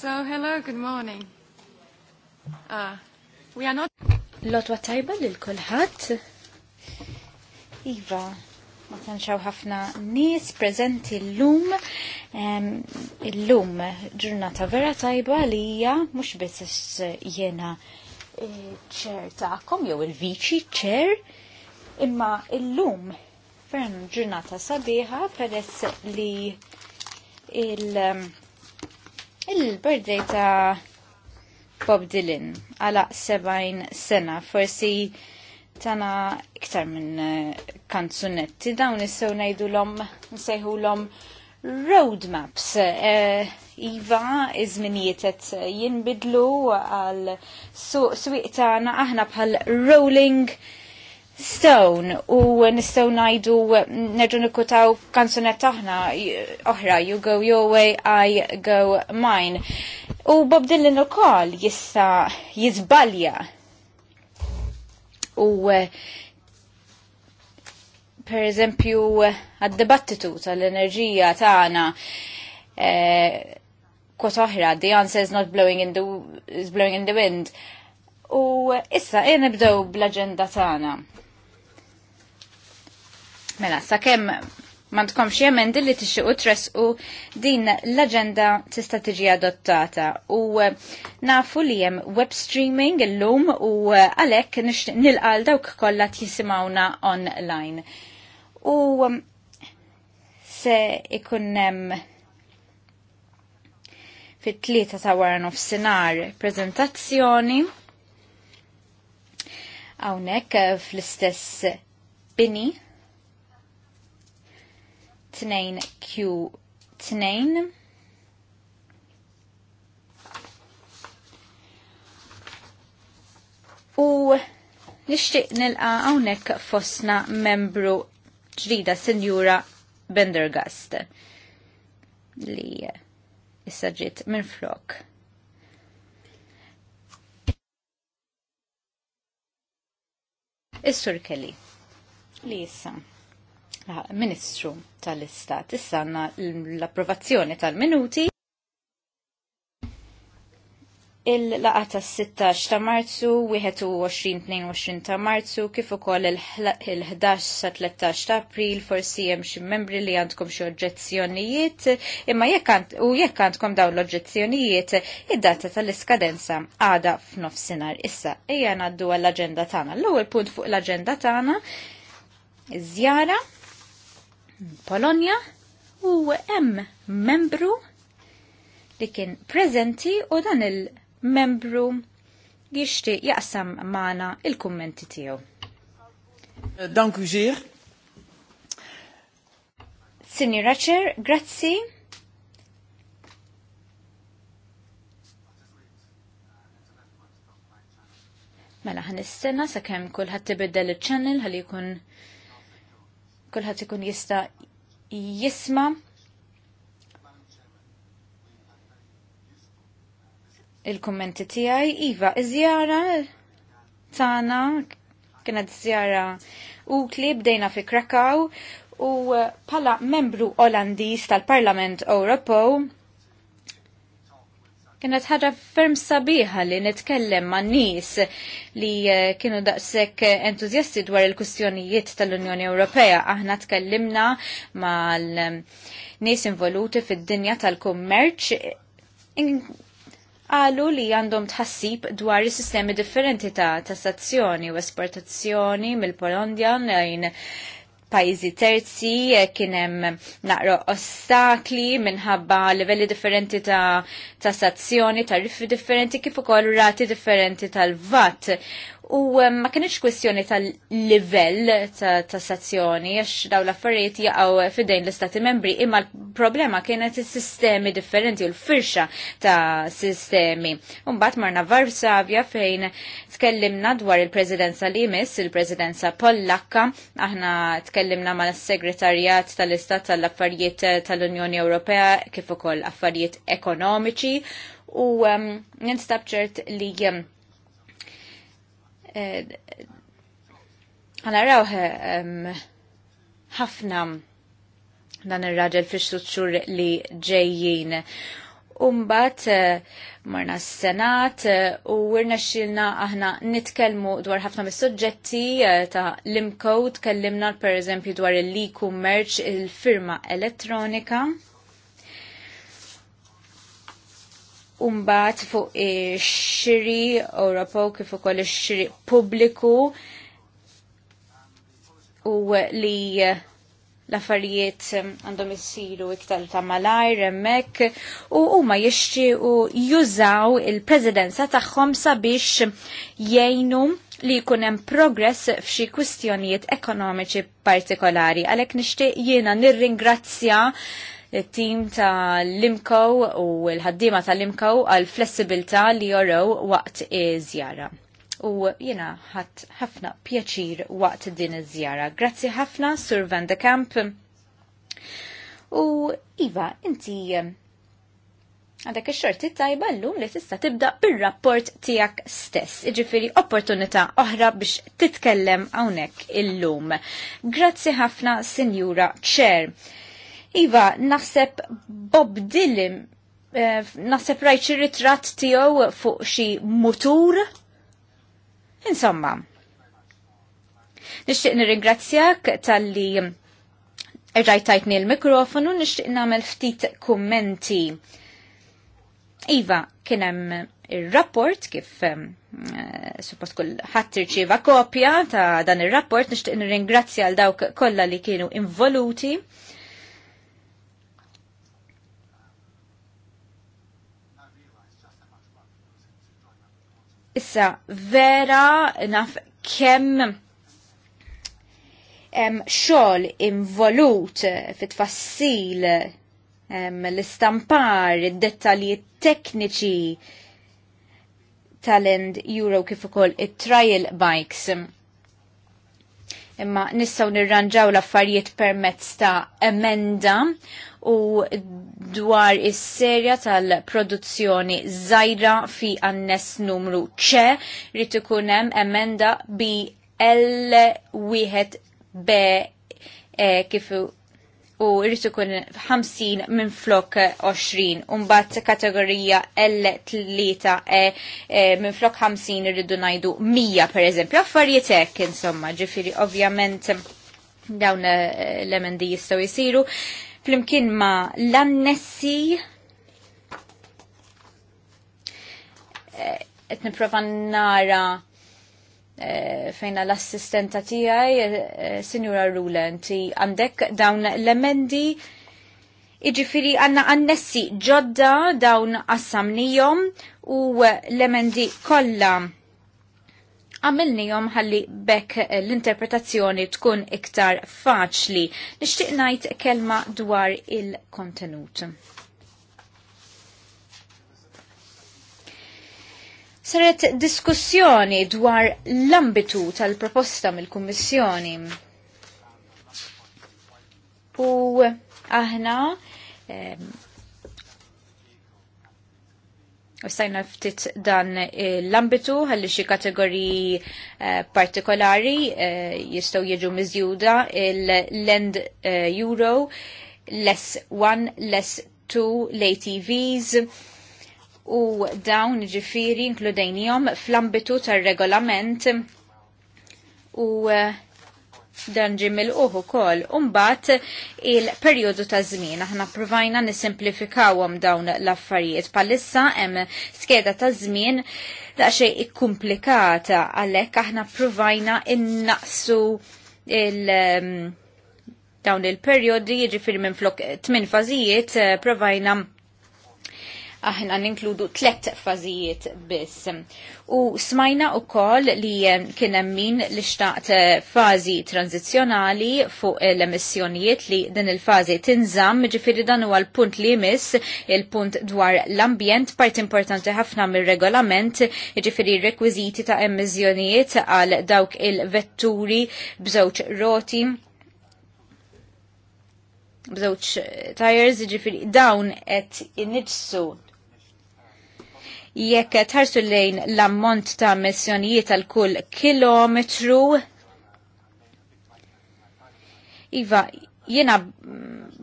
So, hello, good morning. Uh, we are not... Lotwa tajba lil kulħadd. Iva, ma tanxaw ħafna nies prezenti l-lum. L-lum ġurnata vera tajba li hija mhux biss jiena e, ċer tagħkom jew il-viċi ċer, imma l-lum vera ġurnata sabiħa peress li il- il-birthday ta' Bob Dylan għala 70 sena forsi tana iktar minn eh, kanzunetti dawn nissew najdu l-om nsejħu l-om roadmaps eh, Iva, izminijiet qed jinbidlu għal suq tagħna aħna bħal rolling Stone u nistgħu ngħidu nerġu nikkutaw kanzunet taħna oħra You Go Your Way, I Go Mine. U Bob Dylan ukoll jissa jizbalja. U per eżempju għad-dibattitu tal-enerġija tagħna eh, kwot oħra, the answer is not blowing in the, is blowing in the wind. U issa, jien nibdew bl-agenda tagħna. Mela, sakemm mandkom xie emendi li tixi u tres u din l-agenda tista tiġi adottata u eh, nafu li jem web streaming l-lum u eh, għalek nil-għal dawk kolla jisimawna online. U eh, se ikunnem fit-tlieta ta' wara nofsinhar prezentazzjoni hawnhekk fl-istess bini 2Q2 u nishtiq nilqa għawnek fosna membru ġrida senjura Bendergast li issa minn flok. Is-Sur Kelly. Li Ministru tal-Istat. Issa għandna l-approvazzjoni tal-minuti. Il-laqa ta' 16 ta' Marzu, 21-22 ta' Marzu, kif ukoll il-11 sa' 13 ta' April, forsi hemm xi membri li għandkom xi oġġezzjonijiet, imma jekk u jekk għandkom dawn l-oġġezzjonijiet, id-data tal-iskadenza għada f'nofsinhar. Issa ejja ngħaddu għall-aġenda tagħna. L-ewwel punt fuq l-aġenda tagħna iż-żjara Polonja u hemm membru li kien prezenti u dan il-membru jixti jaqsam maħna il-kummenti tiegħu. Dank u ġir. Signora Cher, grazzi. Mela ħan istenna sakemm kulħadd tibiddel il channel ħalli jkun kulħadd ikun jista' jisma' il-kommenti tiegħi. Iva, iż Tana, tagħna kienet żjara klib bdejna fi Krakaw u pala eh, membru Olandiż tal-Parlament Ewropew Kienet ħaġa ferm sabiħa li nitkellem ma' nies li eh, kienu daqshekk entuzjasti dwar il-kustjonijiet tal-Unjoni Ewropea. Aħna tkellimna mal eh, nies involuti fid-dinja tal-kummerċ għalu li għandhom tħassib dwar is sistemi differenti ta' tassazzjoni u esportazzjoni mill-Polondja lejn pajjiżi terzi eh, kien hemm naqra ostakli minħabba livelli differenti ta' tassazzjoni, tariffi differenti kif ukoll rati differenti tal-vat U ma kienx kwestjoni tal-livell ta' sazzjoni, għax daw l-affarijiet jaqgħu fidejn l-istati membri, imma l-problema kienet is-sistemi differenti u l-firxa ta' sistemi. Mbagħad marna Varsavja fejn tkellimna dwar il-Presidenza li jmiss, il-Presidenza Pollakka, aħna tkellimna mal-Segretarjat tal-Istat tal-Affarijiet tal-Unjoni Ewropea kif ukoll affarijiet ekonomiċi u um, ninstab ċert li um, Eh, ħanarawħ ħafna dan ir-raġel fi xtutxur li ġejjin. Umbat eh, marna s-senat eh, u wirna xilna aħna nitkelmu dwar ħafna mis-soġġetti ta' l-imkod kellimna per eżempju dwar il-li kummerċ il-firma elettronika. Umbat fuq xiri Ewropew kif ukoll ix-xiri pubbliku u li l-affarijiet għandhom jissiru iktar ta' malajr hemmhekk u huma u jużaw il presidenza tagħhom sabiex jgħinu li jkun hemm progress f'xi kwistjonijiet ekonomiċi partikolari. Għalhekk nixtieq jiena nirringrazzja il-tim ta' Limco u l-ħaddima ta' Limco għal flessibilta li jorew waqt iż-żjara. U jena ħadd ħafna pjaċir waqt din iż-żjara. Grazzi ħafna, Sur Van de Kamp. U Iva, inti għandek ix-xorti tajba llum li tista' tibda bir-rapport tiegħek stess. Iġifieri opportunità oħra biex titkellem hawnhekk illum. Grazzi ħafna, Sinjura Chair. Iva, naħseb Bob Dylan, eh, naħseb rajt xi ritratt tiegħu fuq xi mutur. Insomma. Nixtieq nirringrazzjak tal-li rajtajtni l-mikrofonu, nixtieq nagħmel ftit kummenti. Iva, kien hemm ir-rapport kif eh, suppost kull ħadd irċieva kopja ta' dan ir-rapport nixtieq nirringrazzja għal dawk kollha li kienu involuti Issa, vera naf kemm xogħol involut fit-tfassil l-istampar, id-dettalji tekniċi tal-end Euro kif ukoll it-trial bikes imma nistgħu nirranġaw l-affarijiet permezz ta' emenda u dwar is-serja tal-produzzjoni zajra fi annes numru ċe rrid ikun hemm emenda bi L wieħed B e, kif u irrit ikun 50 minn flok 20 umbat kategorija L3 e, e, minn flok 50 irridu najdu 100 per eżempju affarijiet hekk insomma ġifiri ovvjament dawn eh, l-emendi jistaw jisiru flimkien ma l-annessi eh, qed nipprova nara Eh, fejna l-assistenta tijaj, eh, Signora Rulen, ti għandek dawn l-emendi Iġifiri għanna għannessi ġodda dawn għassamnijom u l-emendi kolla għamilnijom ħalli bekk eh, l-interpretazzjoni tkun iktar faċli. Nishtiq najt kelma dwar il-kontenut. saret diskussjoni dwar l-ambitu tal-proposta mill-Kummissjoni. U aħna U stajna ftit dan eh, l-ambitu għalli xi kategoriji eh, partikolari eh, jistgħu jiġu miżjuda il-Land eh, Euro, less 1, less 2, l-ATVs, e u dawn ġifiri inkludejnijom fl-ambitu tar-regolament u eh, dan ġimil uħu kol. Umbat il-periodu ta' zmin, aħna provajna nisimplifikawom dawn l-affarijiet. Palissa hemm skeda ta' zmin daqxej ikkumplikata għalek aħna provajna innaqsu il- ehm, dawn il-periodi jiġifiri minn flok tmin fażijiet eh, provajna aħna ninkludu tlet fazijiet biss. U smajna u koll li eh, kienem min li xtaqt eh, fazi tranzizjonali fuq l-emissjonijiet li din il-fazi tinżam, ġifiri dan huwa l-punt li jmiss, il-punt dwar l-ambjent, part importanti ħafna mir-regolament, ġifiri rekwiziti ta' emissjonijiet għal dawk il-vetturi bżewġ roti bżewċ tires ġifiri dawn et inniġsu jekk tħarsu lejn l-ammont ta' missjonijiet għal kull kilometru. Iva, jena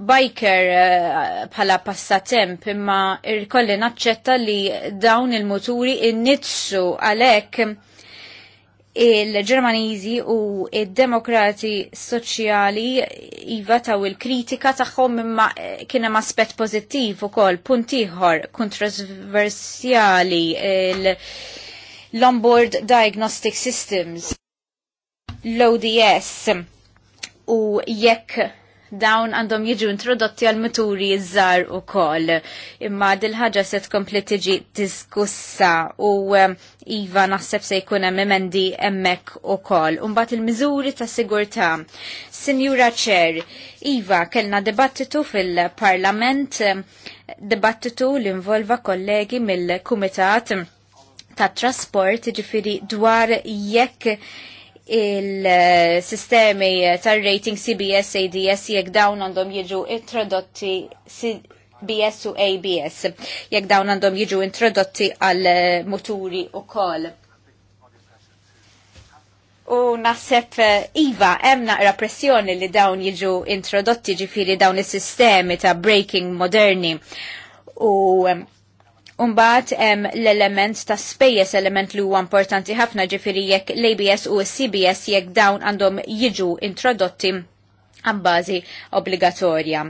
biker eh, bħala passatemp imma irkolli naċċetta li dawn il-moturi innitsu għalek il-Ġermaniżi u id-Demokrati Soċjali iva taw il-kritika tagħhom imma eh, kien hemm aspett pożittiv ukoll punt ieħor kontroversjali l-Onboard Diagnostic Systems l-ODS u jekk dawn għandhom jiġu introdotti għal mituri żar u koll. Imma dil-ħagġa se tkompli tiġi diskussa u ehm, Iva naħseb se jkun hemm emendi hemmhekk ukoll. Imbagħad il-miżuri ta' sigurtà. Sinjura Cher, Iva kellna dibattitu fil-Parlament, dibattitu li involva kollegi mill-Kumitat ta' Trasport, ġifiri dwar jekk il-sistemi tar-rating CBS, ADS, jekk dawn għandhom jiġu introdotti BS u ABS, jekk dawn għandhom jiġu introdotti għal moturi u kol. U naħseb Iva, hemm naqra pressjoni li dawn jiġu introdotti ġifiri dawn is-sistemi ta' breaking moderni. U um, Umbat hemm l-element ta' spejjes element li huwa importanti ħafna ġifiri jekk l-ABS u s-CBS jekk dawn għandhom jiġu introdotti bazi obbligatorja.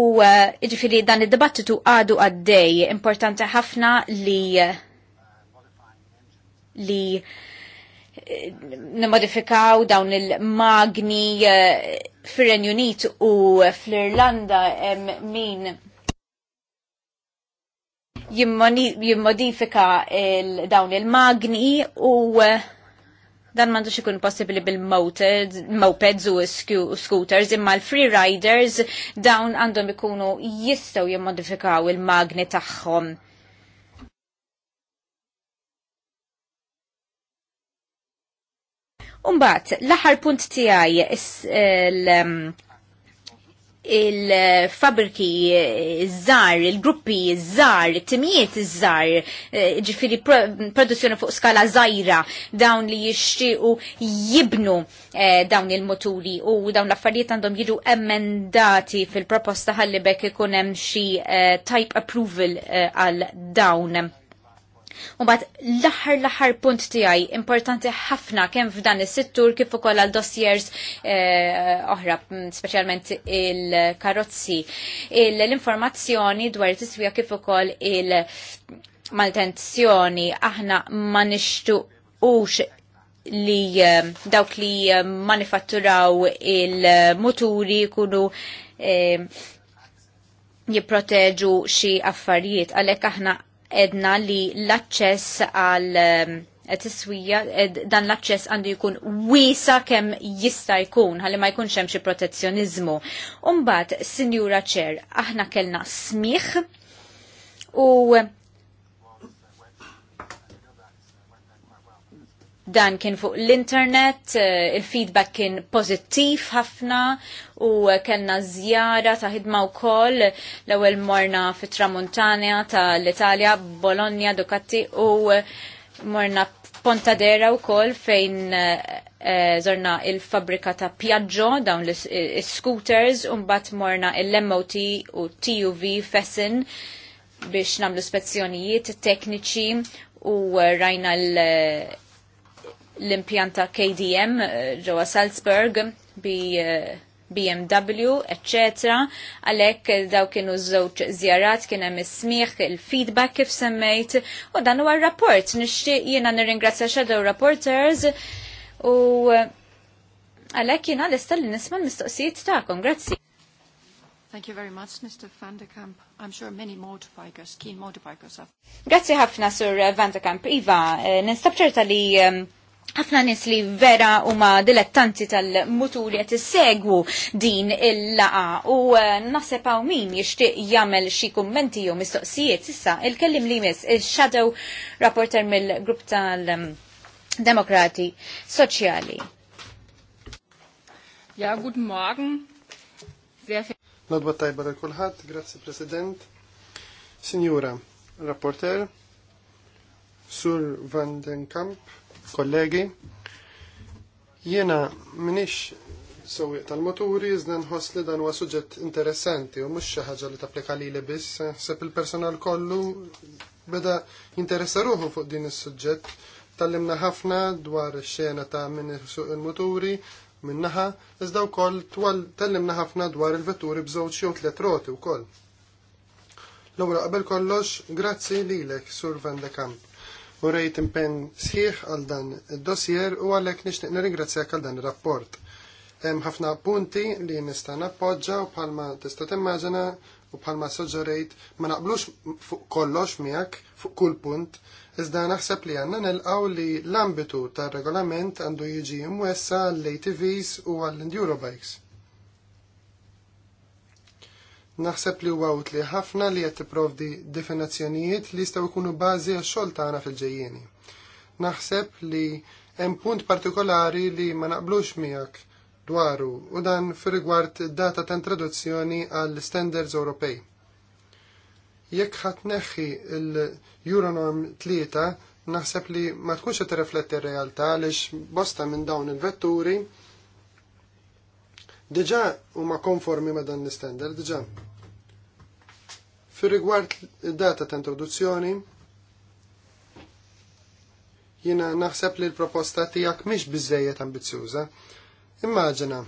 U eh, ġifiri dan id-dibattitu għadu għaddej importanti ħafna li li eh, nimodifikaw dawn il-magni eh, fir-Renju Unit u fl-Irlanda min jimmodifika dawn il-magni u eh, dan mandux ikun possibli bil-mopeds u scooters imma l-free riders dawn għandhom ikunu jistaw jimmodifikaw il-magni tagħhom. Umbat, l-aħar punt tijaj, il-fabriki iż-żar, il-gruppi iż-żar, timijiet iż-żar, eh, ġifiri produzzjoni fuq skala żgħira dawn li jixtiequ jibnu eh, dawn il-moturi u dawn l-affarijiet għandhom jiġu emendati fil-proposta ħallibek ikun hemm xi eh, type approval għal dawn Umbat l-aħħar l-aħħar punt tiegħi importanti ħafna kemm f'dan is-settur kif ukoll għal dossiers eh, oħra, mm, speċjalment il-karozzi. L-informazzjoni dwar it-tiswija kif ukoll il-maltenzjoni aħna ma nixtuqux li eh, dawk li eh, manifatturaw il-muturi kunu jipproteġu xi affarijiet għalhekk aħna edna li l-aċċess għal ehm, iswija, dan l-aċċess għandu jkun wiesa kemm jista' jkun ħalli ma jkunx hemm xi Umbat, Umbagħad, Sinjura Ċer, aħna kellna smiħ u dan kien fuq l-internet, eh, il-feedback kien pozittiv ħafna u kellna zjara ta' ħidma wkoll l-ewwel morna fit-Tramuntana tal-Italja, Bologna, Ducati u morna Pontadera wkoll fejn żorna eh, eh, zorna il-fabrika ta' Piaggio, dawn l-scooters, mbagħad morna l-MOT u TUV Fessin biex namlu spezzjonijiet tekniċi u rajna l- l-impjanta KDM eh, ġewwa Salzburg bi eh, BMW, etc. Għalek eh, daw kienu żewġ zjarat, kien hemm ismieħ, il-feedback kif semmejt, u dan huwa rapport. Nixtieq jiena nirringrazzja Shadow Reporters u għalek jiena lesta li nisma' l-mistoqsijiet tagħkom. Grazzi. Thank you very much, Mr. Van de Kamp. I'm sure many motorbikers, keen motorbikers have. Grazzi ħafna, Sur Van de Kamp. Iva, nistabċerta li ħafna nis li vera huma dilettanti tal-muturi qed segwu din il-laqa u eh, naħseb hawn min jixtieq jagħmel xi kummenti jew mistoqsijiet issa il-kellim li mis il-shadow rapporter mill-grupp tal-Demokrati mm, Soċjali. Ja, good Morgen. Nodba tajba l kulħadd, grazie President. Signora, rapporter, Sur Van den Kamp, kollegi. Jiena minix sewwieq tal-moturi iżda nħoss li dan huwa suġġett interessanti u mhux xi ħaġa li tapplika lili biss, sepp il-personal kollu beda jinteressa ruħu fuq din is-suġġett. Tallimna ħafna dwar ix-xena ta' min suq il-moturi minnaħa, iżda wkoll tallimna ħafna dwar il-vetturi b'żewġ jew tliet roti wkoll. L-ewwel qabel kollox, grazzi lilek, Sur Van de u rejt impenn sħiħ għal dan id-dossier u għalhekk nixtieq nirringrazzjak għal dan ir-rapport. Hemm ħafna punti li nista' nappoġġa u bħalma tista' timmaġina u bħalma soġġerejt ma naqblux fuq kollox miegħek fuq kull punt, iżda naħseb li għandna nilqgħu li l-ambitu tar regolament għandu jiġi imwessa għall-ATVs u għall-endurobikes. Naħseb li huwa utli ħafna li qed tipprovdi definizzjonijiet li jistgħu jkunu bażi għax-xogħol tagħna fil-ġejjieni. Naħseb li hemm punt partikolari li ma naqblux miegħek dwaru u dan fir-rigward data ta' introduzzjoni għall standards Ewropej. Jekk ħadd neħħi l-Euronorm tlieta, naħseb li ma tkunx qed tirrifletti r-realtà għaliex bosta minn dawn il-vetturi diġà huma konformi ma' dan l standard diġà. Fir-rigward data ta' introduzzjoni, jina naħseb li l-proposta tijak miex bizzejiet ambizzjuża. Immaġina,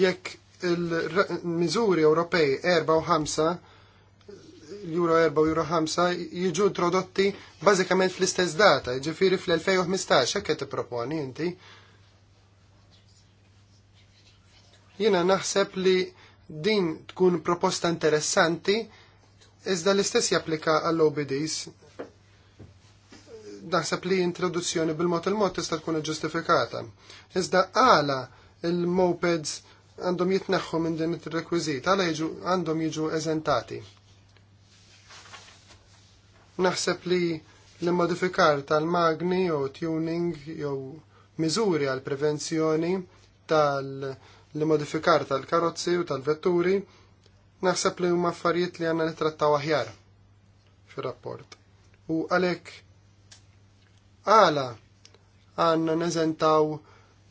jekk il-mizuri Ewropej 4 u 5, euro 4 u euro 5, jiġu introdotti bazikament fl-istess data, ġifiri fl-2015, hekk qed proponi inti. Jina naħseb li Din tkun proposta interessanti, iżda l-istess japplika għall-OBDs. Naħseb li introduzzjoni bil-mod il-mod tista' tkun ġustifikata. Iżda għala il-mopeds għandhom jitneħħu minn din it-rekwiżit, għala għandhom jiġu eżentati. Naħseb li l-modifikar tal-magni jew tuning jew miżuri għal prevenzjoni tal- li modifikar tal-karozzi u tal-vetturi naħseb li huma affarijiet li għandna nittrattaw aħjar fir-rapport. U għalhekk għala għandna neżentaw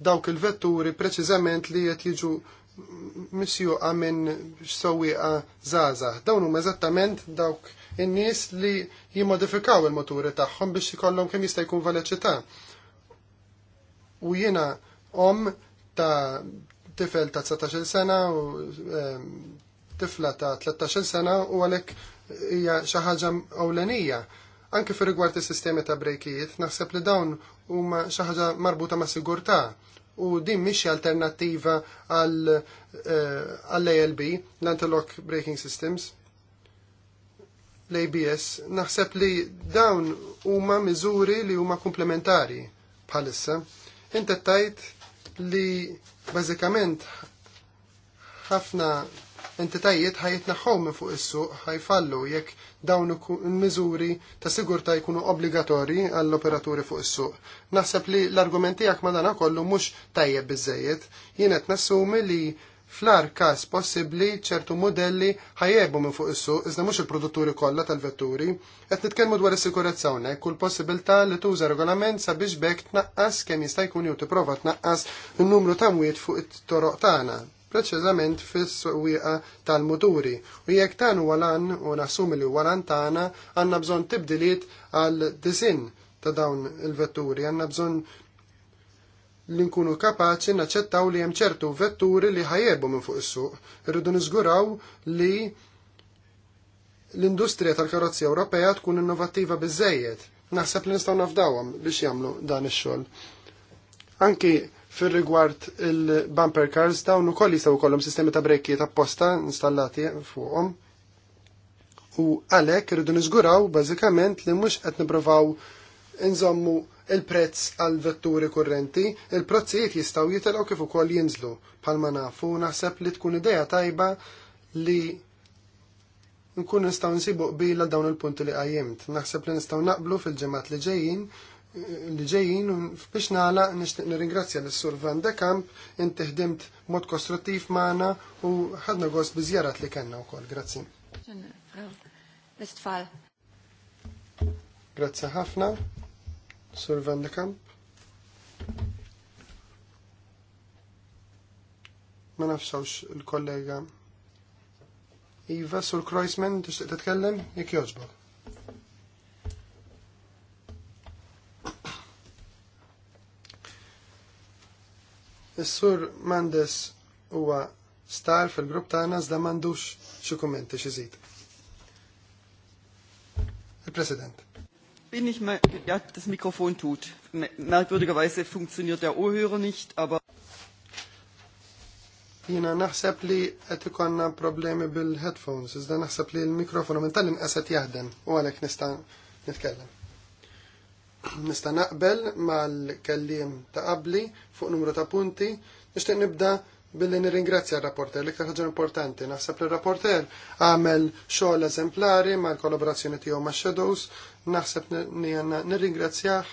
dawk il-vetturi preċiżament li qed jiġu misjuqa minn sewwieqa żgħażagħ. Dawn huma eżattament dawk in-nies li jimmodifikaw il-moturi tagħhom biex ikollhom kemm jista' jkun veloċità. U jiena om ta' tifel ta' 19 sena u ehm, tifla ta' 13 sena u għalek hija xi ħaġa ewlenija. Anke fir rigward is-sistemi ta' brejkijiet, naħseb li dawn huma xi ħaġa marbuta ma' sigurtà u din mhixi alternattiva eh, għall-ALB, antelok Breaking Systems, l-ABS, naħseb li dawn huma miżuri li huma komplementari bħalissa. Inti tajt li Bażikament ħafna entitajiet ħajitnaħħu minn fuq is-suq ħajfallu jekk dawn il-miżuri ta' sigurta jkunu obbligatorji għall-operaturi fuq is-suq. Naħseb li l-argument tiegħek madana kollu mhux tajjeb bizzejiet, jien qed nassumi li Flar kas possibbli ċertu modelli ħajjebu minn fuq is-suq iżda mhux il-produtturi kollha tal-vetturi, qed nitkellmu dwar is-sikurezza hawnhekk u l-possibilità li tuża regolament sabiex bekk tnaqqas kemm jista' jkun jew tipprova tnaqqas in-numru ta' mwiet fuq it-toroq tagħna preċiżament fis swieqa tal-muturi. U jekk dan huwa lan u nassumi li huwa lan tagħna għandna bżonn tibdiliet għal disin ta' dawn il-vetturi, għandna bżonn li nkunu kapaċi naċċettaw li hemm ċertu vetturi li ħajjebu minn fuq is-suq. Irridu niżguraw li l-industrija tal-karozzi Ewropea tkun innovattiva biżejjed. Naħseb li nistgħu nafdawhom biex jagħmlu dan ix-xogħol. Anki fir-rigward il-bumper cars dawn ukoll jistgħu jkollhom sistemi ta' brekkiet apposta installati fuqhom. U għalhekk irridu niżguraw bażikament li mhux qed nippruvaw inżommu il-prezz għal vetturi kurrenti, il-prezzijiet jistaw jitilgħu kif ukoll jinżlu bħalma nafu naħseb li tkun idea tajba li nkun nistaw nsibu qbila dawn il-punti li qajjimt. Naħseb li nistaw naqblu fil-ġemat li ġejjin li ġejjin biex nagħlaq nixtieq nirringrazzja lis sur Van de Kamp inti ħdimt mod kostruttiv magħna u ħadna gost biżjarat li kellna wkoll. Grazzi. Grazzi ħafna. Sur Van de Kamp? Ma nafxawx il-kollega. Iva, Sur Kreuzman, tixtieq titkellem? jek jogħġbok. Is-sur Mandes huwa star fil-grupp tagħna iżda m'għandux xi kummenti xi żid. Il-President bin ich mal, ja, das Mikrofon tut. Merkwürdigerweise funktioniert der Ohrhörer nicht, aber... Jina naħseb li qed ikonna problemi bil-headphones, iżda naħseb li l-mikrofonu minn tal-inqas qed jaħdem u għalhekk nista' nitkellem. Nista' naqbel mal kellim ta' qabli fuq numru ta' punti, nixtieq nibda billi nirringrazzja il rapporter L-iktar ħaġa importanti, naħseb li rapporter għamel xogħol eżemplari mal-kollaborazzjoni tiegħu ma' Shadows, naħseb nirringrazzjah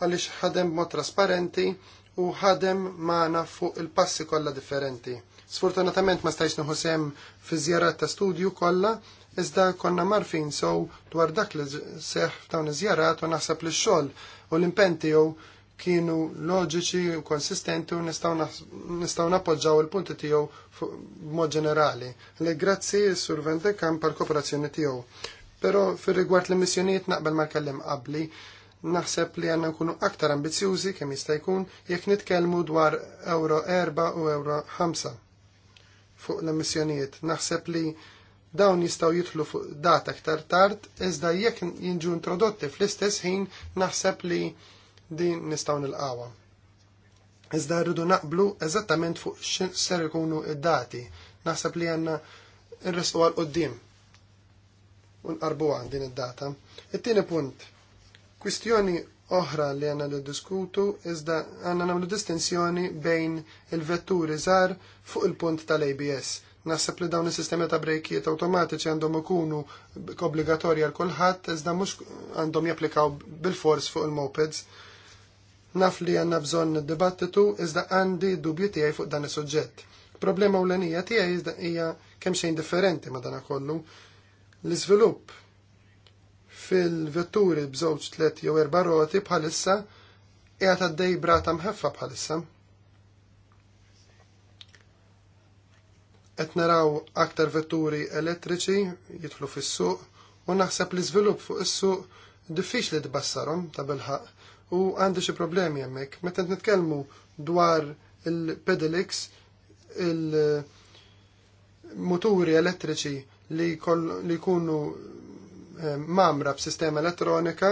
għaliex ħadem mod trasparenti u ħadem magħna fuq il-passi kollha differenti. Sfortunatament ma stajx nħu sem fi żjarat ta' studju kollha, iżda konna marfin so dwar dak li seħ f'dawn iż-żjarat u naħseb li x-xogħol u l-impenti jew kienu loġiċi u konsistenti u nistaw nappoġġaw il-punti tiegħu b'mod ġenerali. Le grazzi sur Vendekam par kooperazzjoni tiegħu. Però fir rigward l missjoniet naqbel ma kellem qabli, naħseb li għanna nkunu aktar ambizjużi kemm jista' jkun jekk nitkellmu dwar euro 4 u euro 5 fuq l-emissjonijiet. Naħseb li dawn jistaw jitlu fuq data aktar tard, iżda jekk jinġu introdotti fl-istess ħin naħseb li din nistgħu qawa Iżda rridu naqblu eżattament fuq ser ikunu id-dati. Naħseb li għandna nresqu għal qoddim u nqarbu għan din id-data. It-tieni punt. Kwistjoni oħra li għanna diskutu iżda għanna namlu distinzjoni bejn il-vetturi żar fuq il-punt tal-ABS. Naħseb li dawn is-sistemi ta' brejkiet awtomatiċi għandhom ikunu obbligatorji għal kulħadd iżda mhux għandhom japplikaw bil-fors fuq il-mopeds Naf li għanna bżon dibattitu iżda għandi dubju tiegħi fuq dan is-suġġett. Problema ewlenija tiegħi iżda hija kemm xejn differenti ma' dana kollu. L-iżvilupp fil-vetturi bżewġ tliet jew erba' roti bħalissa qiegħed għaddej brata mħeffa bħalissa. Qed naraw aktar vetturi elettriċi jidħlu fis-suq u naħseb l-iżvilupp fuq is-suq diffiċli tbassarhom ta' bilħaq u għandi xi problemi hemmhekk. Meta nitkellmu dwar il pedelix il-moturi elettriċi li jkunu eh, mamra b'sistema elettronika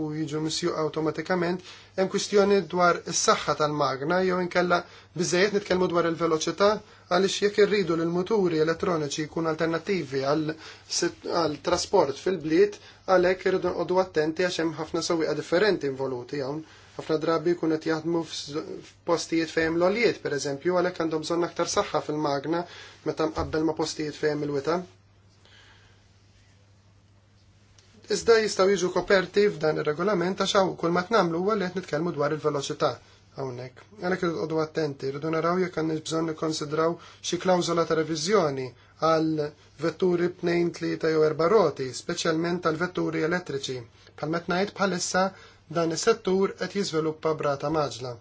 u jiġu misju automatikament, hemm kwistjoni dwar is-saħħa tal-magna jew inkella biżejjed nitkellmu dwar il-veloċità għaliex jekk irridu l muturi elettroniċi jkun alternattivi għal trasport fil-bliet għalhekk irridu nqogħdu attenti għax hemm ħafna sewwieqa differenti involuti hawn. Ħafna drabi jkun qed jaħdmu f'postijiet fejn l-oljiet pereżempju għalhekk għandhom bżonn aktar saħħa fil-magna meta mqabbel ma' postijiet fejn il-wita. iżda jistgħu jiġu koperti f'dan ir-regolament għax hawn kull ma tnamlu huwa li qed nitkellmu dwar il-veloċità hawnhekk. Għalhekk irqodu attenti, rridu naraw jekk għandna bżonn nikkonsidraw xi klawżola ta' reviżjoni għal vetturi b'nejn tlieta jew erba' roti, speċjalment għal vetturi elettriċi. Bħal ma ngħid bħalissa dan is-settur qed jiżviluppa brata maġla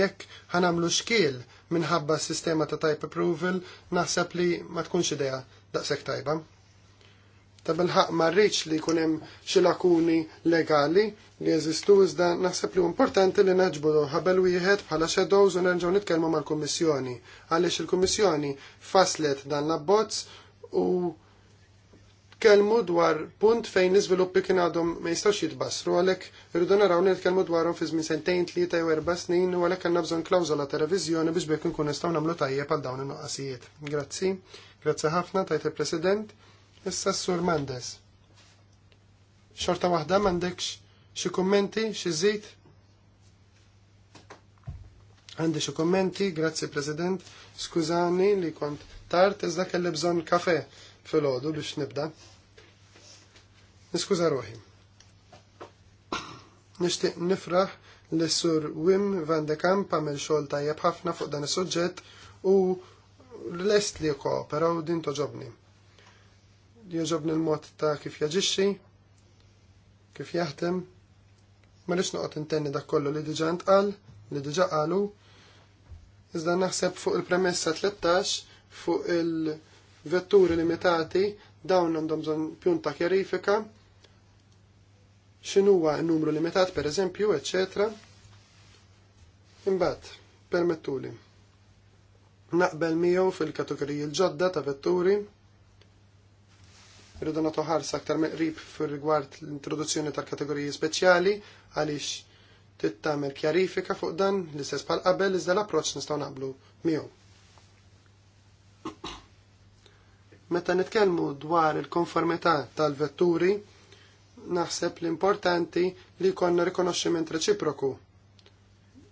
jekk ħanamlu xkiel minħabba s sistema ta' type approval, naħseb li ma tkunx idea daqshekk tajba ta' bil ħak marriċ li kunem xilakuni legali li jeżistu iżda naħseb li importanti li naġbu ħabel wieħed bħala shadows u nerġgħu nitkellmu mal-Kummissjoni għaliex il-Kummissjoni faslet dan l-abbozz u kelmu dwar punt fejn l-iżviluppi kien għadhom ma jistgħux jitbassru għalhekk irridu naraw nitkellmu dwarhom fi żmien sentejn tlieta jew erba' snin u għalhekk għandna bżonn klawżola ta' reviżjoni biex bekk nkun nistgħu nagħmlu tajjeb għal dawn in-noqqasijiet. Grazzi. Grazzi ħafna tajt il-President. Issa s-Sur Mendes. Xorta waħda m'għandekx xi kummenti, xi żid? Għandi xi kummenti, grazzi President, skużani li kont tard iżda kelli bżonn kafe fil-ħodu biex nibda. Niskuża ruħi. Nixtieq nifraħ li sur Wim van de Kamp għamel xogħol tajjeb ħafna fuq dan is-suġġett u lest li però din toġobni jogħġobni l-mod ta' kif jaġixxi, kif jaħdem, ma rridx noqgħod intenni dak kollu li diġà ntqal, li diġa' qalu. Iżda naħseb fuq il-premessa 13 fuq il-vetturi limitati dawn għandhom bżonn pjunta kjerifika, x'inhuwa n-numru limitat pereżempju, eċċetera. Imbagħad, permettuli. Naqbel miegħu fil-kategoriji l-ġodda ta' vetturi irridu nagħtu ħarsa aktar meqrib fir rigward l-introduzzjoni tal-kategoriji speċjali għaliex tagħmel kjarifika fuq dan l-istess bħal qabel iżda l-approċċ nistgħu naqblu miegħu. Meta nitkellmu dwar il-konformità tal-vetturi, naħseb l-importanti li jkollna rikonoxximent reċiproku.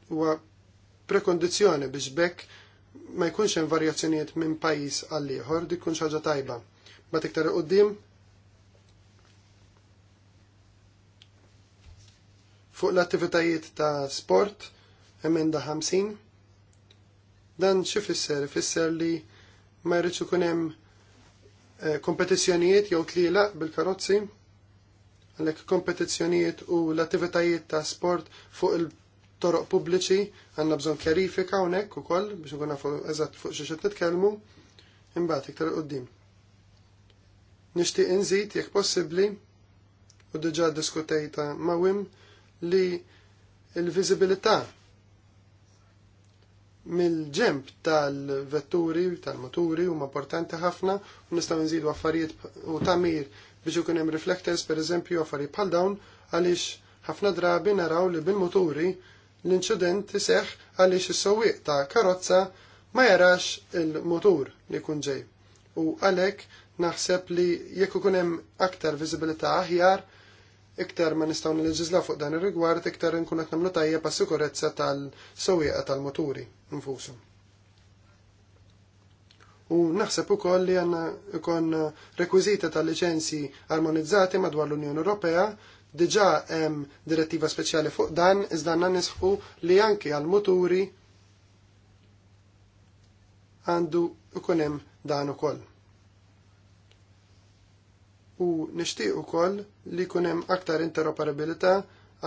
Huwa prekondizzjoni biex bekk ma jkunx hemm varjazzjonijiet minn pajjiż għal ieħor dik tkun ħaġa tajba ma tiktar qoddim fuq l-attivitajiet ta' sport emenda 50 dan xi fisser fisser li ma jridx ikun hemm eh, kompetizzjonijiet jew tlielaq bil-karozzi għalhekk kompetizzjonijiet u l-attivitajiet ta' sport fuq il- toroq pubbliċi għanna bżon kjarifika unek u koll biex nkun fuq eżatt fuq xi xed nitkellmu imbagħad iktar qoddim Nixtieq inżid jekk possibbli u diġà diskutejta ma' Wim li l-viżibilità mill-ġemp tal-vetturi, tal-moturi huma importanti ħafna u nistgħu nżidu affarijiet u tamir biex ikun hemm reflectors pereżempju affarijiet bħal dawn għaliex ħafna drabi naraw li bil-moturi l-inċident iseħħ għaliex is-sewwieq ta' karozza ma jarax il-motur li jkun ġej u għalhekk naħseb li jekk ikun hemm aktar viżibilità aħjar, iktar ma nistgħu nilleġislaw fuq dan ir-rigward, iktar nkun qed nagħmlu tajjeb għas-sikurezza tal-sewwieqa tal-muturi nfushom. U naħseb ukoll li għandna ikun rekwiżita tal-liċenzji armonizzati madwar l-Unjoni Ewropea diġà hemm direttiva speċjali fuq dan iżda għandna nisħu li anke għal-muturi għandu ikun hemm dan ukoll. U nixtieq ukoll li jkun hemm aktar interoperabilità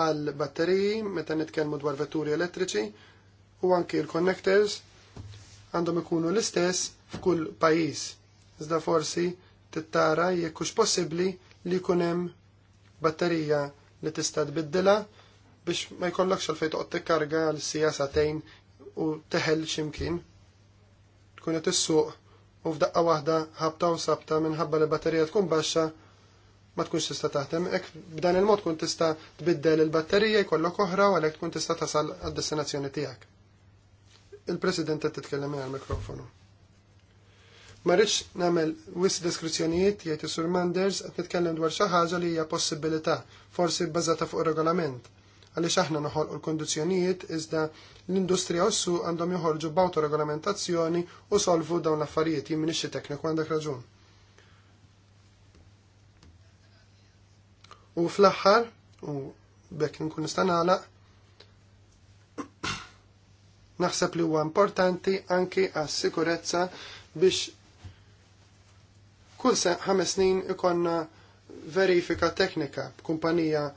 għal batteriji meta nitkellmu dwar vetturi elettriċi u anki l-connectors għandhom ikunu l-istess f'kull pajjiż. Iżda forsi tittara jekk hux possibbli li jkun hemm batterija li tista' tbiddilha biex ma jkollokx għal fejn toqgħod tikkarga għal sija satejn u teħel x'imkien. Tkun qed issuq u f'daqqa waħda ħabta u sabta minħabba li batterija tkun baxxa ma tkunx tista' taħdem. Ek b'dan il-mod tkun tista' tbiddel il-batterija jkollok oħra u għalhekk tkun tista' tasal għad-destinazzjoni tiegħek. Il-President qed titkellem minn mikrofonu Ma rridx nagħmel wis deskrizzjonijiet jgħid is-Sur Manders qed nitkellem dwar xi ħaġa li hija possibilità, forsi bbażata fuq ir regolament għaliex aħna noħolqu l kondizjonijiet iżda l-industrija u għandhom joħorġu b'awtoregolamentazzjoni u solvu dawn l-affarijiet jim minixxi tekniku għandek raġun. U fl-aħħar, u bekk nkun nista' nagħlaq, naħseb li huwa importanti anki għas sikurezza biex kull ħames snin ikonna verifika teknika b'kumpanija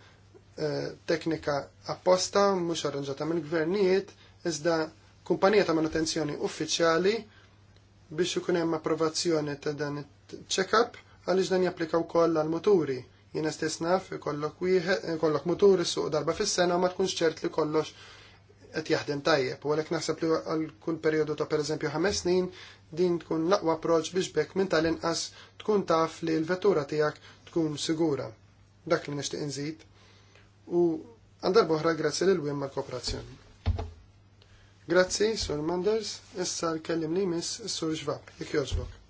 Eh, teknika apposta, mhux arranġata mill gvernijiet, iżda kumpanija ta' manutenzjoni uffiċjali biex ikun hemm approvazzjoni ta' dan check-up għaliex dan japplika wkoll għal muturi. Jiena stess naf ikollok ikollok mutur suq darba fis-sena ma tkunx ċert li kollox qed jaħdem tajjeb. U għalhekk naħseb li għal kull perjodu ta' pereżempju ħames snin din tkun l-aqwa approċ biex bekk minn tal-inqas tkun taf li l-vettura tiegħek tkun sigura. Dak li nixtieq inżid u għandar boħra grazzi l wim mal-kooperazzjoni. Grazzi, Sir Manders, issa l-kellim li mis Sir Xvab, jek joġbok.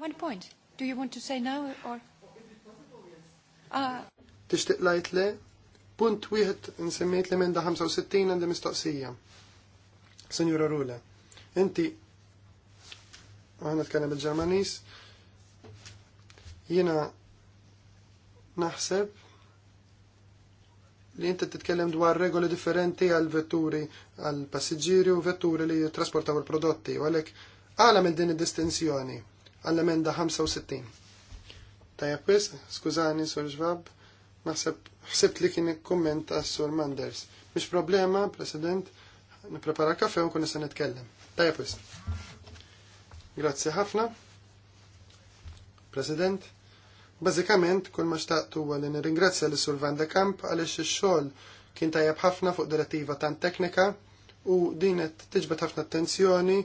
One point. Do you want to say now or? Ah. Tishtiq lajt le, punt wieħed nsemmiet li minn da 65 għandi mistoqsija. Senjura Rula, inti għana tkellem bil-Ġermanis, jiena naħseb li inti titkellem dwar regoli differenti għal vetturi għal passiġġieri u vetturi li jittrasportaw il-prodotti u għalhekk għala minn din id-distinzjoni għall emenda 65. Tajja kwis, skużani sur ġvab, naħseb ħsibt li kien kumment għas sur Manders. Mhix problema, President, nipprepara kafe u kun nitkellem. Tajja kwis. Grazzi ħafna. President. Bażikament, kull ma xtaqtu huwa li nirringrazzja li sur Van de Kamp għaliex ix-xogħol kien tajjeb ħafna fuq direttiva tan teknika u din qed tiġbed ħafna attenzjoni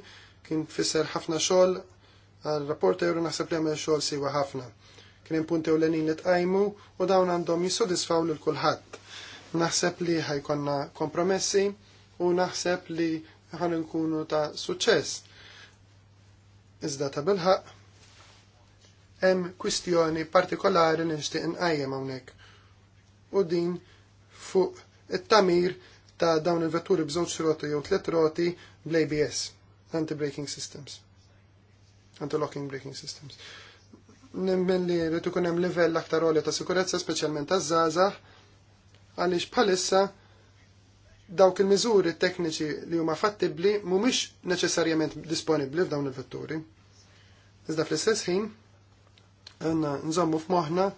kien fisser ħafna xogħol għal rapport euro naħseb li għamil xogħol siwa ħafna. Kien u l-enin li tqajmu u dawn għandhom jissodisfaw lil kulħadd. Naħseb li ħajkonna kompromessi u naħseb li ħan nkunu ta' suċċess. Iżda ta' bilħaq hemm kwistjoni partikolari li nixtieq inqajjem hawnhekk. U din fuq it-tamir ta' dawn il-vetturi b'żewġ roti jew tliet roti bl-ABS, anti-braking systems. Anti-locking braking systems. Nimmen li rrid ikun hemm livell aktar għolja ta' sikurezza speċjalment taż-żgħażagħ għaliex bħalissa dawk il-miżuri tekniċi li huma fattibbli mhumiex neċessarjament disponibbli f'dawn il-vetturi. Iżda fl-istess ħin, għanna nżommu f'moħna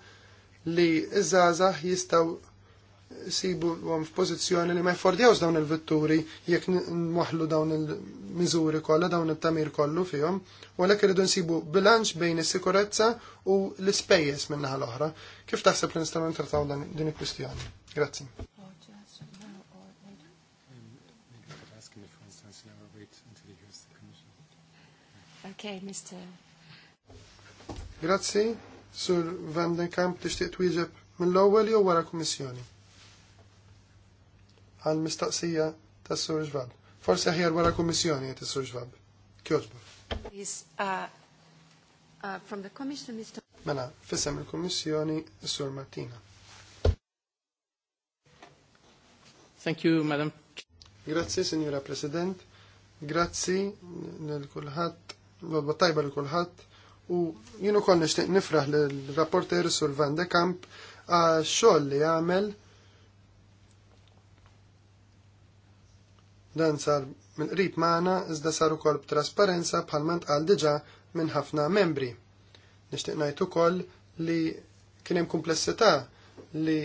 li iż żaza jistgħu sibu għom f'pozizjoni li ma jfordjawx dawn il-vetturi jekk nwaħlu dawn il-miżuri kollha dawn it-tamir kollu fihom, għalhekk irridu nsibu bilanċ bejn is-sikurezza u l-ispejjeż minn naħa l-oħra. Kif taħseb li nistgħu nintrattaw din il-kwistjoni? Grazzi. Okay, Mr. Grazzi, Sur Van den Kamp tixtieq twieġeb mill-ewwel jew wara kummissjoni. Għal mistaqsija tas Sur Ġvab. Forsi aħjar wara kummissjoni qed sur Ġvab. Kjoġbu. Uh, uh, mela, fissem il-Kummissjoni sur Martina. Thank you, Madam. Grazzi, Signora President. Grazzi l-kulħadd, l-tajba l-kulħadd U jien ukoll nixtieq nifraħ lill-rapporter Sur Van de Kamp għax li għamel dan sar minn qrib magħna iżda sar ukoll b'trasparenza bħalma ntqal diġà minn ħafna membri. Nixtieq ngħid ukoll li kien hemm li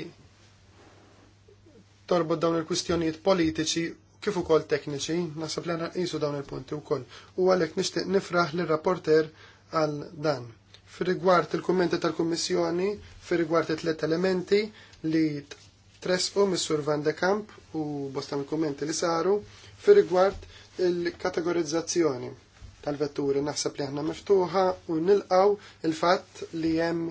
torbod dawn il-kwistjonijiet politiċi kif ukoll tekniċi, naħseb li nqisu dawn il-punti wkoll. U għalhekk nixtieq nifraħ l rapporter għal dan. Fir-rigward il-kummenti tal-Kummissjoni, fir-rigward it-tlet elementi li tresqu mis-Sur Van de Kamp u bosta il kummenti li saru, fir-rigward il-kategorizzazzjoni tal-vetturi naħseb li aħna miftuħa u nilqaw il-fatt li hemm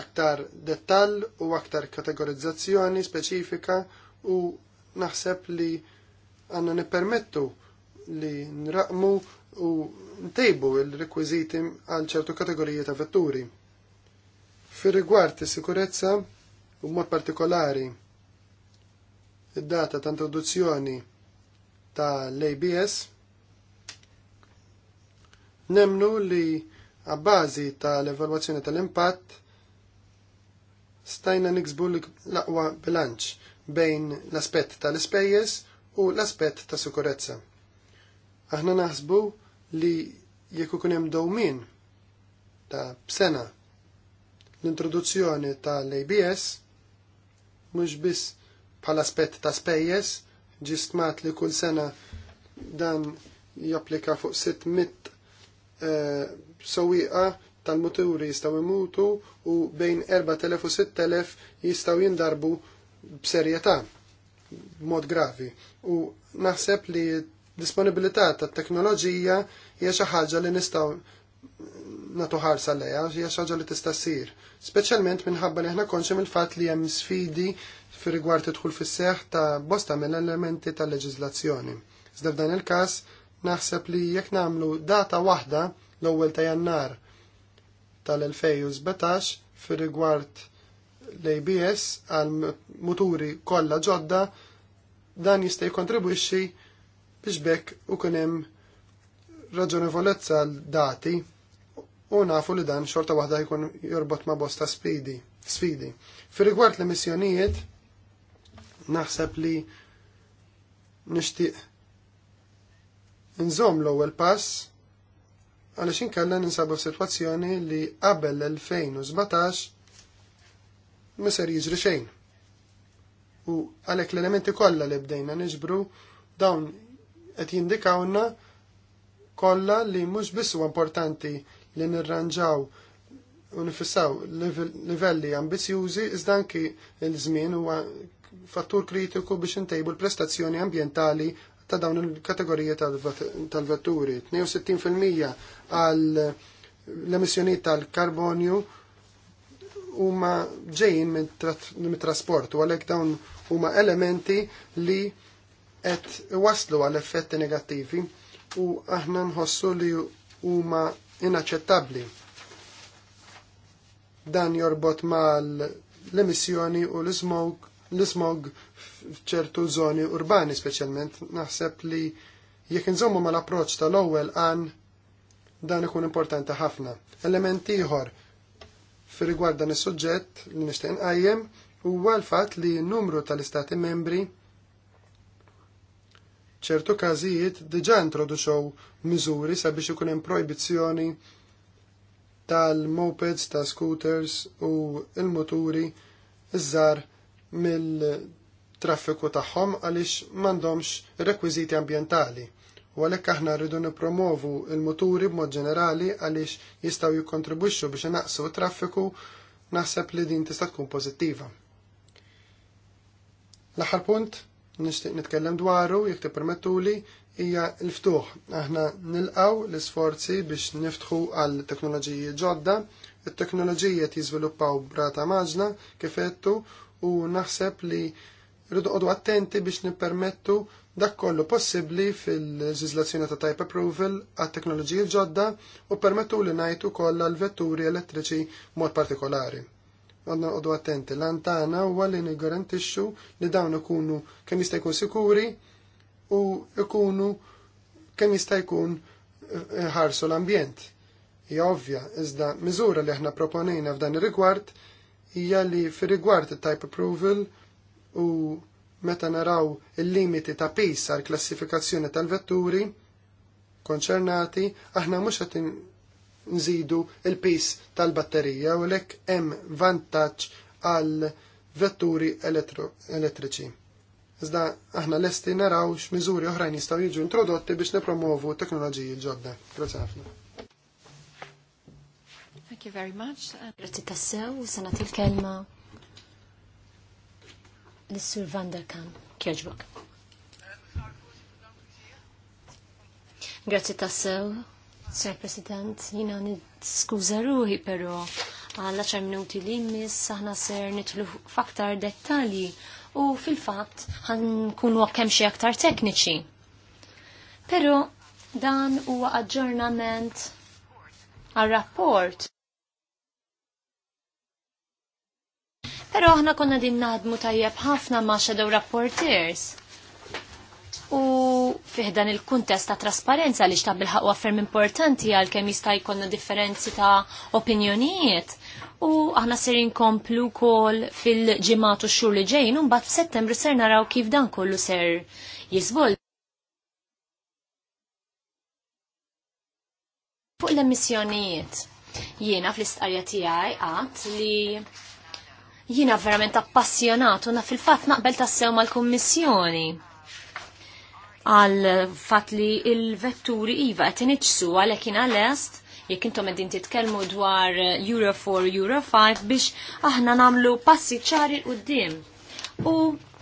aktar dettall u aktar kategorizzazzjoni speċifika u naħseb li għanna nipermettu li nraqmu u ntejbu il-rekwiziti għal ċertu kategoriji ta' vetturi. Fi rigward is-sikurezza u mod partikolari id-data ta' introduzzjoni ta' l-ABS nemnu li għabbażi ta' l-evalwazzjoni tal-impatt stajna niksbu l-aqwa bilanċ bejn l-aspett tal-ispejjeż u l-aspett ta' sikurezza. Aħna naħsbu li jekk ikun hemm dowmin ta' b'sena l-introduzzjoni tal-ABS mhux biss bħala aspett ta' spejjeż ġi li kull sena dan japplika fuq 600 uh, eh, sewwieqa tal-muturi jistgħu imutu u bejn 4000 u 6000 jistgħu jindarbu b'serjetà b'mod gravi. U naħseb li disponibilità ta' teknoloġija hija xi ħaġa li nistgħu nagħtu ħarsa lejha, hija xi ħaġa li tista' ssir. Speċjalment minħabba li aħna konxi mill-fatt li hemm sfidi fir rigward idħul fis-seħħ ta' bosta mill-elementi tal-leġiżlazzjoni. Iżda f'dan il-każ naħseb li jekk nagħmlu data waħda l-ewwel ta' Jannar tal-2017 fir rigward l-ABS għal muturi kollha ġodda dan jista' jikkontribwixxi biex bekk u kunem raġonevolezza l-dati u nafu li dan xorta waħda jkun jorbot ma' bosta sfidi. sfidi. Fir-rigward l-emissjonijiet, naħseb li nishtiq nżom l-ewwel pass għaliex inkella ninsabu f'sitwazzjoni li qabel l-2017 ma ser jiġri xejn. U għalhekk l-elementi kollha li bdejna niġbru dawn qed jindikawna kollha li mhux biss huwa importanti li nirranġaw u nifissaw livelli ambizjużi iżda anki l-żmien huwa fattur kritiku biex intejbu l-prestazzjoni ambjentali ta' dawn il-kategorija tal-vetturi. 62% għal l-emissjoni tal-karbonju huma ġejjin mit-trasport u għalhekk dawn huma elementi li qed waslu għal effetti negattivi u aħna nħossu li huma inaċċettabbli. Dan jorbot mal l-emissjoni u l-smog l-smog f'ċertu zoni urbani speċjalment naħseb li jekk inżommu mal-approċċ tal-ewwel għan dan ikun importanti ħafna. Element ieħor fir-rigward dan is-suġġett li nixtieq nqajjem huwa l-fatt li n-numru tal-istati membri ċertu każijiet diġà introduċew miżuri sabiex ikun hemm projbizzjoni tal-mopeds, ta' scooters u il-moturi iż-żar mill-traffiku tagħhom għaliex m'għandhomx rekwiżiti ambjentali u għalhekk aħna rridu nippromovu il-muturi b'mod ġenerali għaliex jistgħu jikkontribwixxu biex inaqsu traffiku naħseb li din tista' tkun pożittiva. L-aħħar punt nixtieq nitkellem dwaru jekk tippermettuli hija l-ftuħ. Aħna nilqaw l-isforzi biex niftħu għal teknoloġiji ġodda, it-teknoloġija jizviluppaw brata maġna kifettu u naħseb li rridu għodu attenti biex nippermettu dak kollu possibbli fil-leġiżlazzjoni ta' type approval għat teknoloġiji ġodda u permettu li najtu kollha l-vetturi elettriċi mod partikolari għanna għodu attenti. L-antana u għalli nigarantixxu li dawn ikunu kemm jista' jkun sikuri u ikunu kemm jista' jkun eh, ħarsu l-ambjent. Hija ovvja, iżda miżura li aħna proponejna f'dan ir-rigward hija li fir-rigward type approval u meta naraw il-limiti ta' pisa għal klassifikazzjoni tal-vetturi konċernati, aħna mhux qed nżidu il-pis tal-batterija u lek hemm vantaġġ għal vetturi elettriċi. Iżda aħna lesti naraw x'miżuri oħrajn jistgħu jiġu introdotti biex nipromovu teknoloġiji ġodda. Grazie ħafna. Thank you very much. Grazzi tassew, sanat il-kelma l Van der Kam, Kjerġbok. Grazzi tassew, Sir President, jina niskuza ruħi pero għalla ċar minuti li jimmis, aħna ser nitlu faktar dettali u fil-fat għan kunu għakemxie aktar tekniċi. Pero dan huwa aġġornament għal-rapport. Pero aħna konna din naħdmu tajjeb ħafna ma' shadow rapporters u fiħdan il-kuntest ta' trasparenza li xtab bil-ħakwa ferm importanti għal kem jista' jkollna differenzi ta' opinjonijiet u aħna ser inkomplu kol fil-ġimgħat u xhur li ġejn u mbagħad f'Settembru ser naraw kif dan kollu ser jiżvol. Fuq l-emissjonijiet, jiena fl-istqarja tiegħi għad li jiena verament appassjonat u na fil-fatt naqbel tassew mal-Kummissjoni għal fat li il-vetturi iva qed iniġsu għalhekk jina l est jekk intom qegħdin titkellmu dwar Euro 4, Euro 5 biex aħna nagħmlu passi ċari l-qudiem. U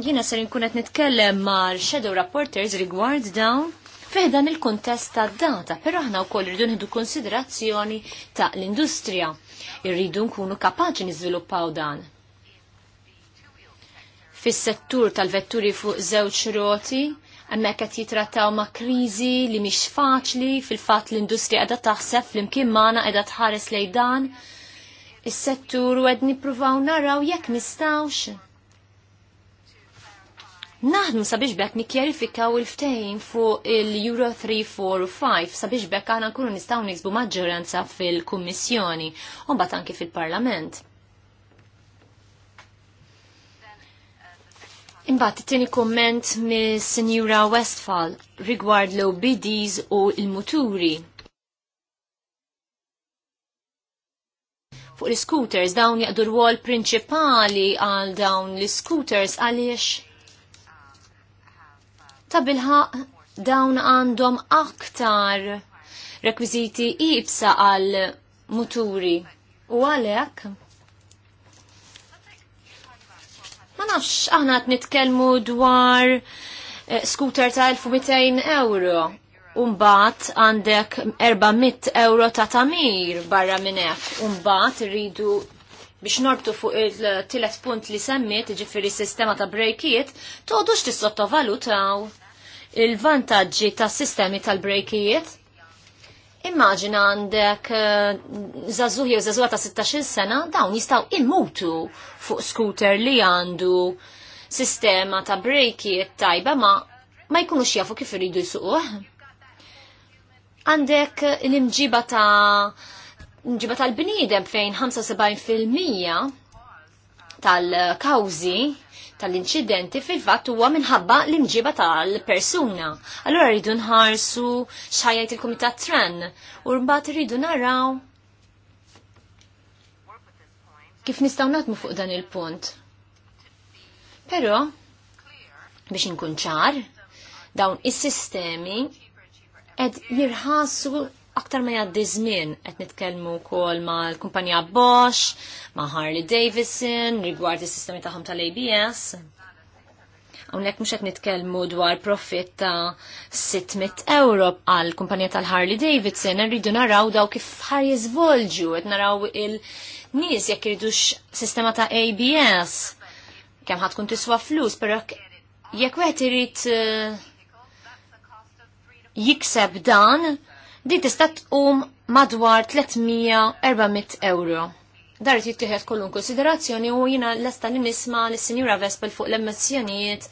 jiena ser inkun qed nitkellem mar Shadow Reporters rigward dawn fiħdan il-kontest ta' data, pero aħna wkoll irridu nħidu konsiderazzjoni ta' l-industrija. Irridu nkunu kapaċi niżviluppaw dan. Fis-settur tal-vetturi fuq żewġ roti, Hemmhekk qed jitrattaw ma' kriżi li mhix faċli fil-fatt l industri qiegħda taħseb flimkien m'aħna qiegħda tħares lejn dan. Is-settur u għedni nippruvaw naraw jekk mistawx. Naħdmu sabiex bekk nikjerifikaw il-ftejn fuq il-Euro 3, 4 u 5 sabiex bekk aħna nkunu nistgħu nixbu maġġoranza fil-Kummissjoni u mbagħad anki fil-Parlament. Imbat, it-tieni kumment mis Sinjura Westfall rigward l-OBDs u l-muturi. Fuq l-scooters dawn jaqdu rwol prinċipali għal dawn l-scooters għaliex ta' bilħaq dawn għandhom aktar rekwiziti ibsa għal muturi u għalhekk Ma nafx, aħna qed nitkellmu dwar eh, scooter ta' 1200 euro. Umbat għandek 400 euro ta' tamir barra minn hekk. Umbat rridu biex norbtu fuq il-tilet punt li semmiet, ġifiri sistema ta' brejkiet, toħdux tissottovalutaw il-vantagġi ta' sistemi tal-brejkiet. Immaġina għandek eh, zazuħi jew zazuħa ta' 16 sena dawn jistaw immutu fuq scooter li għandu sistema ta' brejkiet tajba ma ma jkunux jafu kif iridu jsuquh. Għandek l-imġiba ta' imġiba tal-bniedem fejn 75% tal-kawzi tal-inċidenti fil-fatt huwa minħabba l-imġiba tal-persuna. Allura rridu nħarsu xajajt il-Kumitat Tran u mbagħad rridu naraw kif nistgħu nagħtmu fuq dan il-punt. Però biex inkun ċar, dawn is-sistemi qed jirħassu aktar ma jgħaddi żmien qed nitkellmu wkoll mal-kumpanija Bosch, ma' Harley Davidson rigward is-sistemi tagħhom tal-ABS. Hawnhekk mhux qed nitkellmu dwar profitt ta' 600 euro għal kumpanija tal-Harley Davidson, rridu naraw daw kif ħar jiżvolġu, qed naraw il-nies jekk iridux sistema ta' ABS kemm ħatkun tiswa flus, però jekk wieħed irid eh, jikseb dan, Din tista' tqum madwar 300-400 euro. Dar jittieħed kollu konsiderazzjoni u jina l-esta li nisma l-Sinjura Vespel fuq l-emmezzjonijiet,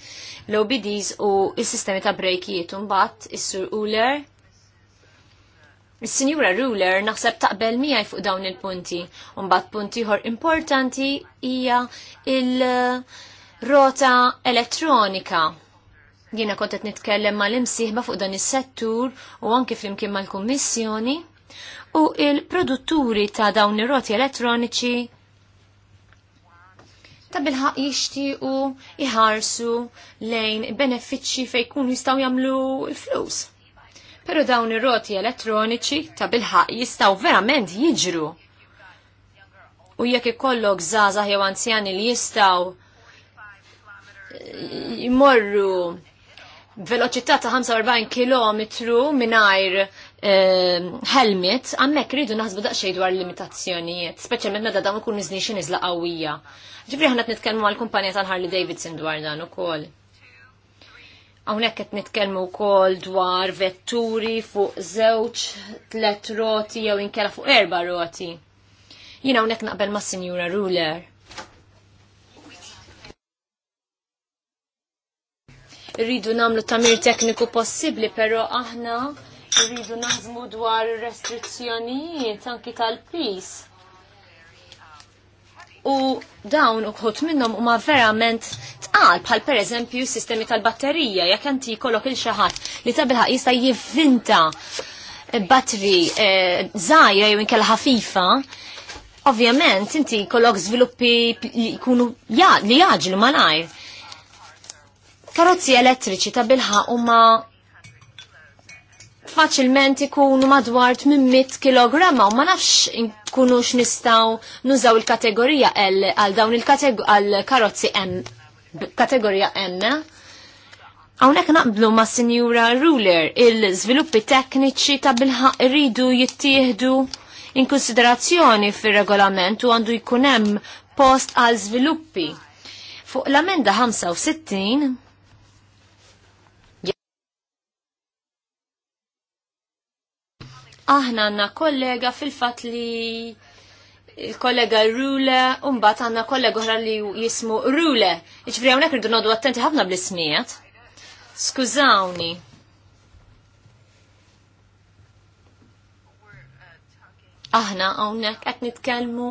l-OBDs u il-sistemi ta' brejkijiet mbagħad il-Sur Uller. Il-Sinjura Ruler naħseb taqbel miħaj fuq dawn il-punti. mbagħad punti ħor importanti hija il-rota elettronika Jiena kont qed nitkellem mal-imsieħba fuq dan is-settur u anke flimkien mal-Kummissjoni u il-produtturi ta' dawn ir-roti elettroniċi ta' bilħaq jixtiequ iħarsu lejn benefiċċji fejn jkunu jistgħu jagħmlu l-flus. Pero dawn ir-roti elettroniċi ta' bilħaq jistgħu verament jiġru. U jekk ikollok żgħażagħ jew anzjani li jistgħu jmorru veloċità ta' 45 km mingħajr ehm, helmet, għammek rridu naħsbu daqxej dwar limitazzjonijiet, speċjalment meta dawn ikunu niżni xi niżla qawwija. Ġifri ħana nitkellmu għall kumpanija tal-Harley Davidson dwar dan ukoll. Hawnhekk qed nitkellmu wkoll dwar vetturi fuq żewġ tliet roti jew inkella fuq erba' roti. Jiena hawnhekk naqbel mas-Sinjura Ruler rridu namlu tamir tekniku possibli, pero aħna rridu naħzmu dwar restrizzjonijiet anki tal-pis. U dawn kħut minnom u ma verament tqal bħal per eżempju sistemi tal-batterija, Jak inti kolok il-xaħat li tabilħaq jista' jivvinta batteri eh, zaħira jew inkella ħafifa, ovvjament inti kollok żviluppi jkunu li jaġlu malajr. Karozzi elettriċi ta' bilħa huma faċilment ikunu madwar 800 kg u ma nafx inkunux nistaw nużaw il-kategorija L għal dawn il-karozzi M kategorija M. Hawnhekk naqblu ma' Sinjura Ruler il-żviluppi tekniċi ta' bilħa rridu jittieħdu in konsiderazzjoni fir-regolament u għandu jkun hemm post għal żviluppi. Fuq l-amenda 65 Aħna għanna kollega fil-fat li kollega Rule, umbat għanna kollega uħra li jismu Rule. Iġvri għonek rridu noddu attenti ħafna bl-ismijiet. Skużawni. Aħna għonek għet nitkelmu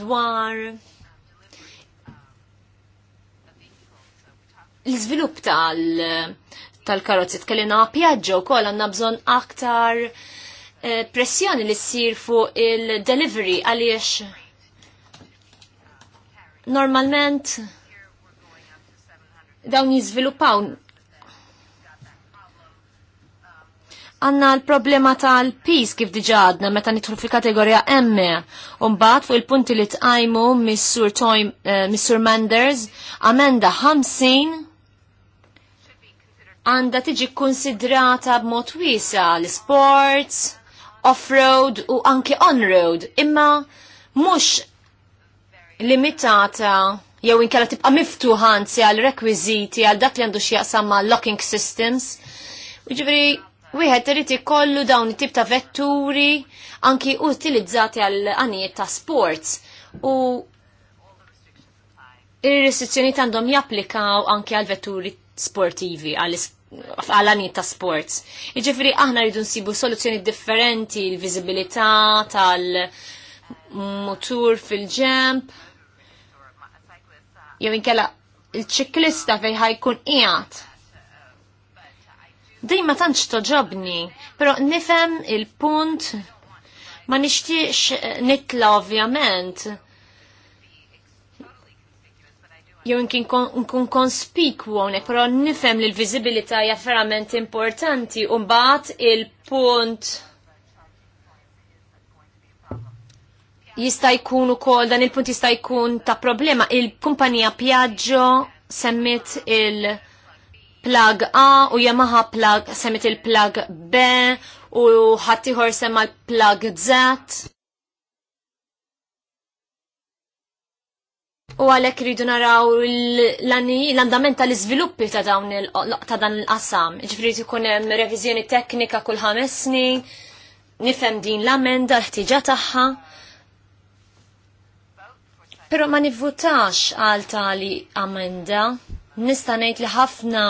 dwar l-izvilup tal-karozzi tal tkellimna pjaġġo kol għanna bżon aktar Eh, pressjoni li ssir fuq il-delivery għaliex normalment dawn jizviluppaw għanna l-problema tal-pis kif diġadna meta nidħlu fil-kategorija M. un-bat fuq il-punti li tqajmu Missur Toim, eh, Missur Manders, amenda 50 għanda tiġi konsidrata b'mod wiesa l-sports, off-road u anki on-road, imma mhux limitata jew inkella tibqa' miftuħa anzi għal rekwiżiti għal dak li għandu x'jaqsam ma' locking systems. Jiġifieri wieħed irid ikollu dawn it-tip ta' vetturi anki utilizzati għal għanijiet ta' sports u ir-restrizzjoni għandhom japplikaw anki għal vetturi sportivi għal f'għalani ta' sports. Iġifiri aħna rridu nsibu soluzzjoni differenti, l viżibilità tal-motur fil-ġemp, jew inkella il-ċiklista fej ħajkun qiegħed. Dejma tantx toġobni, però nifhem il-punt ma nixtiex nitla ovvjament jew nkun nkun konspikwu hawnhekk, però nifhem li l-viżibilità hija verament importanti u mbagħad il-punt jista' jkun ukoll dan il-punt jista' jkun ta' problema. Il-kumpanija Piaggio semmit il- plug A u Yamaha plug semmit il-plug B u ħaddieħor semma l-plug Z. u għalhekk rridu naraw l-andament tal-iżviluppi ta' dawn ta' dan il-qasam. Ġifri ikun hemm reviżjoni teknika kull ħames snin, nifhem din l-amenda l-ħtiġa tagħha. Pero ma nivvutax għal tali amenda, nista' ngħid li ħafna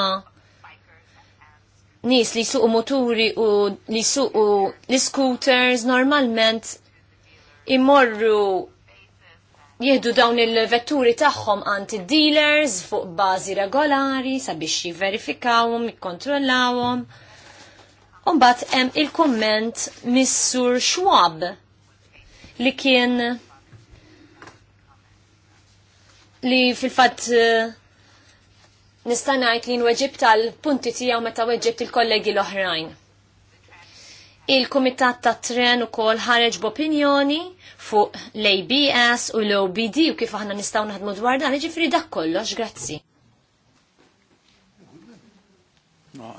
nis li suqu moturi u li suqu l-scooters normalment imorru jihdu dawn il-vetturi tagħhom għand dealers fuq bażi regolari sabiex jiverifikawhom, jikkontrollawhom. Umbat hemm il-komment Missur Schwab li kien li fil-fatt eh, nista' ngħid li nweġib tal-punti tiegħu meta weġġibt il-kollegi l-oħrajn. Il-Kumitat ta' Tren ukoll ħareġ b'opinjoni fuq l-ABS u l-OBD u kif aħna nistgħu naħdmu dwar dan, jiġifieri dak kollox, grazzi.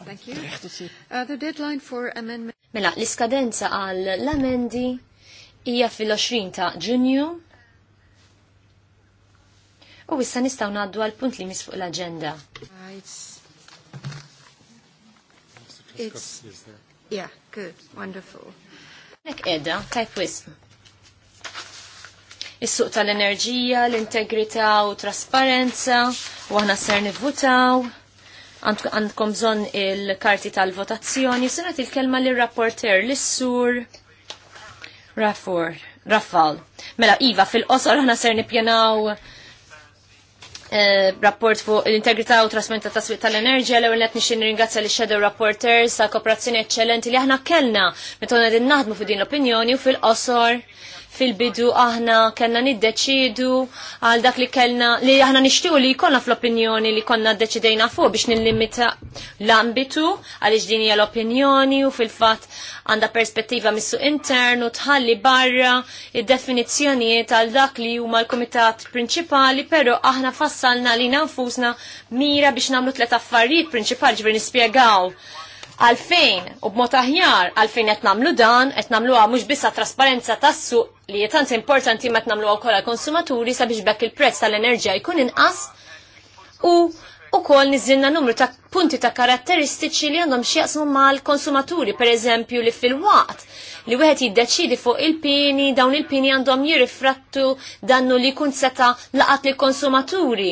Thank you. Uh, mela, l-iskadenza għal l-amendi hija fil-20 ta' Ġunju. U issa nistgħu ngħaddu għal punt li mis fuq l-aġenda. Yeah. Good, wonderful. Nek edha, tajf wism. Is-suq tal-enerġija, l-integrità u trasparenza, u aħna ser nivvutaw, għandkom bżonn il-karti tal-votazzjoni, sinat il-kelma l-rapporter, l-sur, Raffur, Raffal. Mela, Iva, fil-qosor aħna ser nipjanaw Eh, rapport fuq l-integrità u trasmenta ta' swit tal-enerġija l qed nixin ringrazzja li shadow rapporters sa' kooperazzjoni eccellenti li aħna kellna meta din naħdmu fuq din l-opinjoni u fil-qosor fil-bidu aħna kellna niddeċidu għal dak li kellna li aħna nixtiequ li jkollna fl-opinjoni li konna ddeċidejna fuq biex nillimita l-ambitu għaliex din hija l-opinjoni u fil-fatt għandha perspettiva missu internu tħalli barra id-definizzjonijiet għal dak li huma l-kumitat prinċipali, però aħna fassalna li nfusna mira biex nagħmlu tliet affarijiet prinċipali ġifier nispjegaw għalfejn u b'mod aħjar għalfejn qed nagħmlu dan, qed nagħmluha mhux biss trasparenza tas-suq li tant importanti ma tnamluha wkoll għall-konsumaturi sabiex bekk il-prezz tal-enerġija jkun inqas u ukoll niżilna numru ta' punti ta' karatteristiċi li għandhom x'jaqsmu mal-konsumaturi, pereżempju li fil-waqt li wieħed jiddeċidi fuq il-pini, dawn il-pini għandhom jirrifrattu dannu li kun seta laqat li konsumaturi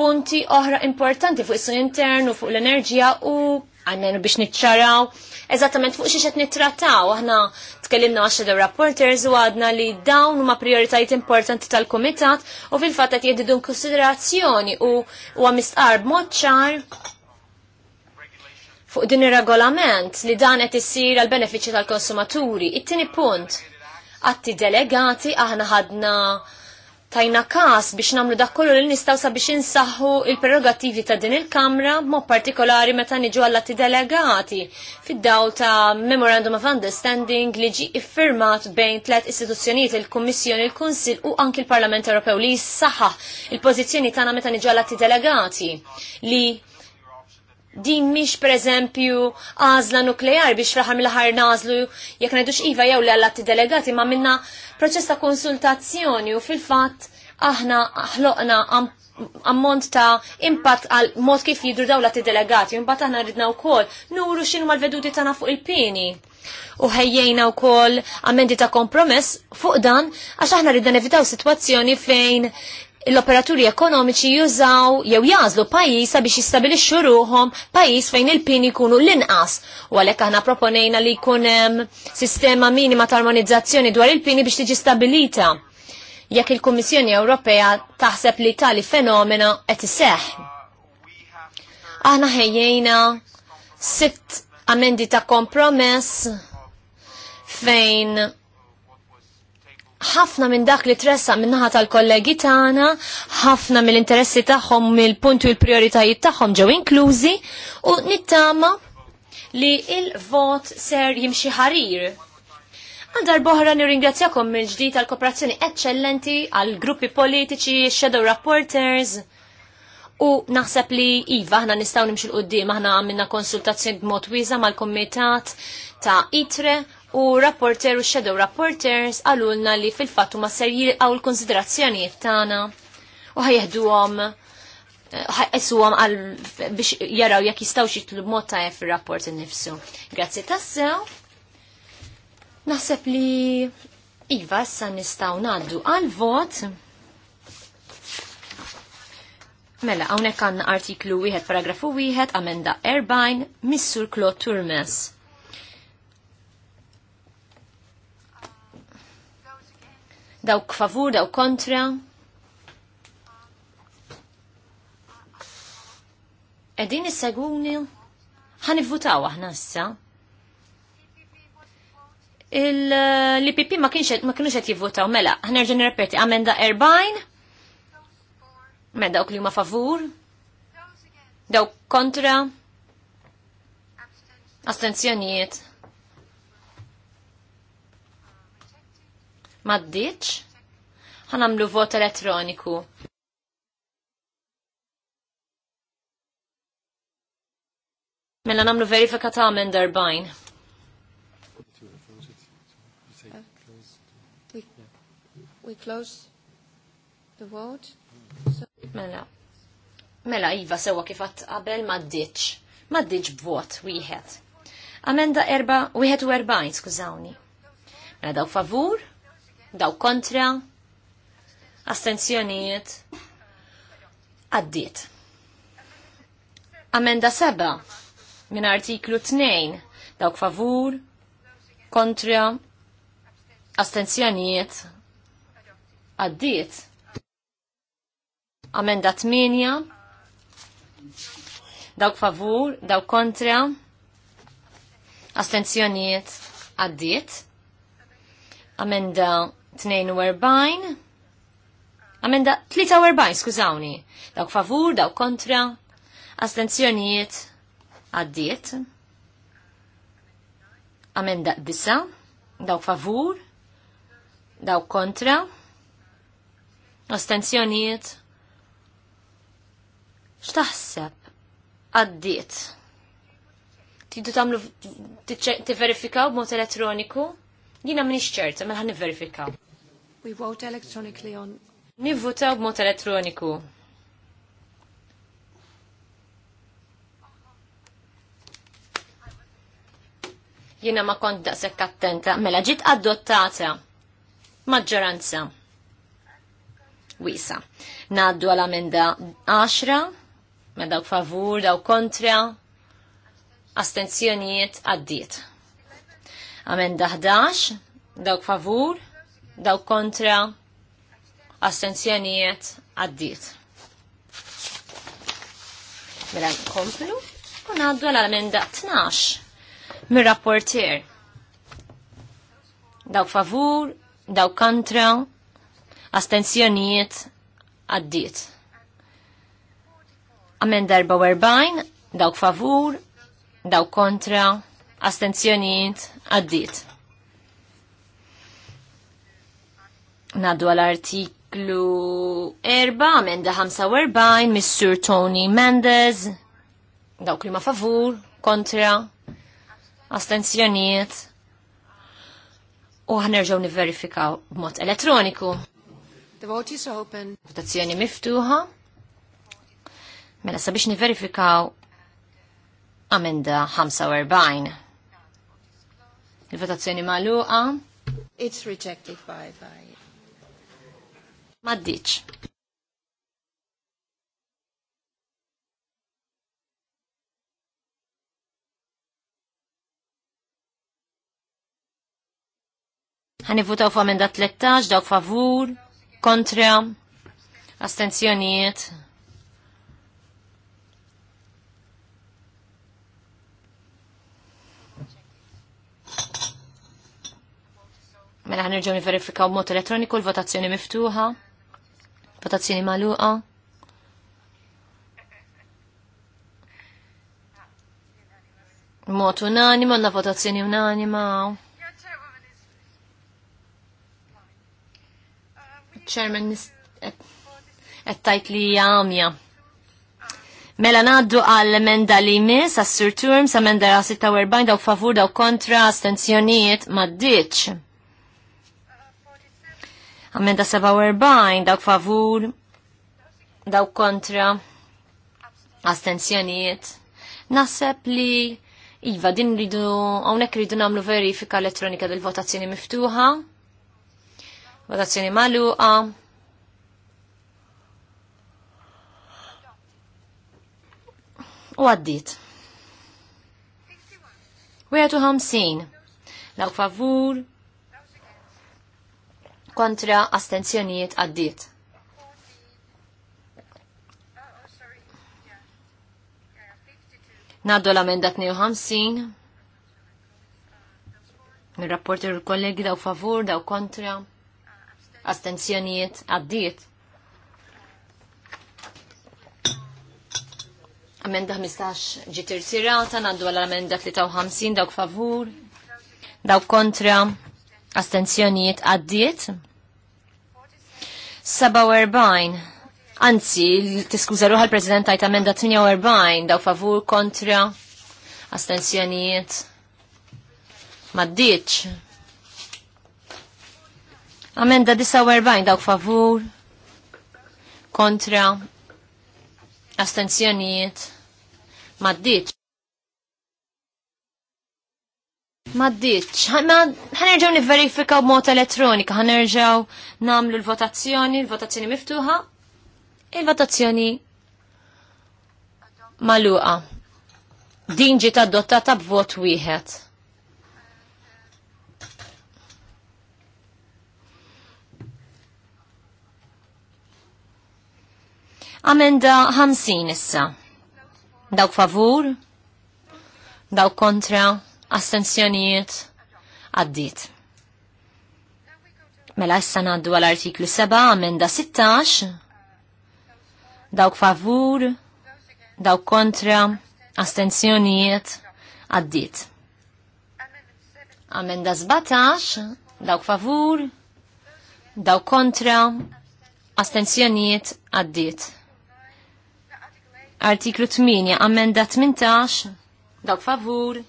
punti oħra importanti fuq is-sun internu, u fuq l-enerġija u għannenu biex nitċaraw. Eżattament fuq xiexet nittrattaw, aħna tkellimna għaxa the rapporters u għadna li dawn huma prioritajiet importanti tal-komitat u fil-fat qed jedidu konsiderazzjoni u huwa mistqarb mod ċar fuq din ir-regolament li dan qed issir għal benefiċċju tal-konsumaturi. It-tieni punt, atti delegati aħna ħadna tajna kas biex namlu dak kollu li nistaw sabiex insaħħu il-prerogativi ta' din il-Kamra mod partikolari meta niġu għallati delegati fid-daw ta' Memorandum of Understanding li ġi iffirmat bejn tlet istituzzjonijiet il-Kummissjoni, il-Kunsil u anki il-Parlament Ewropew li jissaħħa il-pożizzjoni tagħna meta niġu għallati delegati li din miex per eżempju għazla nuklear biex fl-ħar mill-ħar nażlu jekk ngħidux iva jew li għallati delegati ma minna proċess ta' konsultazzjoni u fil-fatt aħna ħloqna ammont ta' impatt għal mod kif jidru daw lati delegati, impatt aħna ridna wkoll nuru x'inhu mal-veduti tagħna fuq il-pieni. U ħejjejna wkoll ammendi ta' kompromess fuq dan għax aħna ridna nevitaw sitwazzjoni fejn l-operaturi ekonomiċi jużaw jew jażlu pajjiż biex jistabilixxu ruhom pajjiż fejn il-pin ikunu l-inqas. U għalhekk aħna proponejna li jkun hemm sistema minima ta' armonizzazzjoni dwar il-pini biex tiġi stabilita. Jekk il-Kummissjoni Ewropea taħseb li tali fenomena qed iseħħ. Aħna ħejjejna sitt amendi ta' kompromess fejn ħafna minn dak li tressa minnaħa tal-kollegi tagħna, ħafna mill-interessi tagħhom mill-punti u l-prijoritajiet tagħhom ġew inklużi u nittama li il-vot ser jimxi ħarir. Għandar boħra nirringrazzjakom mill-ġdid tal-kooperazzjoni eccellenti għal gruppi politiċi, shadow rapporters u naħseb li Iva aħna nistgħu nimxil qoddim aħna għamilna konsultazzjoni b'mod wiesa mal-komitat ta' ITRE u rapporter u shadow rapporters għalulna li fil-fattu ma ser jilqaw l-konsiderazzjonijiet tagħna u ħajjeħduhom għom eh, għal biex jaraw jekk jistgħu tlub motta tajjeb fir-rapport innifsu. Grazzi tassew. Naħseb li Iva issa nistgħu ngħaddu għal vot. Mela, hawnhekk għandna artiklu wieħed paragrafu wieħed amenda Erbajn, Missur Klo Turmes Dawk favur, dawk kontra. Edin is-seguni ħanivvutaw aħna issa. Il-LPP eh, ma kienx ma kienux qed jivvotaw mela, ħnerġa' nirrepeti amenda 40. Mela dawk li huma favur. Dawk kontra. Astenzjonijiet. Maddiċ. Ħanamlu vot elettroniku. Mela namlu verifika ta' minn darbajn. We close the vote. So... Mela. Mela, Iva, sewa kifat qabel ma ditx. Ma ditx b'vot, wieħed. Amenda erba, wieħed u erbajn, skużawni. Mela daw favur, daw kontra, astenzjonijiet, għaddit. Amenda seba' minn artiklu 2 dawk favur, kontra, astenzjonijiet, għaddit. Amenda 8 dawk favur, dawk kontra, astenzjonijiet, għaddit. Amenda 42 Amenda 43, skużawni. Dawk favur, dawk kontra. Astenzjonijiet għaddiet. Amenda 9, dawk favur, dawk kontra. Astenzjonijiet. X'taħseb? Għaddiet. Tidu tagħmlu tifverifikaw b'mod elettroniku? Jina minni ċerta, mela ħan We vote electronically on... Nivvotaw b'mod elettroniku. Jina ma kont daqsek attenta, mela ġiet adottata. Maġġoranza. Wisa. Naddu għal amenda 10, ma dawk favur, dawk kontra, astenzjonijiet għaddiet. Amenda 11, dawk favur, dawk kontra, astenzjonijiet għaddit. Mela komplu, u għaddu l-amenda 12, mir rapportier Dawk favur, dawk kontra, astenzjonijiet għaddiet. Amenda 44, dawk favur, dawk kontra, astenzjonijiet għaddit. Naddu għal-artiklu 4, amenda 45, Missur Tony Mendez, dawk li ma favur, kontra, astenzjonijiet, u ħanerġaw niverifikaw b'mod elettroniku. The vote is open. Votazzjoni miftuħa. Mela sabiex niverifikaw amenda 45. Il-votazzjoni maluqa. It's rejected by by. Maddiċ. Għanivutaw fa' minn da' 13, dawk favur, kontra, astenzjoniet. Mela ħanerġgħu niverifikaw mod elettroniku l-votazzjoni miftuħa. Votazzjoni magħluqa. Mod unanima, għandna votazzjoni unanima. Chairman qed tajt li għamja. Mela naddu għal emenda li mis, għas-sur turm, sa' emenda 46 daw favur daw kontra, astenzjonijiet, ma' ditx. Amenda 47 dawk favur, dawk kontra, astenzjonijiet. Naħseb li Iva, din ridu, għonek ridu namlu verifika elettronika del-votazzjoni miftuħa, votazzjoni maluqa, u għaddit. 51. Law favur, kontra astenzjonijiet għaddiet. Naddu l-amenda 52. Il-rapporti kollegi daw favur, daw kontra. Astenzjonijiet għaddiet. Amenda 15 ġitir sirata, naddu l-amenda 53, daw favur, daw kontra. Astenzjonijiet għaddiet. 47. Anzi, tiskuża ruħal prezident għajt amenda 48 daw favur kontra astenzjonijiet. Maddiċ. Amenda 49 daw favur kontra astenzjonijiet maddiċ. Ma ddiċ. Ħanerġaw niverifikaw b'mod elettronika, ħanerġaw namlu l-votazzjoni, l-votazzjoni miftuħa, il-votazzjoni maluqa. Din ġiet adottata b'vot wieħed. Amenda 50 issa. Dawk favur? Dawk kontra? astenzjonijiet għaddit. Mela issa għaddu għal artiklu 7 amenda 16 dawk favur, dawk kontra, astenzjonijiet għaddit. Amenda 17 dawk favur, dawk kontra, astenzjonijiet għaddit. Artiklu 8, amenda 18, dawk favur,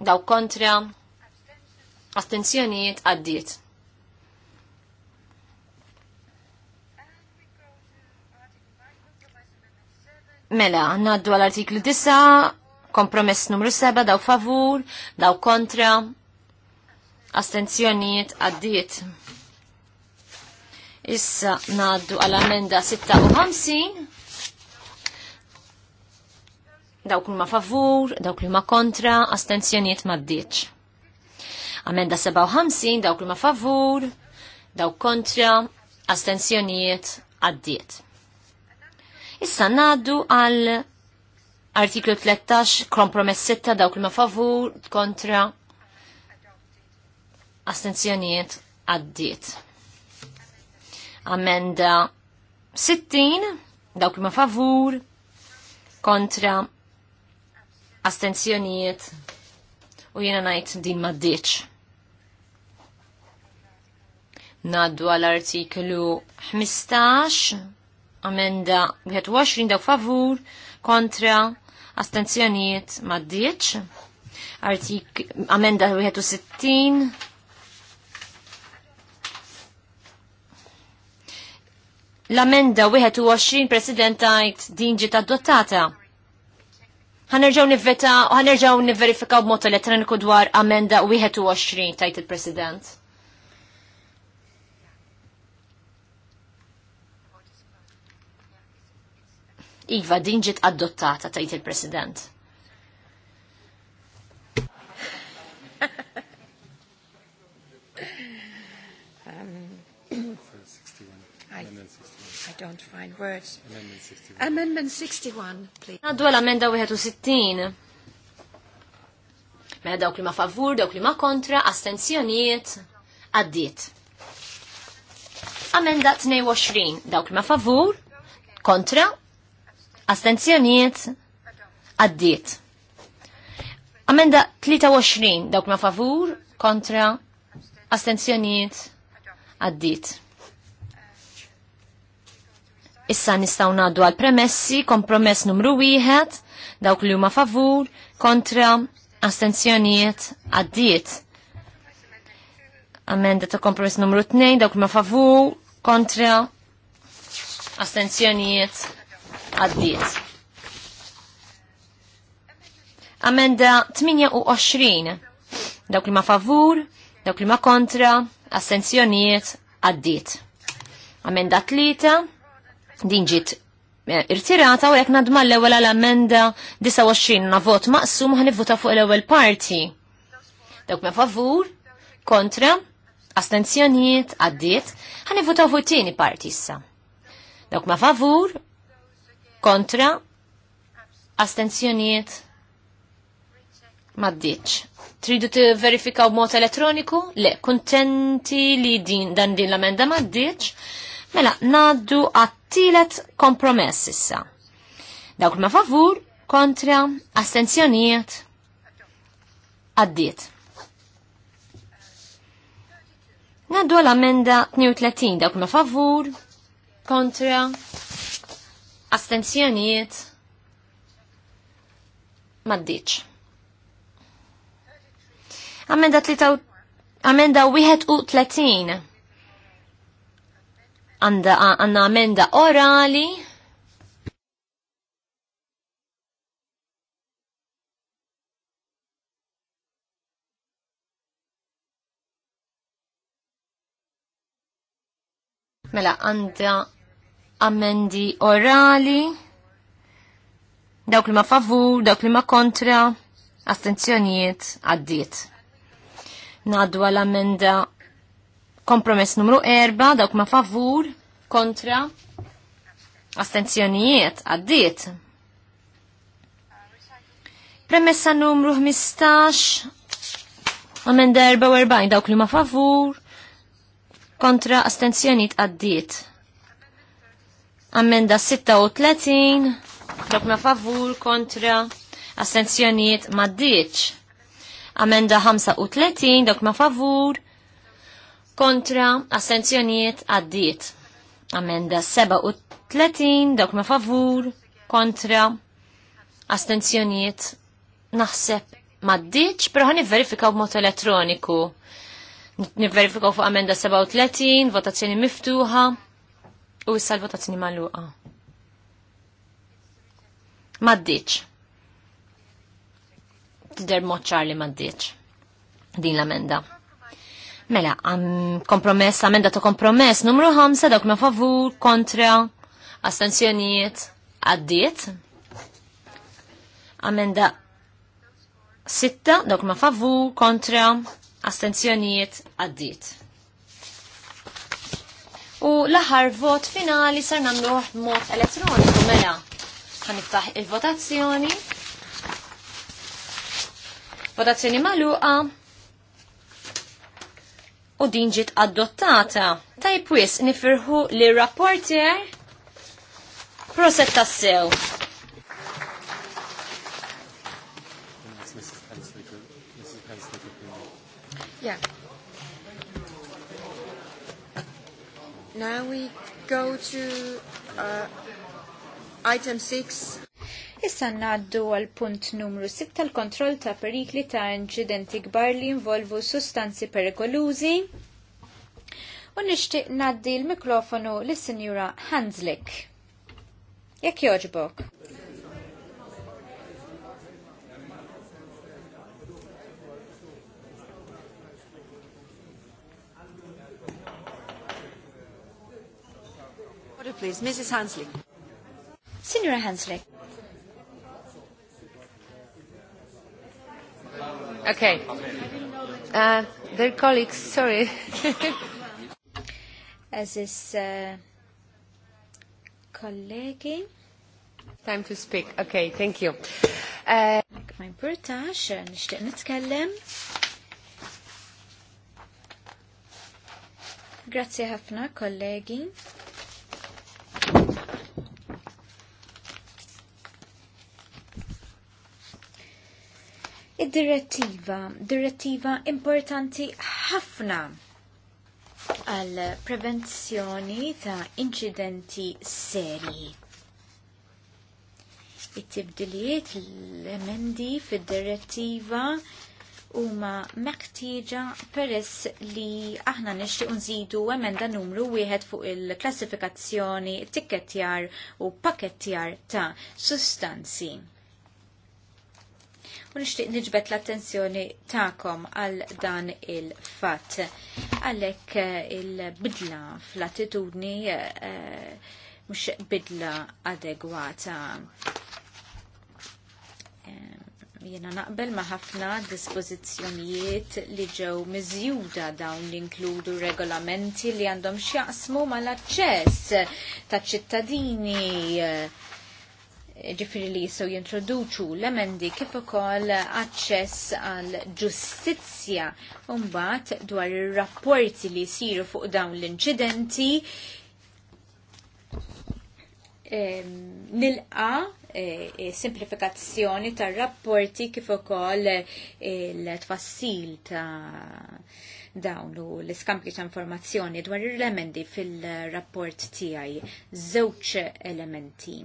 daw kontra, astenzjonijiet għaddiet. Mela, naddu għal-artiklu 9, kompromess numru 7, daw favur, daw kontra, astenzjonijiet għaddiet. Issa naddu għal-amenda 56, dawk li ma favur, dawk li ma kontra, astenzjoniet ma d-dieċ. Amenda 57, dawk li ma favur, dawk kontra, astenzjoniet għaddiet. Issa naddu għal artiklu 13, kompromess 6, dawk li ma favur, kontra, astenzjoniet għaddiet. Amenda 60, dawk li ma favur, kontra, astenzjonijiet u jena najt din maddiċ. Naddu għal-artiklu 15, amenda 21 daw favur, kontra astenzjonijiet maddiċ. Artik amenda 61, L-amenda 21 president għajt din ġiet adottata ħanerġaw nivveta u ħanerġaw nivverifikaw b'mod elettroniku dwar amenda 21 tajt il-President. Iva, din ġiet adottata tajt il-President. don't find words. Amendment 61. please. Għaddu l-amenda 61. Mela dawk li ma favur, dawk li ma kontra, astenzjonijiet, għaddiet. Amenda 22, dawk li ma favur, kontra, astenzjonijiet, għaddiet. Amenda 23, dawk ma favur, kontra, astenzjonijiet, għaddiet. Issa nistaw naddu għal premessi, kompromess numru wieħed, dawk li huma favur, kontra, astenzjonijiet, għaddiet. Amenda ta' kompromess numru 2, dawk li huma favur, kontra, astenzjonijiet, għaddiet. Amenda 28, dawk li ma favur, dawk li ma kontra, astenzjonijiet, għaddiet. Amenda 3, Din ġiet eh, irtirata u jekk nadma l-ewwel għal amenda 29 na vot maqsum ħanivvota fuq l-ewwel parti. Dawk ma' favur, kontra, astenzjonijiet, għaddiet, ħanivvota fuq it-tieni parti issa. Dawk ma' favur, kontra, astenzjonijiet, maddiċ. Tridu t u mot elettroniku? Le, kontenti li din dan din l-amenda maddiċ. Mela, naddu għat Tielet kompromess issa. Dawk ma favur, kontra, astenzjoniet, għaddiet. Naddu l-amenda 32 dawk ma favur, kontra, astenzjoniet, maddiċ. Amenda 33, amenda 31, għanna amenda orali Mela għanda amendi orali dawk li ma favur, dawk li ma kontra, astenzjonijiet għaddiet. Nadwa l amenda Kompromess numru 4, dawk ma favur, kontra, astenzjonijiet, għaddit. Premessa numru 15, għamen darba 40, dawk li ma favur, kontra, astenzjonijiet, għaddiet. Amenda 36, dawk ma favur, kontra, astenzjonijiet, maddiċ. Amenda 35, dawk ma favur, kontra assenzjoniet għaddiet. Amenda 37 dawk ma favur kontra astenzjonijiet naħseb maddiċ, pero ħan verifikaw b'mod elettroniku. Niverifikaw fuq amenda 37, votazzjoni miftuħa u issa l-votazzjoni magħluqa. Maddiċ. Tider mod ċarli maddiċ. Din l-amenda. Mela, għam kompromess, amenda ta' kompromess, numru 5, dawk ma' favur, kontra, astenzjonijiet, għaddiet. Amenda sitta, dawk ma' favur, kontra, astenzjonijiet, għaddiet. U l-aħar vot finali sar namluħ mod elettroniku, mela, ħaniftaħ il-votazzjoni. Votazzjoni maluqa u din ġiet adottata. Tajb wis nifirħu li rapporter prosetta sew. Yeah. Now we go to uh, item six. Issa ngħaddu għal punt numru 6 tal-kontroll ta' perikli ta' inċidenti kbar li jinvolvu sustanzi perikolużi. U nixtieq ngħaddi l-mikrofonu lis-Sinjura Hanslik. Jekk jogħġbok. please, Mrs. Hansley. Signora Hansley. Okay. Uh, their colleagues, sorry. As is uh, kollegi. Time to speak. Okay, thank you. Uh, Ma importax, nishtiq nitkellem. Grazie ħafna, kollegi. Id-direttiva, direttiva importanti ħafna għal prevenzjoni ta' incidenti serji. It-tibdiliet l-emendi fid-direttiva huma meħtieġa peress li aħna nishti nżidu emenda numru wieħed fuq il-klassifikazzjoni, tikketjar u pakettjar ta' sustanzi u nixtieq niġbet l-attenzjoni tagħkom għal dan il-fatt. Għalhekk eh, il-bidla fl-attitudni eh, mhux bidla adegwata eh, jena naqbel ma' ħafna dispożizzjonijiet li ġew miżjuda dawn li inkludu regolamenti li għandhom xjaqsmu mal aċċess ta' ċittadini ġifiri li jistgħu jintroduċu l-emendi kif ukoll aċċess għal ġustizzja u mbagħad dwar ir-rapporti li jsiru fuq dawn l-inċidenti nilqa e, e, simplifikazzjoni tar-rapporti kif ukoll il-tfassil ta' dawn u l-iskampju ta' informazzjoni dwar il-elementi fil-rapport tiegħi żewġ elementi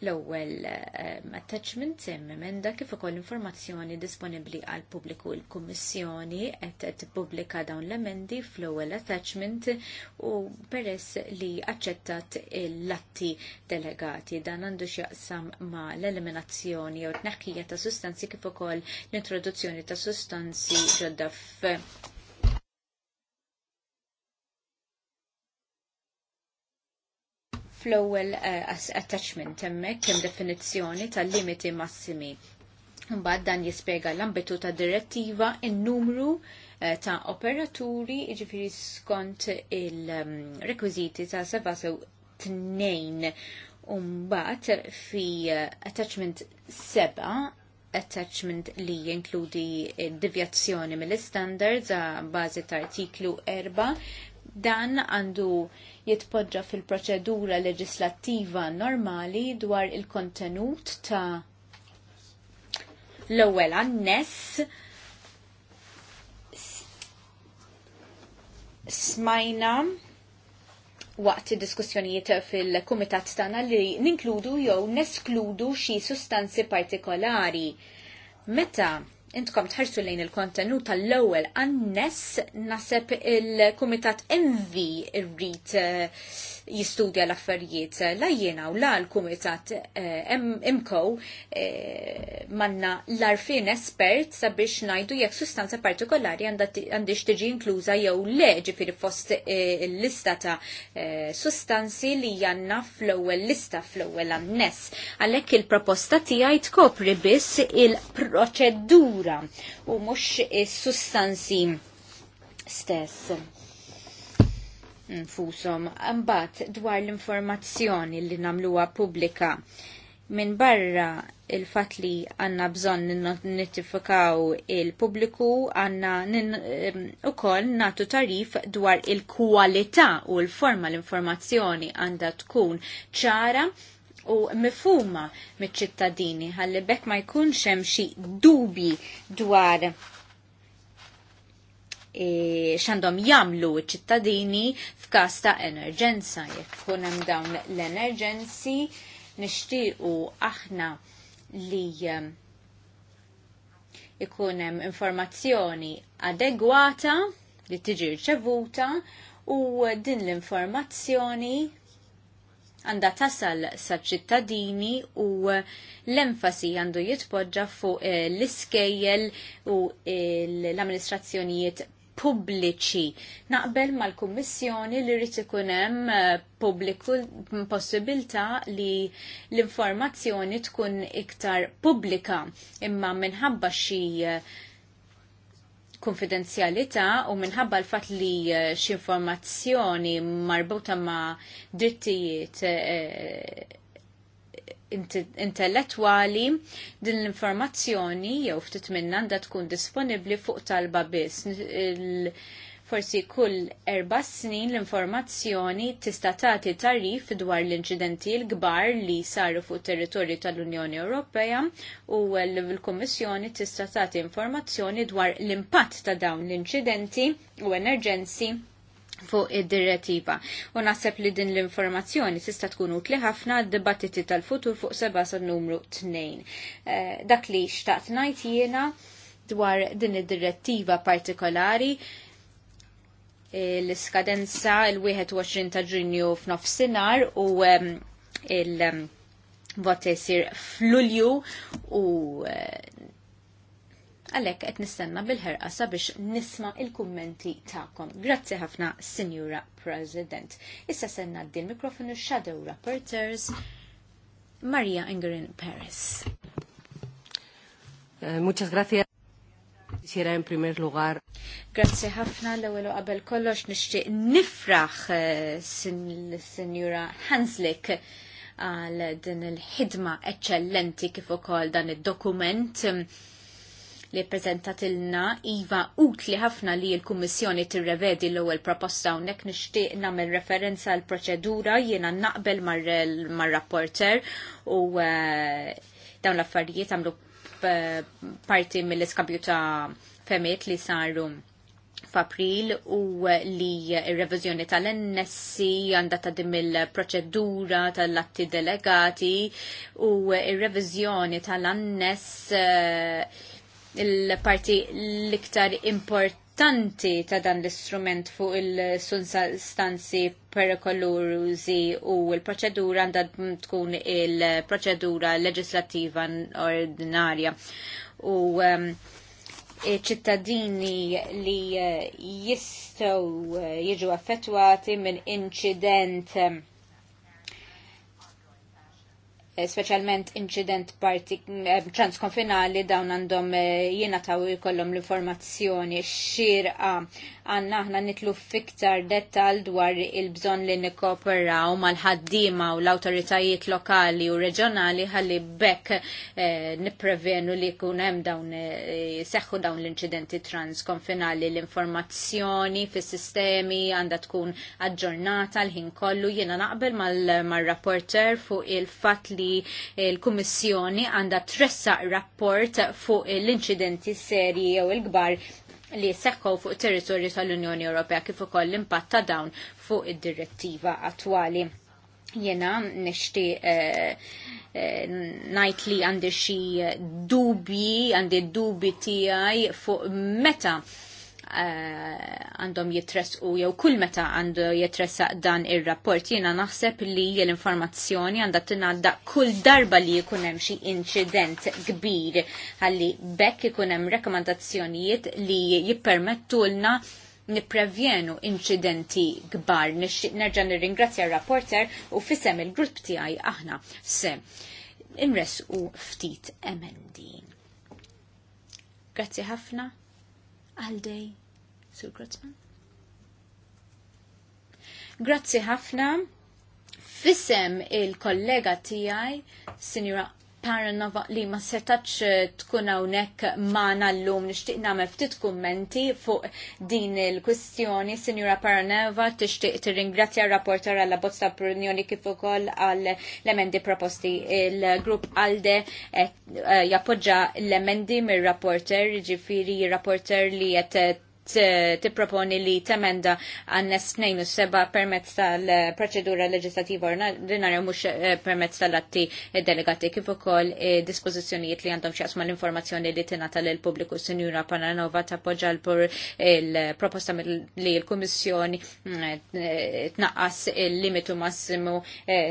l-ewwel eh, attachment eh, emenda kif ukoll informazzjoni disponibbli għal pubbliku l-Kummissjoni qed tippubblika dawn l-emendi fl-ewwel attachment u peress li aċċettat l-atti delegati dan għandu x'jaqsam ma l-eliminazzjoni jew tneħħija ta' sustanzi kif ukoll l-introduzzjoni ta' sustanzi ġodda fl-ewwel eh, attachment hemmhekk kemm definizzjoni tal-limiti massimi. Mbagħad dan jispjega l-ambitu ta' direttiva in-numru eh, ta' operaturi jiġifieri skont il-rekwiżiti mm, ta' seba' sew tnejn Umbat fi eh, attachment seba, attachment li jinkludi divjazzjoni mill istandards għal bażi ta' artiklu 4 Dan għandu jitpoġġa fil-proċedura leġislattiva normali dwar il-kontenut ta' l-ewwel anness smajna waqt id diskussjonijiet fil-kumitat tagħna li ninkludu jew neskludu xi sustanzi partikolari. Meta intkom tħarsu lejn il-kontenut tal-ewwel għannes naseb il-Kumitat Envi irrid eh, jistudja l-affarijiet la jiena u la l-kumitat eh, imko eh, manna l-arfin espert sabiex najdu jekk sustanza partikolari għandix tiġi inkluża jew leġi ġifiri fost eh, l-lista ta' sustanzi li janna fl-ewwel lista fl-ewwel annes. Għalhekk il-proposta tiegħi tkopri biss il-proċedura u mhux is-sustanzi stess. Nfusom, Mbagħad dwar l-informazzjoni li nagħmluha pubblika minn barra il-fat li għanna bżon nittifikaw il-publiku għanna u koll natu tarif dwar il kwalità u l-forma l-informazzjoni għanda tkun ċara u mifuma mit-ċittadini għalli bekk ma jkunx hemm xi dubi dwar xandom jamlu ċittadini f'kas ta' emerġenza. Jekk kun hemm dawn l-emerġenzi, nixtiequ aħna li ehm, ikun hemm informazzjoni adegwata li tiġi rċevuta u din l-informazzjoni għanda tasal saċ-ċittadini u l-enfasi għandu jitpoġġa fuq eh, l-iskejjel u eh, l-amministrazzjonijiet pubbliċi. Naqbel mal-Kummissjoni li rrit ikun hemm eh, pubbliku possibilità li l-informazzjoni tkun iktar pubblika imma minħabba xi eh, konfidenzjalità u minħabba l-fat li eh, xi informazzjoni marbuta ma' drittijiet intellettwali din l-informazzjoni jew ftit minna għandha tkun disponibbli fuq talba biss. Forsi kull erba' snin l-informazzjoni tista' tagħti tarif dwar l-inċidenti l-kbar li saru fuq territorju tal-Unjoni Ewropea u l-Kummissjoni tista' tagħti informazzjoni dwar l-impatt ta' dawn l-inċidenti u emerġenzi fuq id-direttiva. U naħseb li din l-informazzjoni tista' tkun utli ħafna d-dibattiti tal-futur fuq seba' sa' numru 2. Eh, dak li xtaqt ngħid jiena dwar din id-direttiva partikolari l-iskadenza il-21 ta' ġunju f'nofsinhar u il- vot jisir f'Lulju u eh, Għalek qed nistenna bil-ħerqa sabiex nisma' il-kummenti tagħkom. Grazzi ħafna, Signora President. Issa senna d mikrofonu Shadow Rapporters Maria Ingerin Paris. Eh, muchas gracias. Sira in primer lugar. Grazie ħafna l-ewwel qabel kollox nixtieq nifraħ eh, sinjura Hanslik għal din il-ħidma eċċellenti kif ukoll dan id-dokument li prezentatilna iva utli ħafna li l-Kummissjoni tirrevedi l-ewwel proposta hawnhekk nixtieq nagħmel referenza l proċedura jiena naqbel mar-rapporter u eh, dawn l-affarijiet għamlu eh, parti mill-iskabju ta' femiet li saru f'April u li r-reviżjoni tal-NSC għandha tadim il-proċedura tal-atti delegati u r-reviżjoni tal-annes uh, eh, il-parti l-iktar importanti ta' dan l-istrument fuq il-sunstanzi perikolużi u il-proċedura għandha tkun il-proċedura leġislattiva ordinarja. U um, ċittadini li uh, jistgħu uh, jiġu affettwati minn incident um, Eh, specialment incident eh, transkonfinali dawn għandhom eh, jiena taw jkollhom l-informazzjoni xirqa għanna aħna nitlu fiktar dettal dwar il-bżon li nikoperaw mal-ħaddima u l-autoritajiet lokali u reġjonali ħalli bekk nipprevenu li kun hemm dawn seħħu dawn l-inċidenti transkonfinali l-informazzjoni fis-sistemi għandha tkun aġġornata l-ħin kollu jiena naqbel mal-rapporter fuq il-fatt li il l-Kummissjoni għandha tressa rapport fuq l-inċidenti serji jew il-kbar li seħħu fuq territorju tal-Unjoni Ewropea kif ukoll l-impatt ta' dawn fuq id-direttiva attwali. Jena nixti ngħid eh, eh, najt li għandi xi dubji, għandi dubji tiegħi fuq meta Eh, għandhom jitresqu jew kull meta għandu jitressaq dan ir-rapport jiena naħseb li l-informazzjoni għandha tingħadda kull darba li jkun hemm xi inċident kbir ħalli bekk ikun hemm rekomandazzjonijiet li jippermettulna nipprevjenu inċidenti kbar. nerġa' nirringrazzja r-rapporter u fisem il-grupp tiegħi aħna se nresqu ftit emendi. Grazzi ħafna. Għaldej, Sur Grotzman. Grazzi ħafna. Fissem il-kollega tijaj, Sinjura Paranova li ma setax eh, tkun hawnhekk ma llum nixtieq nagħmel ftit kummenti fuq din il-kwistjoni. Sinjura Paranova tixtieq tirringrazzja r-rapporter għall bozza Prunjoni kif ukoll għal l-emendi proposti. Il-grupp Alde eh, eh, jappoġġa l-emendi mir-rapporter, ġifieri rapporter li qed tipproponi li temenda għannes 27 permezz tal-proċedura leġislativa ordinarja mhux eh, permezz tal-atti delegati kif ukoll eh, dispożizzjonijiet li għandhom x'jaqsma l-informazzjoni li tingħata lil pubbliku Sinjura Pananova tappoġġa l-pur il-proposta li l-Kummissjoni mm, eh, tnaqqas il-limitu massimu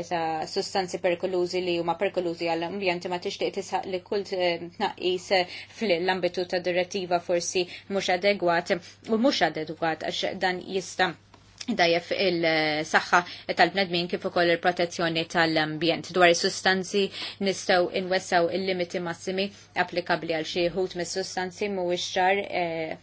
ta' sustanzi perikolużi li huma perikolużi għall-ambjent ma tixtieq tisaq li kull tnaqqis fl-ambitu ta' direttiva forsi mhux adegwat u mhux adegwat għax dan jista' dajjef il-saxħa tal-bnedmin kif ukoll il-protezzjoni tal-ambjent. Dwar is-sustanzi nistgħu inwessaw il-limiti massimi applikabbli għal xi ħut mis-sustanzi mhuwiex ċar eh,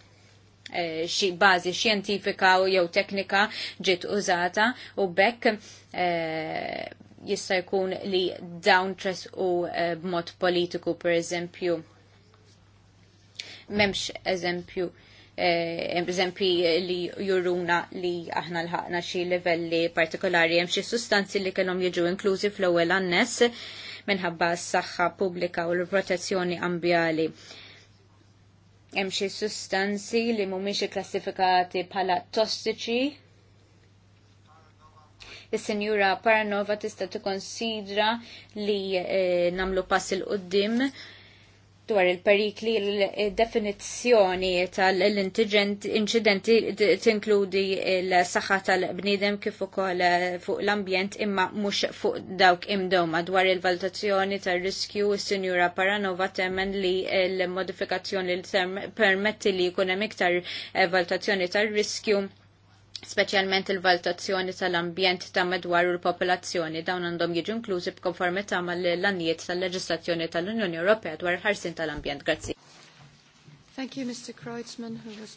eh, xi bażi xjentifika jew teknika ġiet użata u bekk eh, jista' jkun li dawn tres u b'mod politiku pereżempju. M'hemmx eżempju Eh, eżempi li juruna li aħna l-ħakna xi livelli partikolari hemm xi sustanzi li kellhom jiġu inklużi fl-ewwel annes minħabba s-saħħa pubblika u l-protezzjoni ambjali. Hemm xi sustanzi li mhumiex klassifikati bħala tossiċi Is-Sinjura Paranova tista' tikkonsidra li eh, namlu pass il qoddim dwar il-perikli l-definizzjoni tal-incidenti tinkludi l-saħħa tal-bnidem kif ukoll fuq l-ambjent imma mhux fuq dawk imdoma dwar il-valutazzjoni tar-riskju s-Sinjura Paranova temmen li l-modifikazzjoni li permetti li jkun hemm iktar eh, valutazzjoni tar-riskju speċjalment il-valutazzjoni tal-ambjent ta' madwar u l-popolazzjoni dawn għandhom jiġu inklużi b'konformità mal-annijiet tal-leġislazzjoni tal-Unjoni Ewropea dwar ħarsin tal-ambjent. Grazzi. Thank you, Mr. Kreutzmann, who was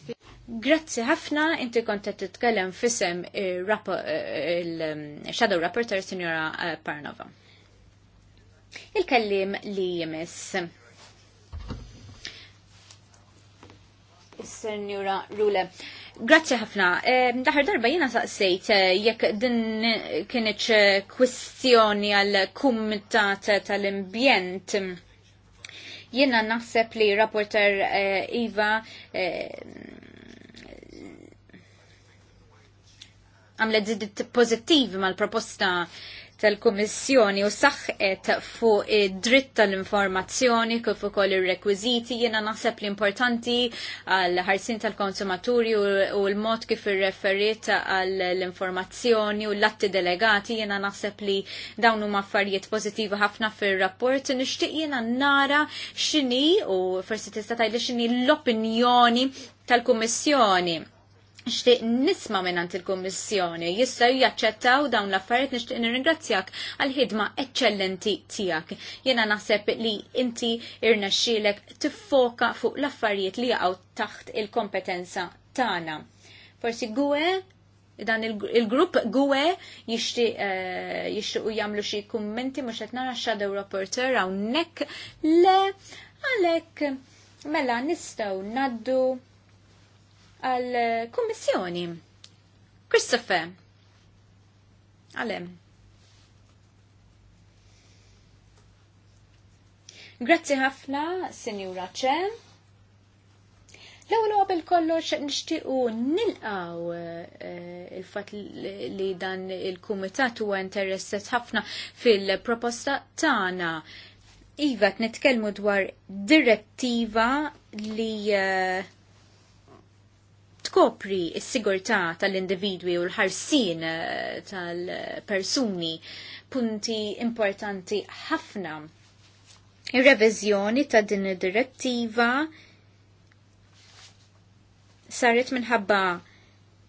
Grazzi ħafna, inti kont qed titkellem fisem il-Shadow um, Rapporteur Signora uh, Parnova. Il-kellim li jmiss. signora Rule. Grazzi ħafna. Daħar eh, darba jena saqsejt eh, jekk din kienieċ eh, kwistjoni għal kumitat tal-imbjent. Jena naħseb li rapporter Iva għamlet zidit pozittiv mal-proposta tal-Kummissjoni u saħħet fuq id-dritt tal-informazzjoni kif ukoll ir-rekwiżiti jiena naħseb l-importanti għal ħarsin tal-konsumaturi u l-mod kif irreferit għal l-informazzjoni u l-atti delegati jiena naħseb li dawn huma affarijiet pożittivi ħafna fir-rapport nixtieq jiena nara x'inhi u forsi tista' tgħidli x'inhi l-opinjoni tal-Kummissjoni Nixtieq nisma' minn il-Kummissjoni jistgħu jaċċettaw dawn l-affarijiet nixtieq nirringrazzjak għal ħidma eċċellenti tiegħek. Jiena naħseb li inti irnexxielek tiffoka fuq l-affarijiet li jaqgħu taħt il-kompetenza tagħna. Forsi gwe dan il-grupp il gwe jixti uh, eh, jixti u jamlu xie kummenti mux nara shadow reporter għaw nek le għalek mela nistaw naddu għal-Kummissjoni. Christopher, għalem. Grazzi ħafna, Senjura Ċe. L-ewwel qabel kollox nixtiequ nilqaw eh, il-fatt li dan il-kumitat huwa interessat ħafna fil-proposta tagħna. Iva, nitkellmu dwar direttiva li eh, tkopri s-sigurtà tal-individwi u l-ħarsin eh, tal-persuni punti importanti ħafna. Ir-reviżjoni ta' din id-direttiva saret minħabba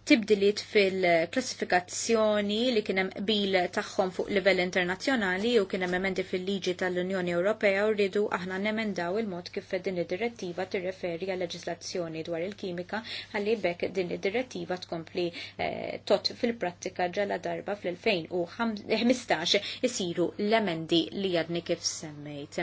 tibdiliet fil-klassifikazzjoni li kienem bil tagħhom fuq livell internazzjonali u kienem emendi fil-liġi tal-Unjoni Ewropea u rridu aħna nemendaw il-mod kif din id-direttiva tirreferi għal leġislazzjoni dwar il-kimika għalli bekk din id-direttiva tkompli eh, tot fil-prattika ġala darba fil 2015 isiru l-emendi li jadni kif semmejt.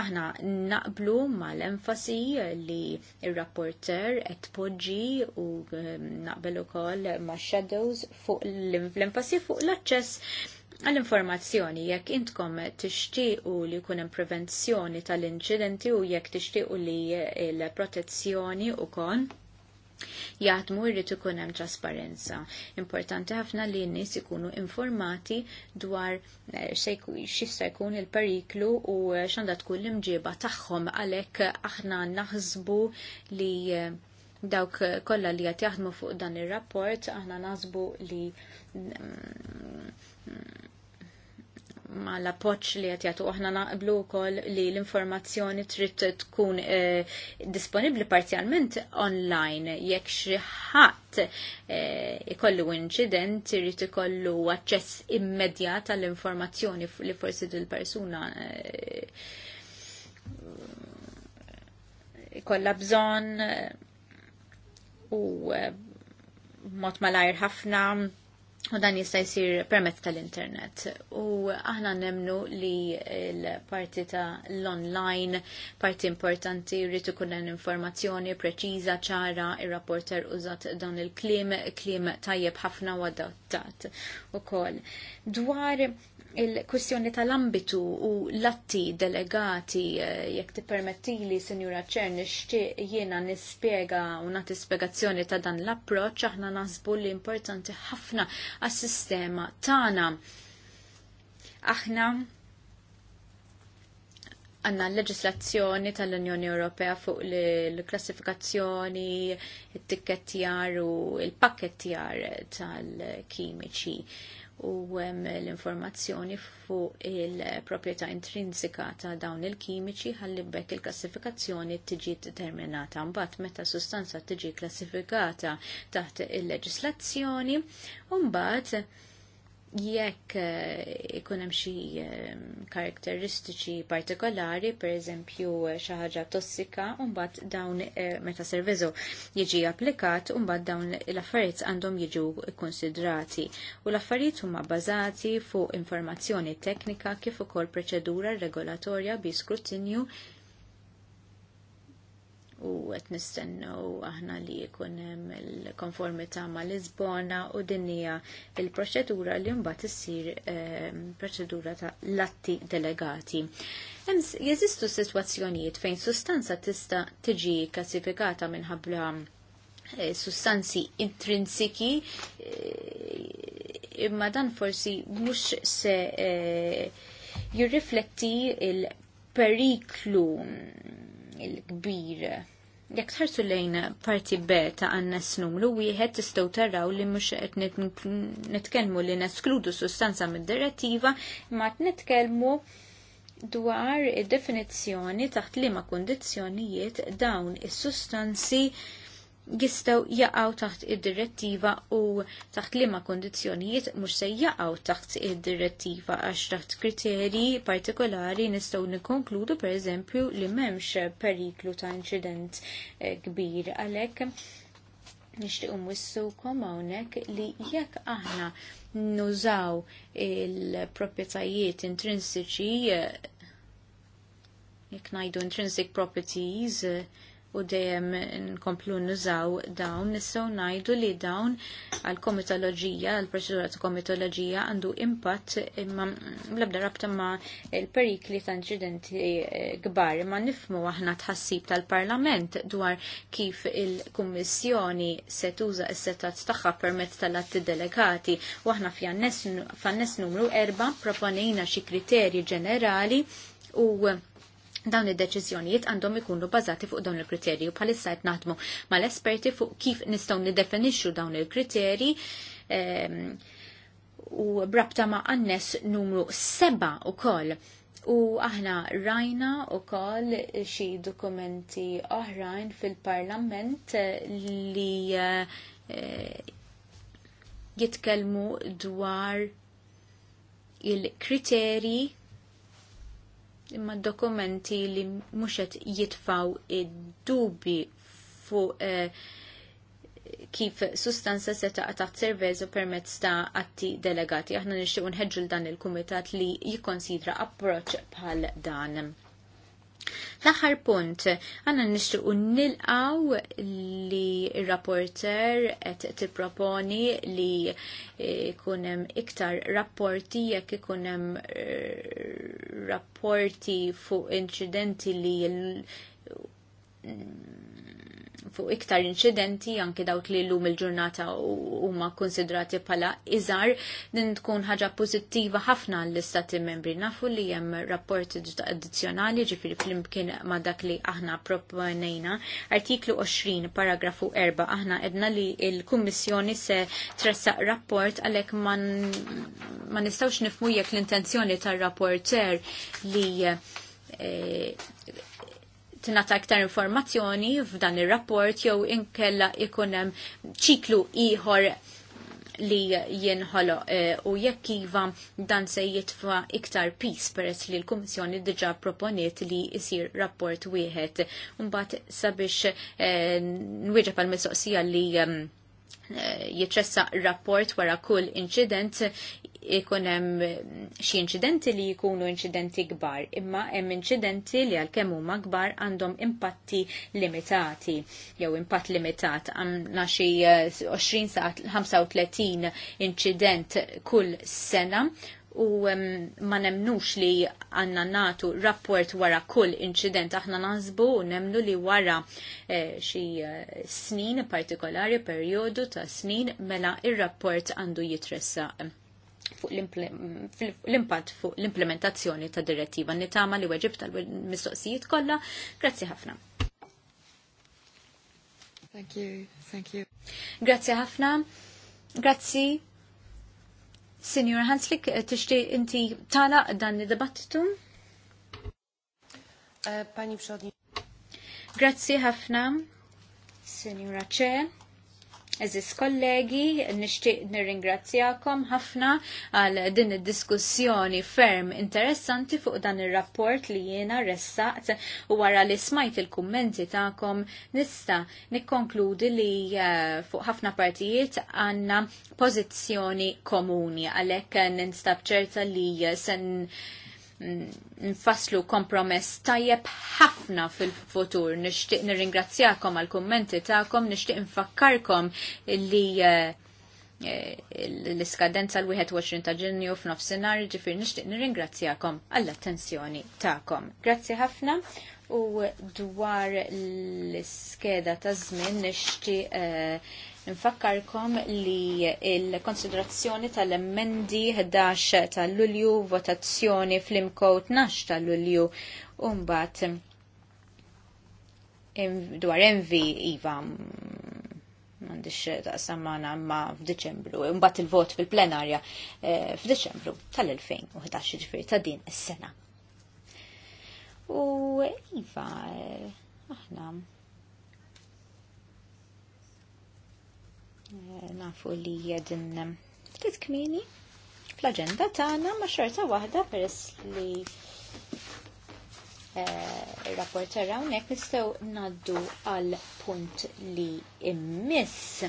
Aħna naqblu mal-enfasi li il-rapporter et poġġi u eh, naqbelu naqbel ukoll ma' shadows fuq l-enfasi fuq l-aċċess għall-informazzjoni jekk intkom tixtiequ li jkun hemm prevenzjoni tal-inċidenti u jekk tixtiequ li l-protezzjoni kol jaħdmu jrid ikun hemm trasparenza. Importanti ħafna li n-nies ikunu informati dwar eh, x'issa jkun il-periklu u x'għandha tkun l-imġiba tagħhom għalhekk aħna naħsbu li eh, dawk kollha li qed jaħdmu fuq dan ir-rapport aħna nasbu li mm, mm, ma l-appoċ li qed jagħtu aħna naqblu wkoll li l-informazzjoni trid tkun eh, disponibbli parzjalment online jekk xi ħadd eh, ikollu inċident irid ikollu aċċess immedjat għall-informazzjoni li forsi dil-persuna eh, ikolla bżonn eh, u eh, mod malajr ħafna u dan jista' jsir permezz tal-internet. U aħna nemnu li l-parti ta' l-online parti importanti rrid ikun hemm informazzjoni preċiża ċara ir-rapporter użat dawn il-kliem kliem tajjeb ħafna u adattat ukoll. Dwar il-kwistjoni tal-ambitu u l-atti delegati eh, jekk tippermettili, Sinjura Ċer, nixtieq jiena nispjega u nagħti spjegazzjoni ta' dan l-approċċ aħna naħsbu li importanti ħafna għas-sistema tagħna. Aħna għanna l-leġislazzjoni tal-Unjoni Ewropea fuq l-klassifikazzjoni, il-tikketjar u il-pakketjar tal-kimiċi u hemm l-informazzjoni fuq il-proprjetà intrinsika ta' dawn il-kimiċi ħalli bekk il-klassifikazzjoni tiġi determinata. Mbagħad meta sustanza tiġi klassifikata taħt il-leġislazzjoni, u mbagħad jekk eh, ikun hemm xi ehm, karakteristiċi partikolari, pereżempju eh, xi ħaġa tossika, mbagħad dawn eh, meta serviżu jiġi applikat, mbagħad dawn l-affarijiet għandhom jiġu konsidrati. U l-affarijiet huma bbażati fuq informazzjoni teknika kif ukoll proċedura regolatorja bi skrutinju u qed nistennew aħna li jkun hemm il-konformità ma' Lisbona u din hija l proċedura li mbagħad issir ehm, proċedura ta' latti delegati. Jeżistu sitwazzjonijiet fejn sustanza tista' tiġi klassifikata minħabba eh, sustanzi intrinsiki eh, imma dan forsi mhux se eh, jirrifletti il-periklu il-kbir. Jekk tħarsu lejn parti B ta' għanna snumru, wieħed tistgħu taraw li mhux qed nitkellmu li neskludu sustanza mid-direttiva, ma qed nitkellmu dwar id-definizzjoni taħt liema kundizzjonijiet dawn is-sustanzi jistaw jaqaw taħt id-direttiva u taħt lima kondizjonijiet mux se jaqaw taħt id-direttiva għax taħt kriteri partikolari nistaw nikonkludu per eżempju li memx periklu ta' incident eh, kbir għalek nishtiqu mwissu komawnek li jekk aħna nużaw il-propietajiet intrinsiċi eh, jekk najdu intrinsic properties eh, u dejjem nkomplu nużaw dawn, nistgħu ngħidu li dawn għall komitoloġija għall proċedura ta' komitoloġija għandu impatt imma bl-ebda rabta ma' il-perikli ta' inċidenti eh, kbar, ma' nifmu aħna tħassib tal-Parlament dwar kif il-Kummissjoni se tuża s-setat tagħha permezz tal-atti delegati u aħna f'għannes numru erba' proponejna xi kriterji ġenerali u dawn id-deċiżjonijiet għandhom ikunu bażati fuq dawn il-kriterji u bħalissa qed naħdmu mal-esperti fuq kif nistgħu niddefinixxu dawn il-kriterji ehm, u brabta ma' annes numru seba' u koll. U aħna rajna u koll xi dokumenti oħrajn fil-parlament eh, li eh, jitkelmu dwar il-kriterji imma dokumenti li mhux qed jitfaw id-dubi fuq eh, kif sustanza se ta' ta' servezu permezz ta' atti delegati. Aħna nixtiequ nħeġġu dan il-kumitat li jikkonsidra approċċ bħal dan. L-aħħar punt, għanna nishtiqu nilqaw li rapporter qed tipproponi li eh, kunem iktar rapporti jekk ikunem eh, rapporti fuq incidenti li fuq iktar incidenti, anke dawk li llum il-ġurnata huma konsidrati bħala iżar din tkun ħaġa pożittiva ħafna għall-istati membri. Nafu li hemm rapporti addizzjonali ġifieri flimkien ma' dak li aħna proponejna. Artiklu 20 paragrafu 4 aħna edna li l-Kummissjoni se tressaq rapport għalhekk ma nistgħux nifmu jekk l-intenzjoni tar-rapporter li eh, tinata iktar informazzjoni f'dan ir-rapport jew inkella ikun hemm ċiklu ieħor li jinħolo e, u jekk iva dan se jitfa iktar pis peress li l-Kummissjoni diġa proponiet li jisir rapport wieħed. Mbagħad sabiex e, nwieġeb għal mistoqsija li Eh, jitressa rapport wara kull incident ikun hemm eh, xi li jkunu inċidenti kbar, imma hemm inċidenti li għalkemm huma kbar għandhom impatti limitati jew impatt limitat għandna xi eh, 20 saħt 35 inċident kull sena u ma nemnux li għanna natu rapport wara kull incident aħna nazbu u nemnu li wara eh, xi eh, snin partikolari, periodu ta' snin mela il rapport għandu jitressa fuq l-impatt fuq l-implementazzjoni ta' direttiva nitama li weġib tal-mistoqsijiet kollha. Grazzi ħafna. Thank you, thank you. Grazzi ħafna. Grazzi Signor Hanslik, eh, tixti inti tala dan id-dibattitu? Eh, pani Przewodnicząca. Grazzi ħafna, Signora Chair. Eżis kollegi, nixtieq nirringrazzjakom ħafna għal din id-diskussjoni ferm interessanti fuq dan ir-rapport li jiena ressaqt u wara li smajt il-kummenti tagħkom nista' nikkonkludi li eh, fuq ħafna partijiet għandna pożizzjoni komuni għalhekk ninstab ċerta li eh, sen nfasslu kompromess tajjeb ħafna fil-futur. Nixtieq nirringrazzjakom għal kummenti tagħkom, nixtieq nfakkarkom li eh, eh, l-iskadenza l-21 ta' ġenju f'nofsinhar ġifir nixtieq nirringrazzjakom għall-attenzjoni tagħkom. Grazzi ħafna u dwar l-iskeda ta' żmien nixtieq eh, Nfakkarkom li il-konsiderazzjoni tal-emmendi 11 tal-Lulju, votazzjoni fl-imko 12 tal-Lulju, umbat dwar envi Iva mandiċ ta' samana ma f'Deċembru, imbat il-vot fil-plenarja eh, f'Deċembru tal-2011 ġifiri ta' din is-sena. U Iva, eh, aħna, Eh, nafu li jedin ftit kmini fl-agenda tagħna ma' xorta waħda peress li eh, il-rapport e, hawnhekk nistgħu ngħaddu għal punt li immiss.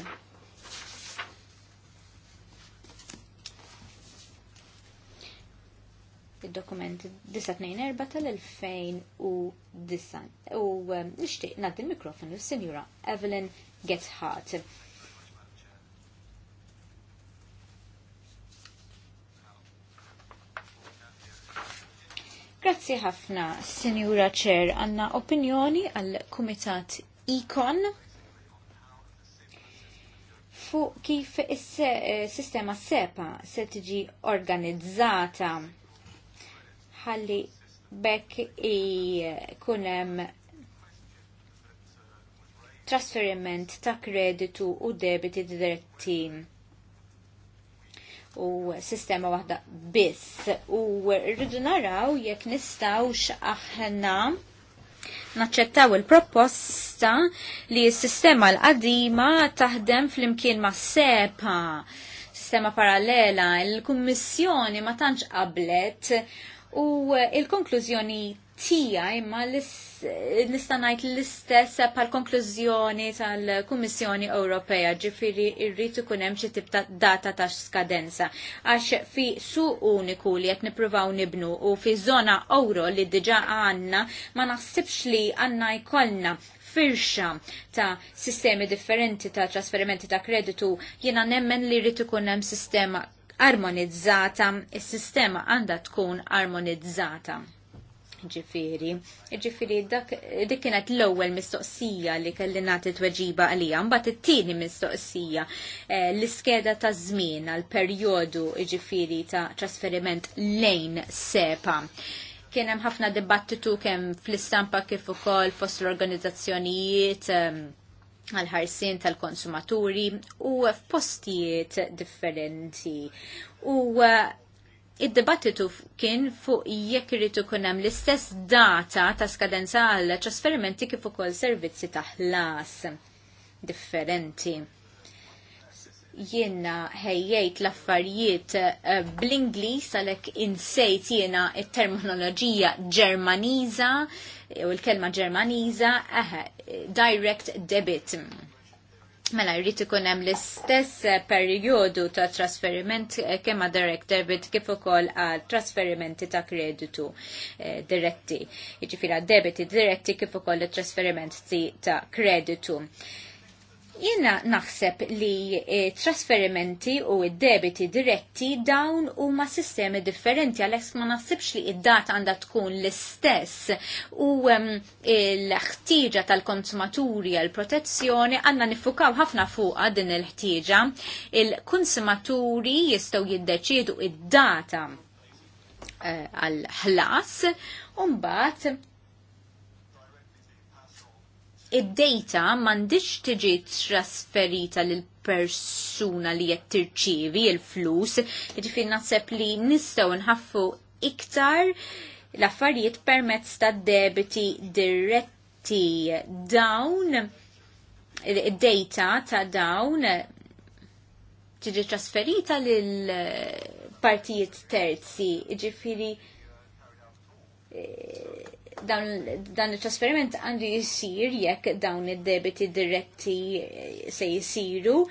il-dokument 924 tal-2009 u nixtieq naddi l mikrofon s-Sinjura Evelyn Gethart Grazzi ħafna, Sinjura Ċer, għanna opinjoni għal Kumitat Ikon fuq kif is-sistema eh, SEPA se tiġi organizzata ħalli bekk ikunem eh, trasferiment ta' kreditu u debiti diretti u sistema waħda biss u rridu naraw jekk nistgħux aħna naċċettaw il-proposta li s-sistema l-qadima taħdem fl-imkien ma' sepa sistema parallela il-kummissjoni ma tantx qablet u il-konklużjoni tija imma l istess nista' ngħid l-istess bħal konklużjoni tal-Kummissjoni Ewropea ġifieri rrid ikun hemm xi tip ta' data ta' skadenza għax fi suq uniku li qed nippruvaw nibnu u fi żona euro li diġà għandna ma naħsibx li għandna jkollna firxa ta' sistemi differenti ta' trasferimenti ta' kreditu jiena nemmen li rrid ikun hemm sistema armonizzata, is-sistema għandha tkun armonizzata ġifiri. Ġifiri, dik kienet l-ewwel mistoqsija li kelli nagħti tweġiba għalija. Mbagħad it-tieni mistoqsija eh, l-iskeda ta' żmien għal perjodu ġifiri ta' trasferiment lejn sepa. Kien hemm ħafna dibattitu kemm fl-istampa kif ukoll fost l-organizzazzjonijiet ehm, għal-ħarsin tal-konsumaturi u f'postijiet differenti. U eh, id debattitu kien fuq jekk irid ikun hemm l-istess data ta' skadenza għal trasferimenti kif ukoll servizzi ta' ħlas differenti. Jiena ħejjejt l-affarijiet eh, bl-Ingliż għalhekk insejt jiena it-terminoloġija Ġermaniża u l-kelma Ġermaniża eh, direct debit Mela, jrid ikun hemm l-istess eh, perjodu ta' trasferiment eh, kemm għad direct debit kif ukoll għal trasferimenti ta' kreditu eh, diretti. Jiġifieri għad debiti diretti kif ukoll it-trasferimenti ta' kreditu jina naħseb li eh, trasferimenti u id-debiti diretti dawn huma sistemi differenti għalhekk ma naħsibx li id-data għandha tkun l-istess u ehm, l-ħtieġa tal-konsumaturi għal protezzjoni għandna nifukaw ħafna fuqha din il-ħtieġa. Il-konsumaturi jistgħu jiddeċiedu id-data eh, għal ħlas u mbagħad id-data m'għandix tiġi trasferita lil persuna li qed tirċievi il-flus, jiġifieri naħseb li nistgħu nħaffu iktar l-affarijiet permezz ta' debiti diretti dawn id-data ta' dawn tiġi trasferita lil partijiet terzi, ġifiri eh, dan il-trasferiment għandu jisir jekk dawn id-debiti diretti eh, se jisiru.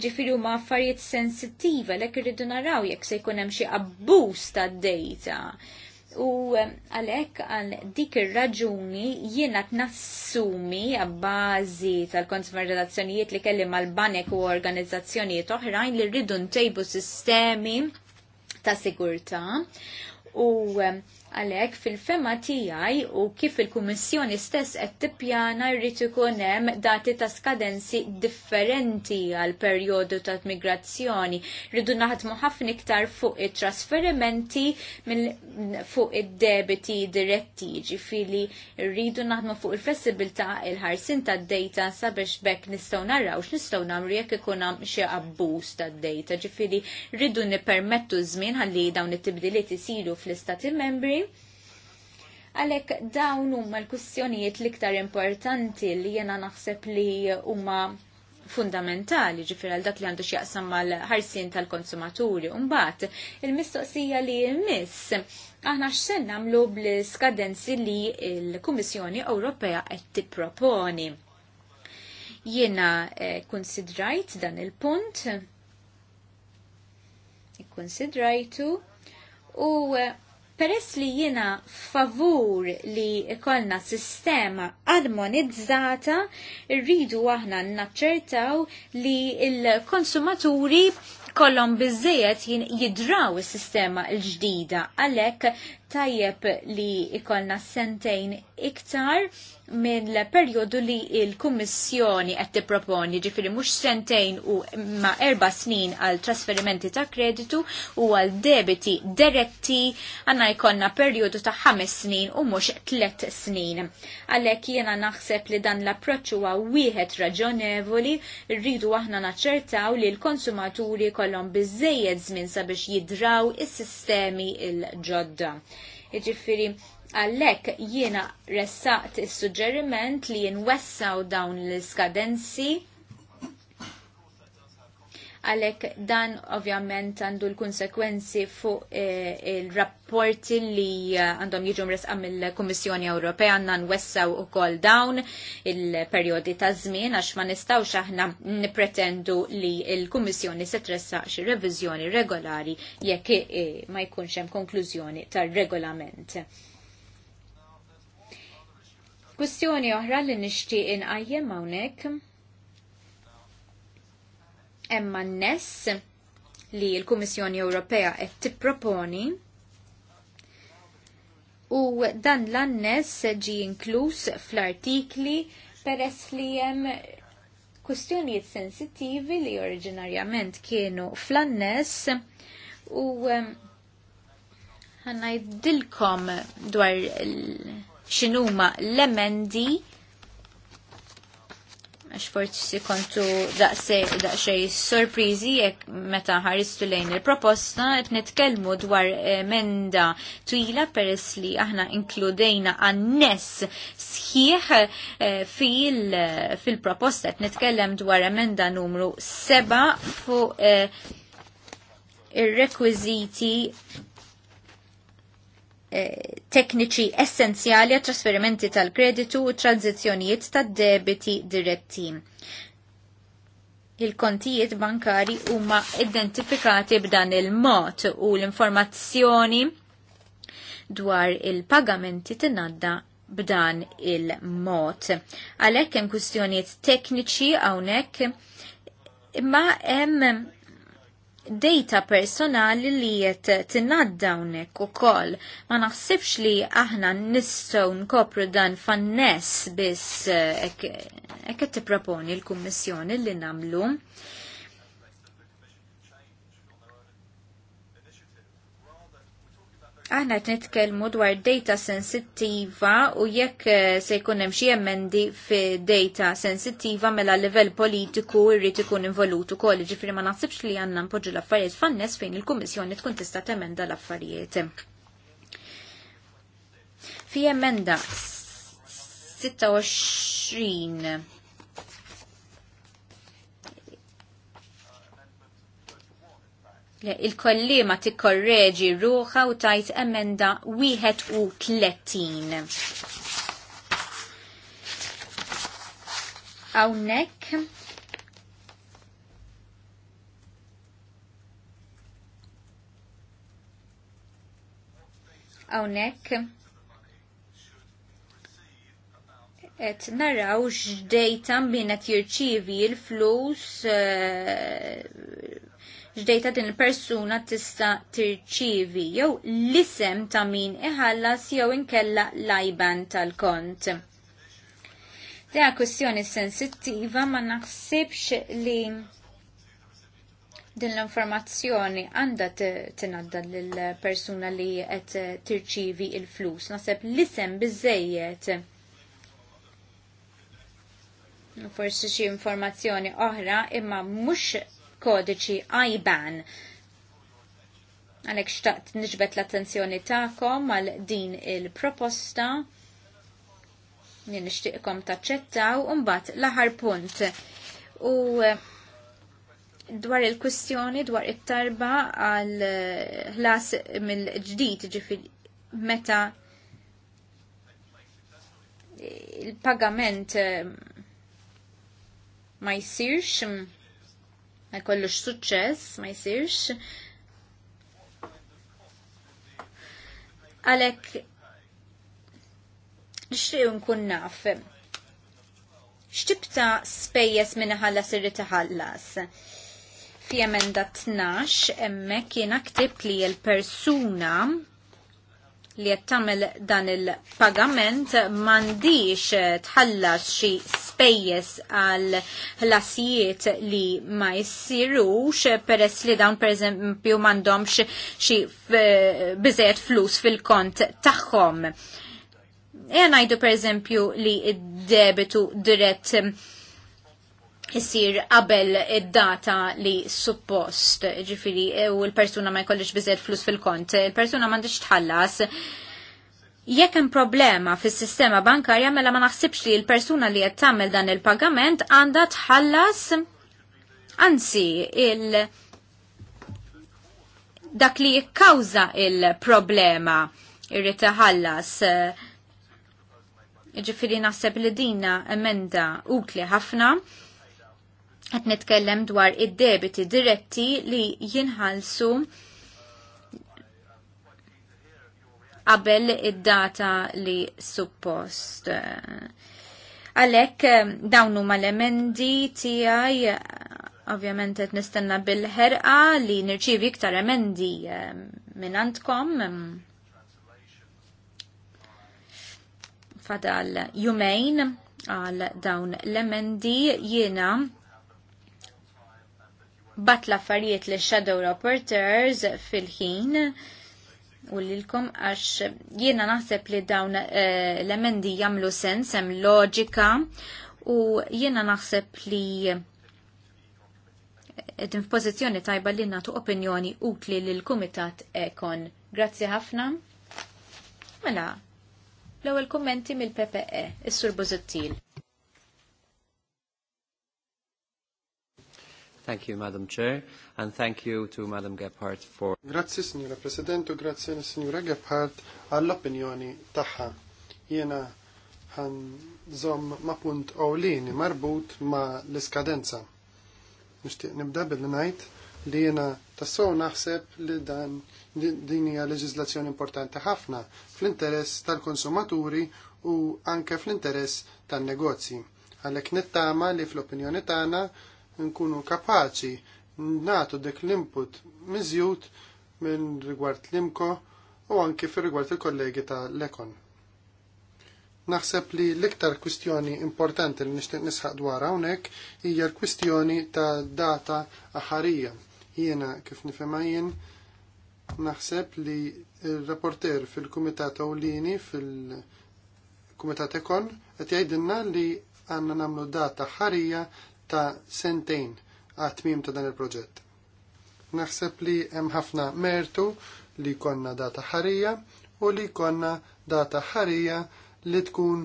Ġifiri huma affarijiet sensittiva ek irridu naraw jekk se jkun hemm xi abbuż tad-data. U eh, għalek għal dik ir-raġuni jiena nassumi għabbażi tal-konsumer li kelli mal-banek u organizzazzjonijiet oħrajn li rridu ntejbu sistemi ta' sigurta u eh, Għalhekk fil-fema tiegħi u kif il-Kummissjoni stess qed tippjana jrid ikun hemm dati ta' skadenzi differenti għal perjodu ta' migrazzjoni. Rridu naħdmu ħafna iktar fuq it-trasferimenti fuq id-debiti diretti, ġifieri rridu naħdmu fuq il-flessibilità il-ħarsin tad-data sabiex bekk nistgħu narraw x'nistgħu nagħmlu jekk ikun hemm xi abbuż tad-data. Ġifieri rridu nippermettu żmien ħalli dawn it-tibdiliet isiru fl-istati membri Għalek dawn huma l-kwistjonijiet l-iktar importanti li jena naħseb li huma fundamentali ġifir għal dak li għandu xjaqsam mal ħarsien tal-konsumaturi. Umbat, il-mistoqsija li jmiss aħna x'sen namlu bl-skadenzi li l-Kummissjoni Ewropea qed tipproponi. Jiena eh, konsidrajt dan il-punt, konsidrajtu, u eh, Peress li jina favur li ikolna sistema armonizzata, rridu aħna naċċertaw li il-konsumaturi kollom bizzejet jidraw is-sistema l-ġdida għalek tajjeb li ikolna sentejn iktar l perjodu li il-Kummissjoni qed tipproponi ġifieri mhux sentejn u ma erba' snin għal trasferimenti ta' kreditu u għal debiti diretti għandna jkollna perjodu ta' ħames snin u mhux tliet snin. Għalhekk jiena naħseb li dan l-approċċ huwa wieħed raġonevoli, rridu aħna naċċertaw li l-konsumaturi kollhom biżejjed żmien sabiex jidraw is-sistemi il-ġodda. Jiġifieri għalhekk jiena ressaqt is-suġġeriment li jinwessaw dawn l-iskadenzi għalek dan ovvjament għandu l-konsekwenzi fuq eh, il-rapporti li eh, għandhom jiġu mresqa mill komissjoni Ewropea għannan nwessaw u kol dawn il-periodi ta' żmien għax ma nistawx aħna nipretendu li il komissjoni se tressa xi reviżjoni regolari jekk eh, ma jkunx hemm konklużjoni tar-regolament. Kwestjoni oħra li nixtieq inqajjem hawnhekk Emma Ness li l-Kummissjoni Ewropea qed tipproponi u dan l-annes ġi inkluż fl-artikli peress li hemm kwistjonijiet sensittivi li oriġinarjament kienu fl-annes u ehm, ħanajdilkom dwar xinuma l-emendi għax forsi kontu daqsej sorprizi jekk meta ħaristu lejn il-proposta qed nitkellmu dwar eh, emenda twila peress li aħna inkludejna għannes sħiħ eh, eh, fil-proposta qed nitkellem dwar emenda numru 7 fuq ir-rekwiżiti Eh, tekniċi essenzjali għat trasferimenti tal-kreditu u tranzizjonijiet tad-debiti diretti. Il-kontijiet bankari huma identifikati b'dan il-mod u l-informazzjoni dwar il-pagamenti tinadda b'dan il-mod. Għalhekk hemm kwistjonijiet tekniċi hawnhekk imma hemm data personali li jett tinnaddawnek u koll. Ma naħsibx li aħna nistaw nkopru dan fan-nes biss ekk eh, ek, ek, ek proponi l-Kummissjoni li namlu. aħna qed nitkellmu dwar data sensittiva u jekk eh, se jkun hemm xi emendi fi data sensittiva mela livell politiku jrid ikun involut ukoll, ġifieri ma naħsibx li għandna npoġġu l-affarijiet fan fejn il-Kummissjoni tkun tista' temenda l-affarijiet. Fi emenda 26 il-kollima tikkorreġi ruħa u tajt emenda 31. Awnek. Awnek. Et naraw x'dejta min qed jirċievi l-flus uh, ġdejta din il-persuna tista' tirċivi jew l-isem ta' min iħallas jew inkella lajban tal-kont. Dea kwestjoni sensittiva ma naħsibx li din l-informazzjoni għandha tinadda lill-persuna li qed tirċivi il-flus. Naseb l-isem bizzejiet. Forsi xi informazzjoni oħra imma mhux kodiċi IBAN. Għalek xtaqt nġbet l-attenzjoni ta'kom għal din il-proposta. Nishtiqkom taċċettaw un-bat laħar punt. U eh, dwar il-kwistjoni dwar it-tarba għal eh, ħlas mill-ġdid ġifir meta il-pagament eh, ma jsirx mm, ma jkollux suċċess, ma jsirx. Għalek, nixtiju nkun naf, xtibta spejjes minna ħallas irri taħallas. Fi emenda 12, emmek jena ktib li l-persuna li qed tagħmel dan il-pagament m'għandix tħallas xi spejjeż għal ħlasijiet li ma jsirux peress li dawn pereżempju m'għandhomx xi eh, biżejjed flus fil-kont tagħhom. E ngħidu pereżempju li d-debitu dirett jisir qabel id-data li suppost, ġifiri, u l-persuna ma jkollix bizzed flus fil-kont, l persuna mandiġ tħallas. Jekk hemm problema fis-sistema bankarja mela ma naħsibx li l-persuna li qed tagħmel dan il-pagament għandha tħallas anzi il- dak li jikkawża il-problema irrid iħallas. Ġifieri naħseb li dina emenda utli ħafna Qed nitkellem dwar id-debiti diretti li jinħalsu qabel id-data li suppost. Għalek, eh, dawnu mal-emendi tijaj, ovvjament qed nistenna bil-ħerqa li nirċivi iktar emendi eh, minn għandkom. Fadal jumejn għal dawn l-emendi jiena bat l-affarijiet li shadow reporters fil-ħin u lilkom għax jiena naħseb li dawn eh, l-emendi jamlu sens, hemm loġika u jiena naħseb li edin f-pozizjoni tajba li natu opinjoni utli l kumitat ekon. Grazzi ħafna. Mela, l-ewwel kommenti mill-PPE, is-Sur Bużittil. Thank you, Madam Chair, and thank you to Madam Gephardt for... Grazie, Signora President, grazie, Signora Gephardt, għall-opinjoni taħħa. Jena għan zom ma punt għolini marbut ma l-iskadenza. Nishtiq nibda bil najt li jena tassow naħseb li dan din hija leġiżlazzjoni importanti ħafna fl-interess tal-konsumaturi u anke fl-interess tan-negozji. Għalhekk nittama li fl-opinjoni tagħna nkunu kapaċi natu dik l-input miżjud minn rigward l-imko u anke fir rigward il-kollegi ta' l-ekon. Naħseb li l-iktar kwistjoni importanti li nixtieq nisħaq dwar hawnhekk hija l-kwistjoni ta' data aħarija. Jiena kif nifhemha jien naħseb li il-rapporter fil-Kumitat Awlini fil-Kumitat Ekon qed jgħidilna li għandna nagħmlu data ħarija ta' sentejn għatmim ta' dan il-proġett. Naħseb li hemm ħafna mertu li konna data ħarija u li konna data ħarija li tkun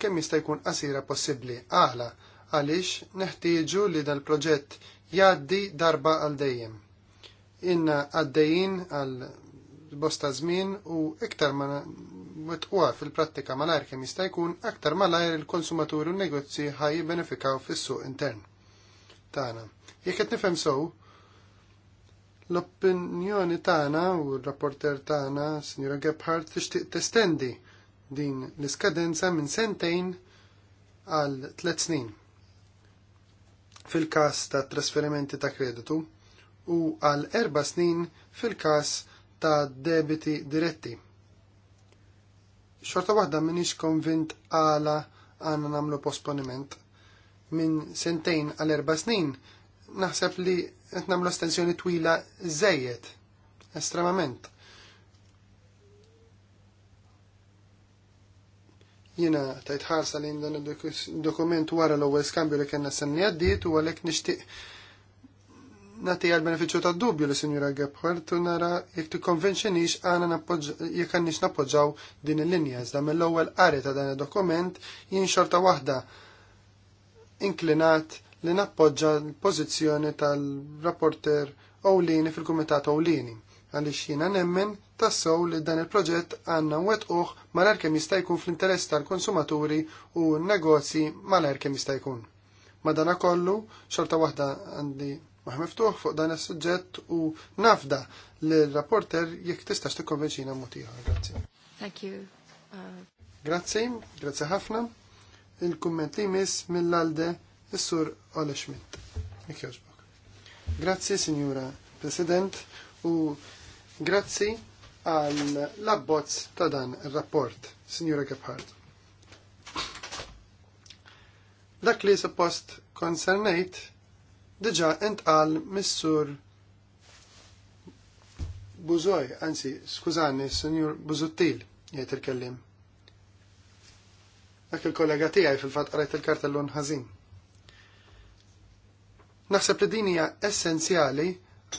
kemm jista' jkun qasira possibbli aħla għaliex neħtieġu li dal-proġett jgħaddi darba għal dejjem. Inna għaddejjin għal bosta żmien u iktar ma metqwa fil-prattika malajr kemm jista' jkun aktar malajr il-konsumaturi u negozji ħaj jibbenefikaw fis-suq intern. Tana. Jekk qed nifhem sew, l-opinjoni tagħna u r-rapporter tagħna, Sinjora Gebhardt, tixtieq testendi din l-iskadenza minn sentejn għal tliet snin fil-każ ta' trasferimenti ta' kreditu u għal erba' snin fil-każ ta' debiti diretti xorta waħda minix konvint għala għanna namlu posponiment. Minn sentejn għal erba snin, naħseb li qed namlu estensjoni twila żejjed, estremament. Jina tajt ħarsa li dan dokument wara l-ewwel skambju li kena s-sanni għaddiet u għalhekk nixtieq nati għal beneficju ta' dubju li Sinjura Gebhardt u nara jek ti konvenċenix għana jek għannix nappoġġaw din il-linja. Iżda mill-ewwel qari ta' dan il-dokument jien xorta waħda inklinat li nappoġġa l-pożizzjoni tal-rapporter Owlini fil-Kumitat Owlini għaliex jiena nemmen tassow li dan il-proġett għanna uħ malar kemm jista' jkun fl-interess tal-konsumaturi u n-negozji malar kemm jista' jkun. Madana kollu, xorta waħda għandi maħ miftuħ fuq dan is-suġġett u nafda li l-rapporter jekk tistax tikkonvinċina mutiħa. Grazzi. Thank you. Grazzi, grazie ħafna. il komment li mis mill-alde is-sur Ole Schmidt. Grazzi, Signora President, u grazzi għal labbozz ta' dan il-rapport, Signora Gephardt. Dak li suppost konsernajt diġa intqal missur Buzoj, anzi, skużani, senjur Buzuttil, jgħet il-kellim. Dak il-kollega tiegħi fil-fatt qarajt il-kartellun ħażin. Naħseb li din hija essenzjali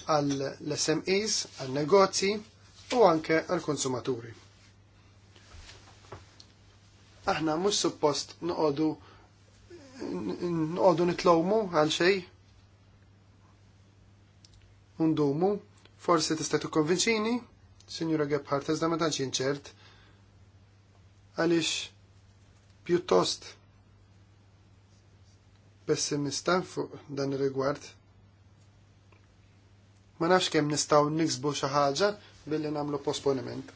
għall smes għal-negozji u anke għal-konsumaturi. Aħna mhux suppost noqogħdu noqogħdu nitlowmu għal xejn undumu, forsi tista' tikkonvinċini, Sinjura Gebhardt, iżda ma tantx inċert, għaliex pjuttost pessimista fuq dan ir-rigward. Ma nafx kemm nistgħu niksbu xi ħaġa billi nagħmlu posponiment.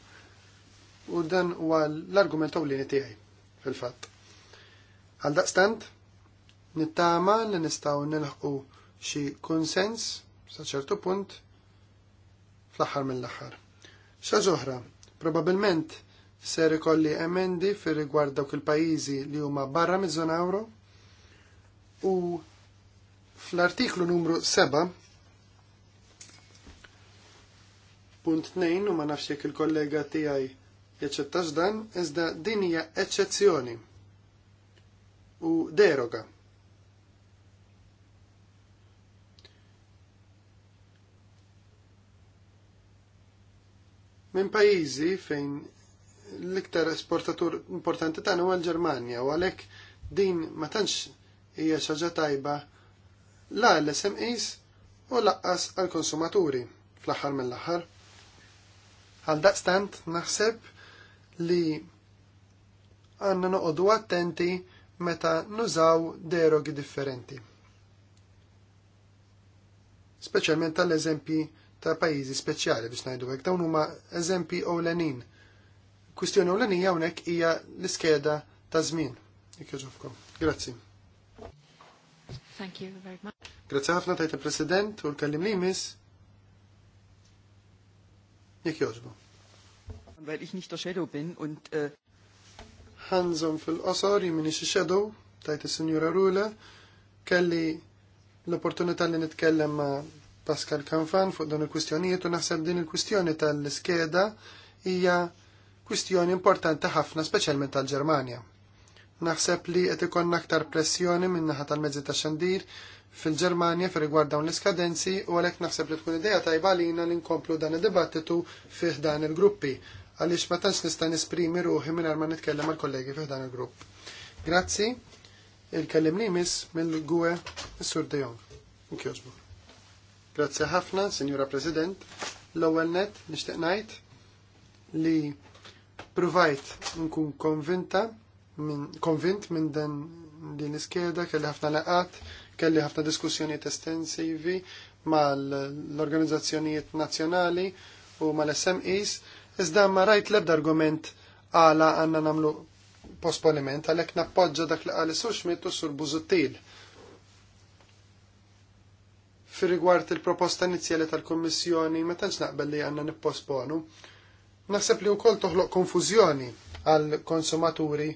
U dan huwa l-argument ewlieni tiegħi fil-fatt. Għal daqstant, nittama li nistgħu nilħqu xi konsens sa ċertu punt fl-aħħar mill-aħħar. Xa ġoħra, probabbilment ser ikolli emendi fir rigward dawk il-pajjiżi li huma barra miż-żona euro u fl-artiklu numru 7 punt 2 u ma nafx jekk il-kollega tiegħi jaċċettax dan iżda din hija eċċezzjoni u deroga minn pajjiżi fejn l-iktar esportatur importanti tagħna huwa l-Ġermanja u għalhekk din ma tantx hija xi ħaġa tajba la l-SMEs u laqqas għall konsumaturi fl-aħħar mill-aħħar. Għal daqstant naħseb li għandna noqogħdu attenti meta nużaw derogi differenti. Speċjalment tal-eżempji ta' pajjiżi speċjali biex ngħidu hekk dawn huma eżempji ewlenin. Kwistjoni ewlenin hawnhekk hija l-iskeda ta' żmien. Jekk Grazzi. Thank you very much. Grazzi ħafna tajt il-President u l-kellim li miss. Jekk jogħġbu. Weil ich nicht der Shadow bin und uh... fil-qosor jimini xi shadow tajt is-Sinjura Rula kelli l-opportunità li nitkellem ma' Pascal Kanfan fuq dan il-kwistjonijiet u naħseb din il-kwistjoni tal-skeda hija kwistjoni importanti ħafna speċjalment tal-Ġermanja. Naħseb li qed ikollna aktar pressjoni min naħa tal-mezzi tax-xandir fil-Ġermanja fir rigward dawn l-iskadenzi u għalhekk naħseb li tkun idea tajba lina li nkomplu dan id-dibattitu fih dan il-gruppi għaliex ma tantx nista' nisprimi ruħi mingħajr ma nitkellem mal-kollegi fih dan il-grupp. Grazzi, il-kellimni miss mill-gwe is-Sur De Jong. Grazzi ħafna, Signora President. L-ewwel net nixtieq ngħid li provajt nkun konvinta minn konvint minn dan din iskeda kelli ħafna laqat, kelli ħafna diskussjonijiet estensivi mal-organizzazzjonijiet nazzjonali u mal-SMEs, iżda ma rajt l-ebda argument għala għanna namlu posponiment, għalek nappoġġa dak li għal sux mitu sur bużuttil Fi rigward il-proposta inizjali tal-Kommissjoni ma tantx naqbel li għandna nipposponu. Naħseb li wkoll toħloq konfużjoni għal konsumaturi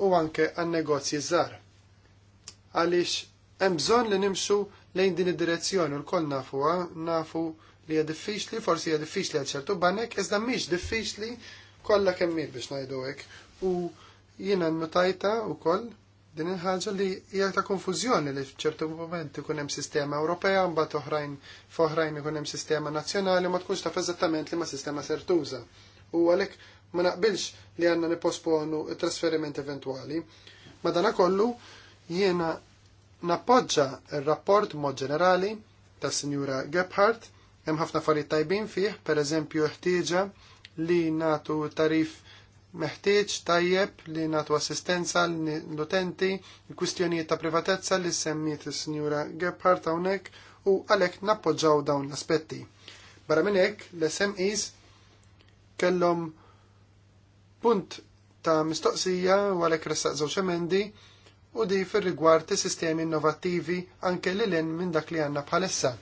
u anke għan negozji żgħar. Għaliex hemm bżonn li nimxu lejn din id-direzzjoni u l-koll nafuha, nafu li hija diffiċli, forsi hija diffiċli għal ċertu banek, iżda mhix diffiċli kollha kemm biex ngħidu hekk. U jiena nnutajta wkoll Din il-ħaġa li hija ta' konfużjoni li f'ċertu moment ikun hemm sistema Ewropea mbagħad oħrajn f'oħrajn ikun hemm sistema nazzjonali ma tkunx taf eżattament li ma sistema ser tuża. U għalhekk ma naqbilx li għandna nipposponu t trasferiment eventwali. Madanakollu jiena nappoġġa r rapport mod ġenerali tas Sinjura Gebhardt hemm ħafna affarijiet tajbin fih, pereżempju ħtieġa li natu tarif meħtieġ tajjeb li natu assistenza l-utenti l-kwistjonijiet ta' privatezza li semmiet is-Sinjura Gebhardt hawnhekk u għalhekk nappoġġaw dawn l-aspetti. Barra minn hekk l-SMEs kellhom punt ta' mistoqsija u għalhekk ressaq żewġ emendi u di fir-rigward sistemi innovattivi anke li lin minn dak li għandna bħalissa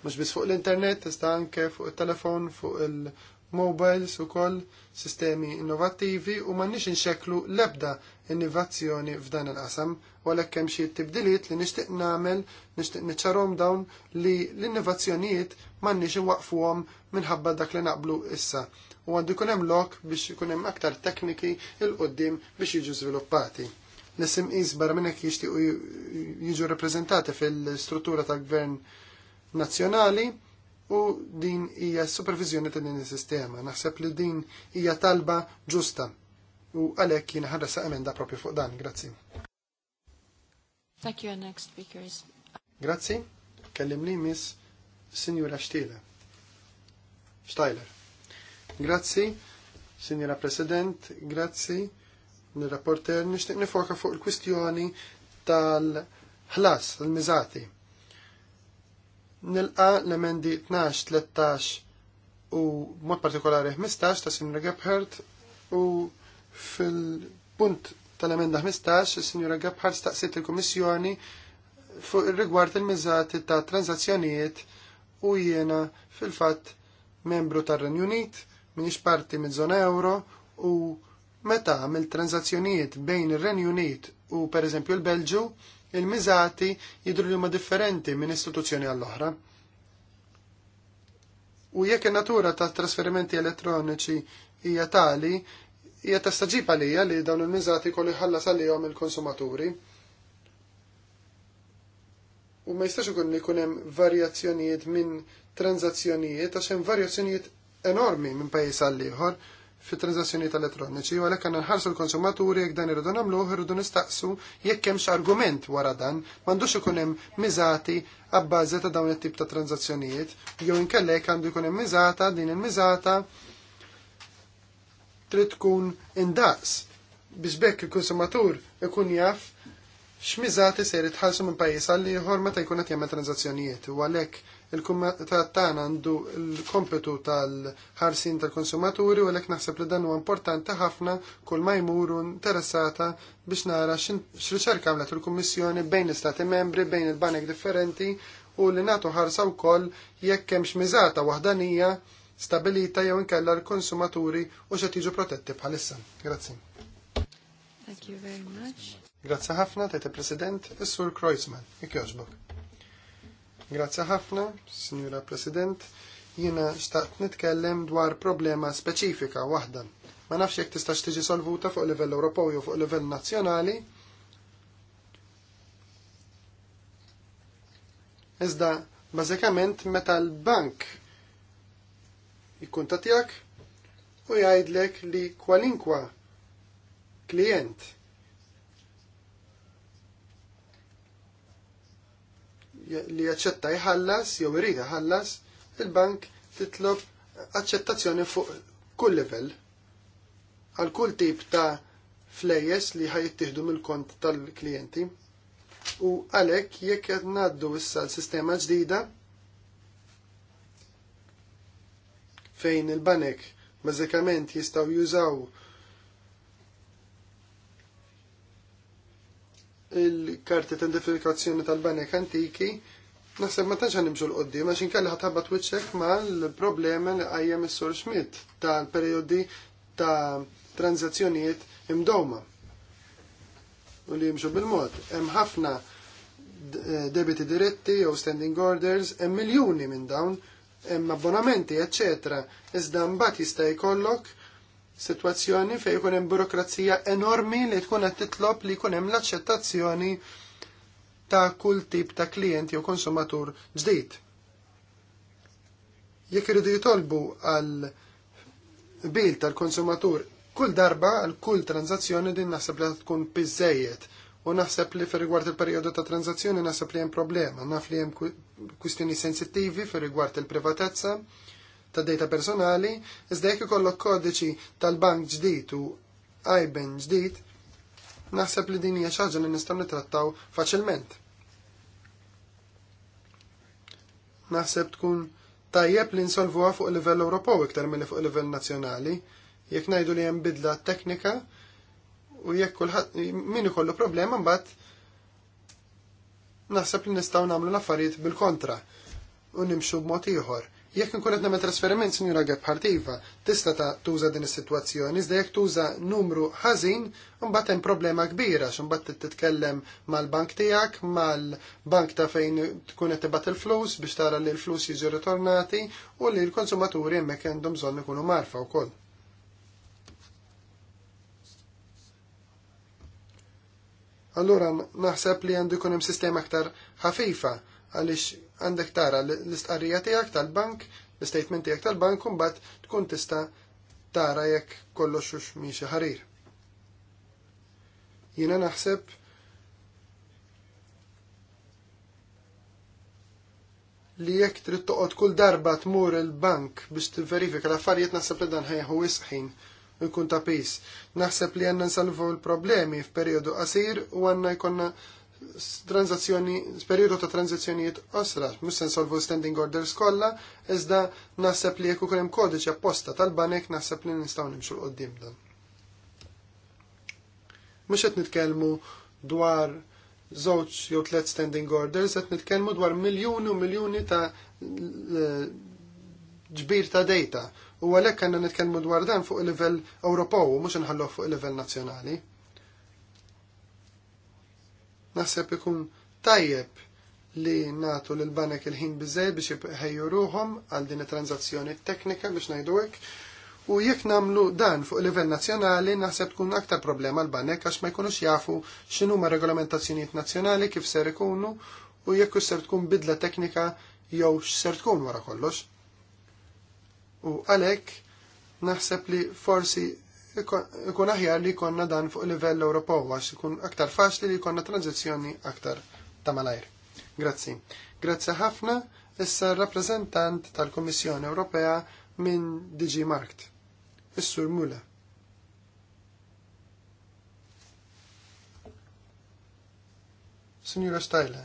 mux bis fuq l-internet, tista' anke fuq il-telefon, fuq il-TAR mobiles u koll sistemi innovativi u nix nxeklu lebda innovazzjoni f'dan il-qasam, u għalhekk hemm xi tibdiliet li nixtieq nagħmel, nixtieq niċċarhom dawn li l-innovazzjonijiet m'għandniex għom minħabba dak li naqblu issa. U għandu kunem hemm lok biex ikun hemm aktar tekniki il qudiem biex jiġu żviluppati. L-SMEs barra minn hekk jixtiequ jiġu rappreżentati fil-struttura tal-gvern nazzjonali, u din hija supervizjoni ta' din is-sistema. Naħseb li din hija talba ġusta u għalhekk jien ħarresa emenda propju fuq dan. Grazzi. Thank you, our next speaker is... Grazzi, kellimni miss Signora Stile. Steiler. Grazzi, Signora President, grazzi nir-rapporter nishtiq nifoka fuq il-kwistjoni tal-ħlas, tal-mizati. Nilqa l-emendi 12, 13 u mod partikolari 15 ta' Sinjora Gebhardt u fil-punt tal-emenda 15 il-Sinjora Gebhardt staqsit il-Kummissjoni fuq ir-rigward il-miżati ta' tranzazzjonijiet u jiena fil-fatt membru tar-Renju Unit, minix parti minn żona euro u meta mill tranzazzjonijiet bejn ir-Renju Unit u pereżempju l-Belġu il-miżati jidru li huma differenti minn istituzzjoni għall-oħra. U jekk in-natura ta' trasferimenti elettroniċi hija tali, hija ta' staġib għalija li dawn il-miżati kollu jħallas għalihom il-konsumaturi. U ma jistax ikun li jkun hemm varjazzjonijiet minn tranzazzjonijiet għax hemm varjazzjonijiet enormi minn pajjiż għall ieħor fit transazzjonijiet elettroniċi u għalhekk għandna nħarsu l-konsumaturi jekk dan irridu nagħmlu irridu nistaqsu jekk hemmx argument wara dan m'għandux ikun hemm miżati abbażi ta' dawn it-tip ta' transazzjonijiet, jew inkella jekk għandu jkun hemm miżata din il-miżata trid tkun indaqs biex bekk il-konsumatur ikun jaf x'miżati se jrid tħallsu minn pajjiż għal ieħor meta jkun qed jagħmel tranzazzjonijiet u għalhekk il-kumitat tagħna għandu l-kompetu tal-ħarsin tal-konsumaturi u l-ek naħseb li dan huwa importanti ħafna kull ma jmuru interessata biex nara x'riċerka għamlet il-Kummissjoni bejn l-Istati membri bejn il-banek differenti u li nagħtu ħarsa wkoll jekk hemmx miżata wahdanija stabilita jew inkella l-konsumaturi u xatiġu protetti bħalissa. Grazzi. Thank you very much. Grazzi ħafna, tete president is-Sur Kreuzman. ikjoġbok. Grazzi ħafna, Signora President. Jiena xtaqt nitkellem dwar problema speċifika waħda. Ma nafx jekk tistax tiġi solvuta fuq livell Ewropew jew fuq livell nazzjonali. Iżda bażikament meta l-bank tiegħek, u jgħidlek li kwalinkwa klient li jaċċetta jħallas jew irid jħallas, il-bank titlob aċċettazzjoni fuq kull livell għal kull tip ta' flejjes li ħajittieħdu mill-kont tal-klijenti. U għalhekk jekk qed ngħaddu issa l-sistema ġdida fejn il-banek bażikament jistgħu jużaw il-karti ta' identifikazzjoni tal-banek antiki, naħseb ma tantx nimxu l-qoddim għax inkalli ħatħabat wiċċek ma' l-problema li qajjem is-sur Schmidt tal-perjodi ta' tranzazzjonijiet imdowma. U li jimxu bil-mod. Hemm ħafna eh, debiti diretti jew standing orders, hemm miljuni minn dawn, hemm abbonamenti, eccetera, Iżda mbagħad jista' jkollok situazzjoni fej ikun hemm burokrazija enormi li tkun qed titlob li jkun hemm l-aċċettazzjoni ta' kull tip ta' klient jew konsumatur ġdid. Jekk iridu jitolbu għal bil tal-konsumatur kull darba għal kull tranzazzjoni din naħseb li tkun biżejjed u naħseb li fir rigward il-perjodu ta' tranzazzjoni naħseb li hemm problema, naf li hemm kwistjoni sensittivi fir rigward il-privatezza, ta' data personali, iżda jekk ikollok kodiċi tal-bank ġdid u IBAN ġdid, naħseb li din hija xi ħaġa li nistgħu nittrattaw faċilment. Naħseb tkun tajjeb li nsolvuha fuq livell Ewropew iktar milli fuq livell nazzjonali, jekk ngħidu li hemm bidla teknika u jekk kulħadd min ikollu problema mbagħad naħseb li nistgħu nagħmlu l-affarijiet bil-kontra u nimxu b'mod ieħor Jekk nkun qed nagħmel trasferiment, Sinjura ħartiva, tista' ta' tuża din is-sitwazzjoni, iżda jekk tuża numru ħażin, imbagħad hemm problema kbira għax imbagħad titkellem mal-bank tiegħek, mal-bank ta' fejn tkun qed tibgħat il-flus biex tara li l-flus jiġu ritornati u li l-konsumaturi hemmhekk għandhom bżonn ikunu marfa wkoll. Allura naħseb li għandu jkun hemm sistema aktar ħafifa għaliex għandek tara l-istqarrija tiegħek tal-bank, l istatement tiegħek tal-bank u mbagħad tkun tista' tara jekk kollox xux miexi ħarir. Jiena naħseb li jekk trid toqgħod kull darba tmur il-bank biex tivverifika l-affarijiet naħseb li dan ħejħu isħin nkun ta' pis. Naħseb li għandna nsalvu l-problemi f'perjodu qasir u għandna jkollna tranzazzjoni, periodu ta' tranzazzjonijiet osra, mux sen solvu standing orders kolla, iżda naħseb li jekku kolem kodiċi apposta tal-banek naħseb li nistaw nimxu l-qoddim dan. Mux qed nitkellmu dwar żewġ jew tliet standing orders, qed nitkellmu dwar miljuni u miljuni ta' ġbir ta' data. U għalhekk għandna nitkellmu dwar dan fuq il-livell Ewropew u mhux fuq il-livell nazzjonali. Naħseb ikun tajjeb li natu l banek il-ħin bizzej biex ħejju ruħom għal din tranzazzjoni teknika biex najdu hekk u jekk namlu dan fuq livell nazzjonali naħseb tkun aktar problema l-banek għax ma jkunux jafu x'inhu ma regolamentazzjonijiet nazzjonali kif ser ikunu u jekk ser tkun bidla teknika jew x'ser tkun wara kollox. U għalhekk naħseb li forsi ikun aħjar li jkollna dan fuq livell Ewropew għax ikun aktar faċli li jkollna tranzizzjoni aktar ta' malajr. Grazzi. Grazzi ħafna issa rappresentant tal-Kummissjoni Ewropea minn DG Markt, is-Sur Mula. Signora Stajle,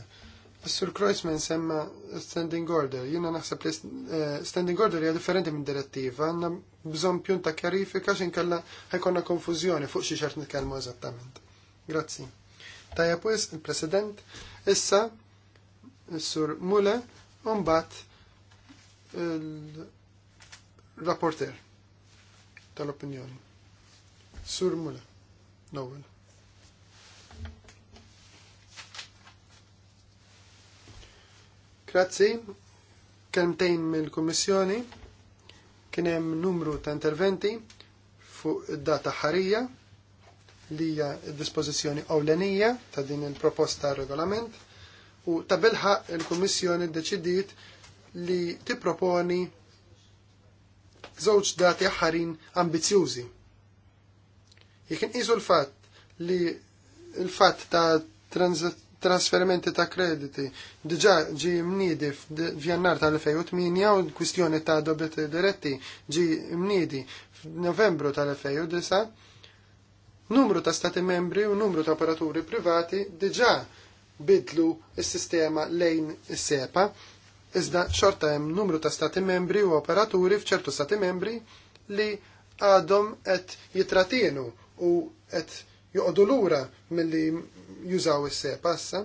Sur Kreuzman semma standing order. Jina naħseb li eh, standing order hija differenti minn direttiva. Għandna bżonn pjun ta' kjarifika xin kalla ħajkonna konfużjoni fuq xi xart nitkellmu eżattament. Grazzi. Tajja pues il-President, issa sur Mule mbagħad il-rapporter tal-opinjoni. Sur Mule, Nowel. Grazzi, kelmtejn mill-Kummissjoni, kien hemm numru ta' interventi fuq id-data ħarija li hija d-dispożizzjoni ewlenija ta' din il-proposta regolament u ta' bilħaq il-Kummissjoni ddeċidiet li tipproponi żewġ dati ħarin ambizjużi. Jekk inqisu l-fatt li l-fatt ta' transit trasferimenti ta' krediti diġa ġi mnidi f'jannar tal-2008 u kwistjoni ta' dobet diretti ġi mnidi f'Novembru tal-2009 numru ta' stati membri u numru ta' operaturi privati diġa bidlu s-sistema lejn is-sepa iżda xorta hemm numru ta' stati membri u operaturi f'ċertu stati membri li għadhom qed jitratienu u qed joqogħdu lura milli jużaw is-sep issa.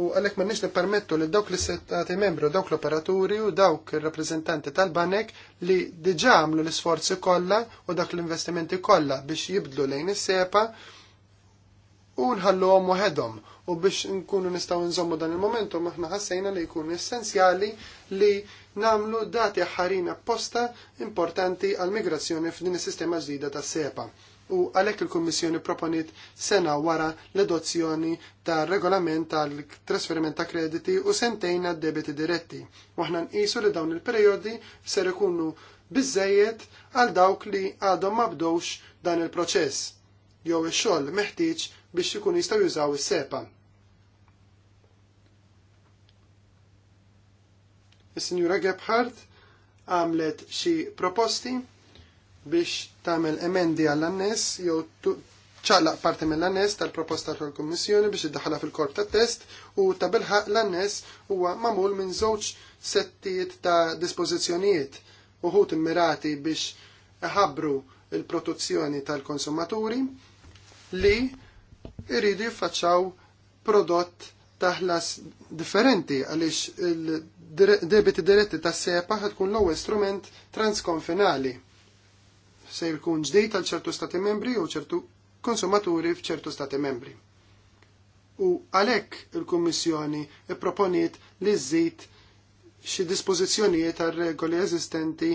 u għalhekk nix nippermettu li dawk l-istati membri u dawk l-operaturi u dawk ir-rappreżentanti tal-banek li diġamlu l-isforzi kollha u dak l-investimenti kollha biex jibdlu lejn is-sepa u nħalluhom waħedhom u biex nkunu nistaw nżommu dan il-momentum, aħna ħassejna li jkunu essenzjali li namlu dati ħarina apposta importanti għal migrazzjoni f'din is-sistema ġdida tas sepa u għalhekk il-Kummissjoni proponiet sena wara l edozzjoni ta' regolament tal-trasferiment ta' krediti u sentejn għad-debiti diretti. Waħna nqisu li dawn il-perjodi ser ikunu bizzejiet għal dawk li għadhom ma bdowx dan il-proċess jew ix-xogħol meħtieġ biex ikun jistgħu jużaw is-sepa. Is-Sinjura Gebhardt għamlet xi proposti biex tagħmel emendi għall-annes jew ċallaq parti mill-annes tal-proposta tal-Kummissjoni biex iddaħħalha fil-korp tat-test u ta' bilħaq l-annes huwa magħmul minn żewġ settijiet ta' dispożizzjonijiet uħut immirati biex ħabru il protuzzjoni tal-konsumaturi li irridu jiffaċċaw prodott taħlas differenti għaliex il-debiti diretti ta' sepa ħatkun l-ewwel strument transkonfinali se jkun ġdejt għal ċertu stati membri u ċertu konsumaturi f'ċertu stati membri. U għalhekk il-Kummissjoni ipproponiet li żżid xi dispożizzjonijiet għal regoli eżistenti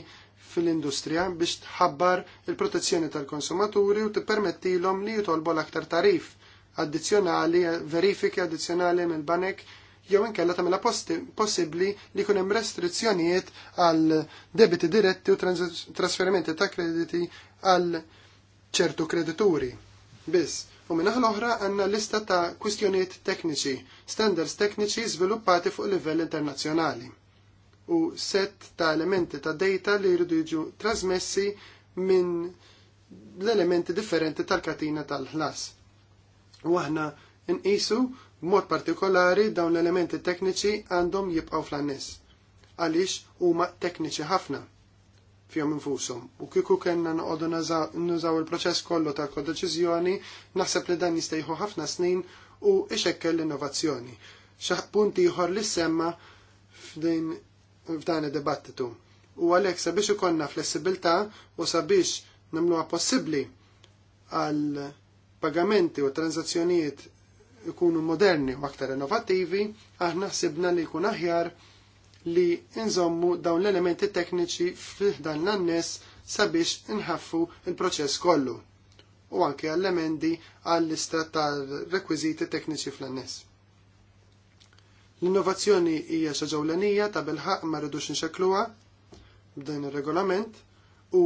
fil-industrija biex tħabbar il-protezzjoni tal-konsumaturi u tippermettilhom li jitolbu l-aktar tarif addizzjonali, verifiki addizzjonali mill-banek jew inkella tagħmilha possibbli li jkun hemm restrizzjonijiet għal debiti diretti u trasferimenti ta' krediti għal ċertu kredituri. Biss, u minnaħ l-oħra għandna lista ta' kwistjonijiet tekniċi, standards tekniċi żviluppati fuq livell internazzjonali u set ta' elementi ta' data li jridu jiġu trasmessi minn l-elementi differenti tal-katina tal-ħlas. U aħna nqisu Mod partikolari dawn l-elementi tekniċi għandhom jibqaw fl-annis għaliex huma tekniċi ħafna fihom infushom u kieku kellna noqogħdu nużaw il-proċess kollu ta' kodeċiżjoni naħseb li dan jistejħu ħafna snin u ixekkel l-innovazzjoni. Xaħ punti ieħor li semma f'din f'dan id-dibattitu. U għalhekk sabiex ikonna flessibilità u sabiex nagħmluha possibbli għal pagamenti u tranzazzjonijiet ikunu moderni u aktar innovattivi, aħna sibna li jkun aħjar li nżommu dawn l-elementi tekniċi f'dan l-annes sabiex nħaffu il-proċess kollu u anke għall-emendi għall-istra tal-rekwiziti tekniċi fl-annes. L-innovazzjoni hija xi ġewlenija ta' bilħaq ma rridux nxekluha b'dan ir-regolament u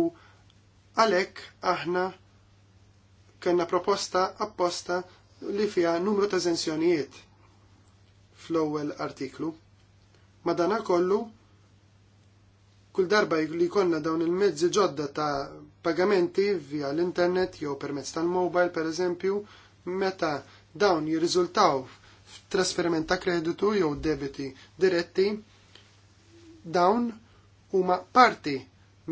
għalhekk aħna kellna proposta apposta li fija numru ta' zenzjonijiet fl-ewwel artiklu. Madana kollu kull darba li konna dawn il-mezzi ġodda ta' pagamenti via l-internet jew permezz tal-mobile per eżempju, meta dawn jirriżultaw f'trasferiment ta' kreditu jew debiti diretti, dawn huma parti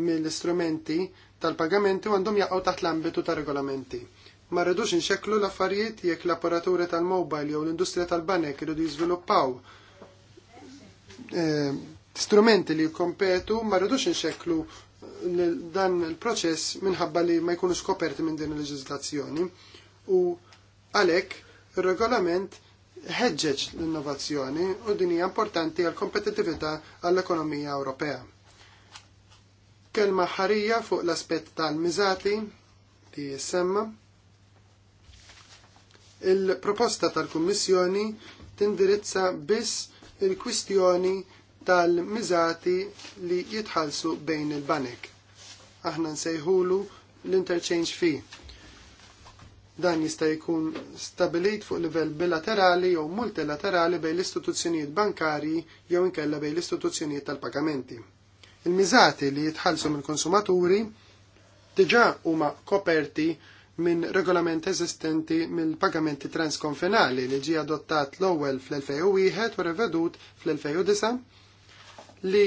mill-istrumenti tal-pagamenti u għandhom jaqgħu taħt l-ambitu ta' regolamenti. Ma rridux inxeklu l-affarijiet jekk l-apparaturi tal-mobile jew l-industrija tal-banek irridu jiżviluppaw eh, strumenti li jkompetu ma rridux inxeklu eh, dan il-proċess minħabba li ma jkunu skoperti minn din il-leġislazzjoni u għalhekk ir-regolament ħeġġeġ l-innovazzjoni u din hija importanti għal kompetitività għall-ekonomija Ewropea. Kelma ħarija fuq l-aspett tal-miżati li jissemma Il-proposta tal-Kummissjoni tindirizza biss il-kwistjoni tal-miżati li jitħalsu bejn il-banek. Aħna nsejħulu l-interchange fee. Dan jista' jkun stabilit fuq livell bilaterali jew multilaterali bejn l-istituzzjonijiet bankarji jew inkella bejn l-istituzzjonijiet tal-pagamenti. Il-miżati li jitħallsu mill-konsumaturi diġà huma koperti minn regolament eżistenti mill-pagamenti transkonfinali li ġie adottat l-ewwel fl-2001 u revedut fl-2009 li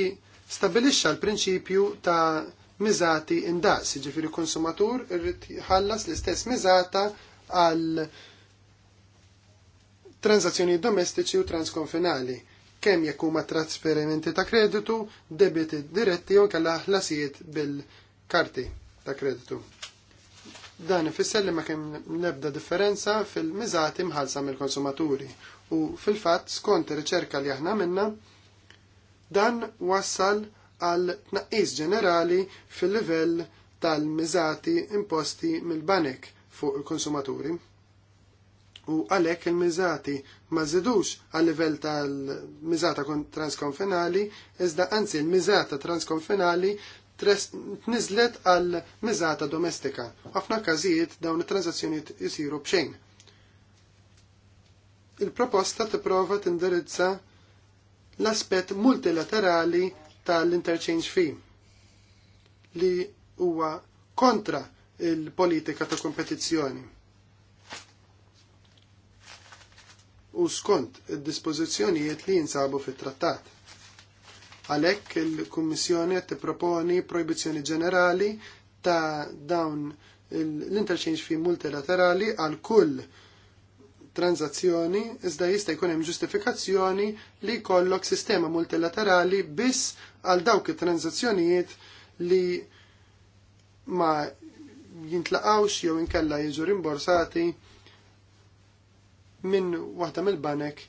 stabilixxa l-prinċipju ta' miżati indaqs, ġifiri konsumatur irrid jħallas l-istess miżata għal transazzjoni domestiċi u transkonfinali kemm jekk huma trasferimenti ta' kreditu, debiti diretti jew kellha ħlasijiet bil-karti ta' kreditu. Dan ifisser li ma kemm nebda differenza fil-miżati mħallsa mill-konsumaturi u fil-fatt skont ir-riċerka li aħna minna dan wassal għal tnaqqis ġenerali fil-livell tal-miżati imposti mill-banek fuq il-konsumaturi. U għalhekk il-miżati ma żidux għal livell tal-miżata transkonfinali, iżda anzi l-miżata transkonfinali tniżlet għal miżata domestika. Għafna każijiet dawn it transazzjoniet isiru bxejn. Il-proposta tipprova tindirizza l-aspett multilaterali tal-interchange fee li huwa kontra il-politika ta' kompetizzjoni. U skont id-dispożizzjonijiet li jinsabu fit-trattat Għalhekk il-Kummissjoni qed tipproponi proibizjoni ġenerali ta' dawn l-interchange fi multilaterali għal kull tranzazzjoni iżda jista' jkun hemm ġustifikazzjoni li jkollok sistema multilaterali biss għal dawk it-tranzazzjonijiet li ma jintlaqawx jew inkella jiġu rimborsati minn waħda mill-banek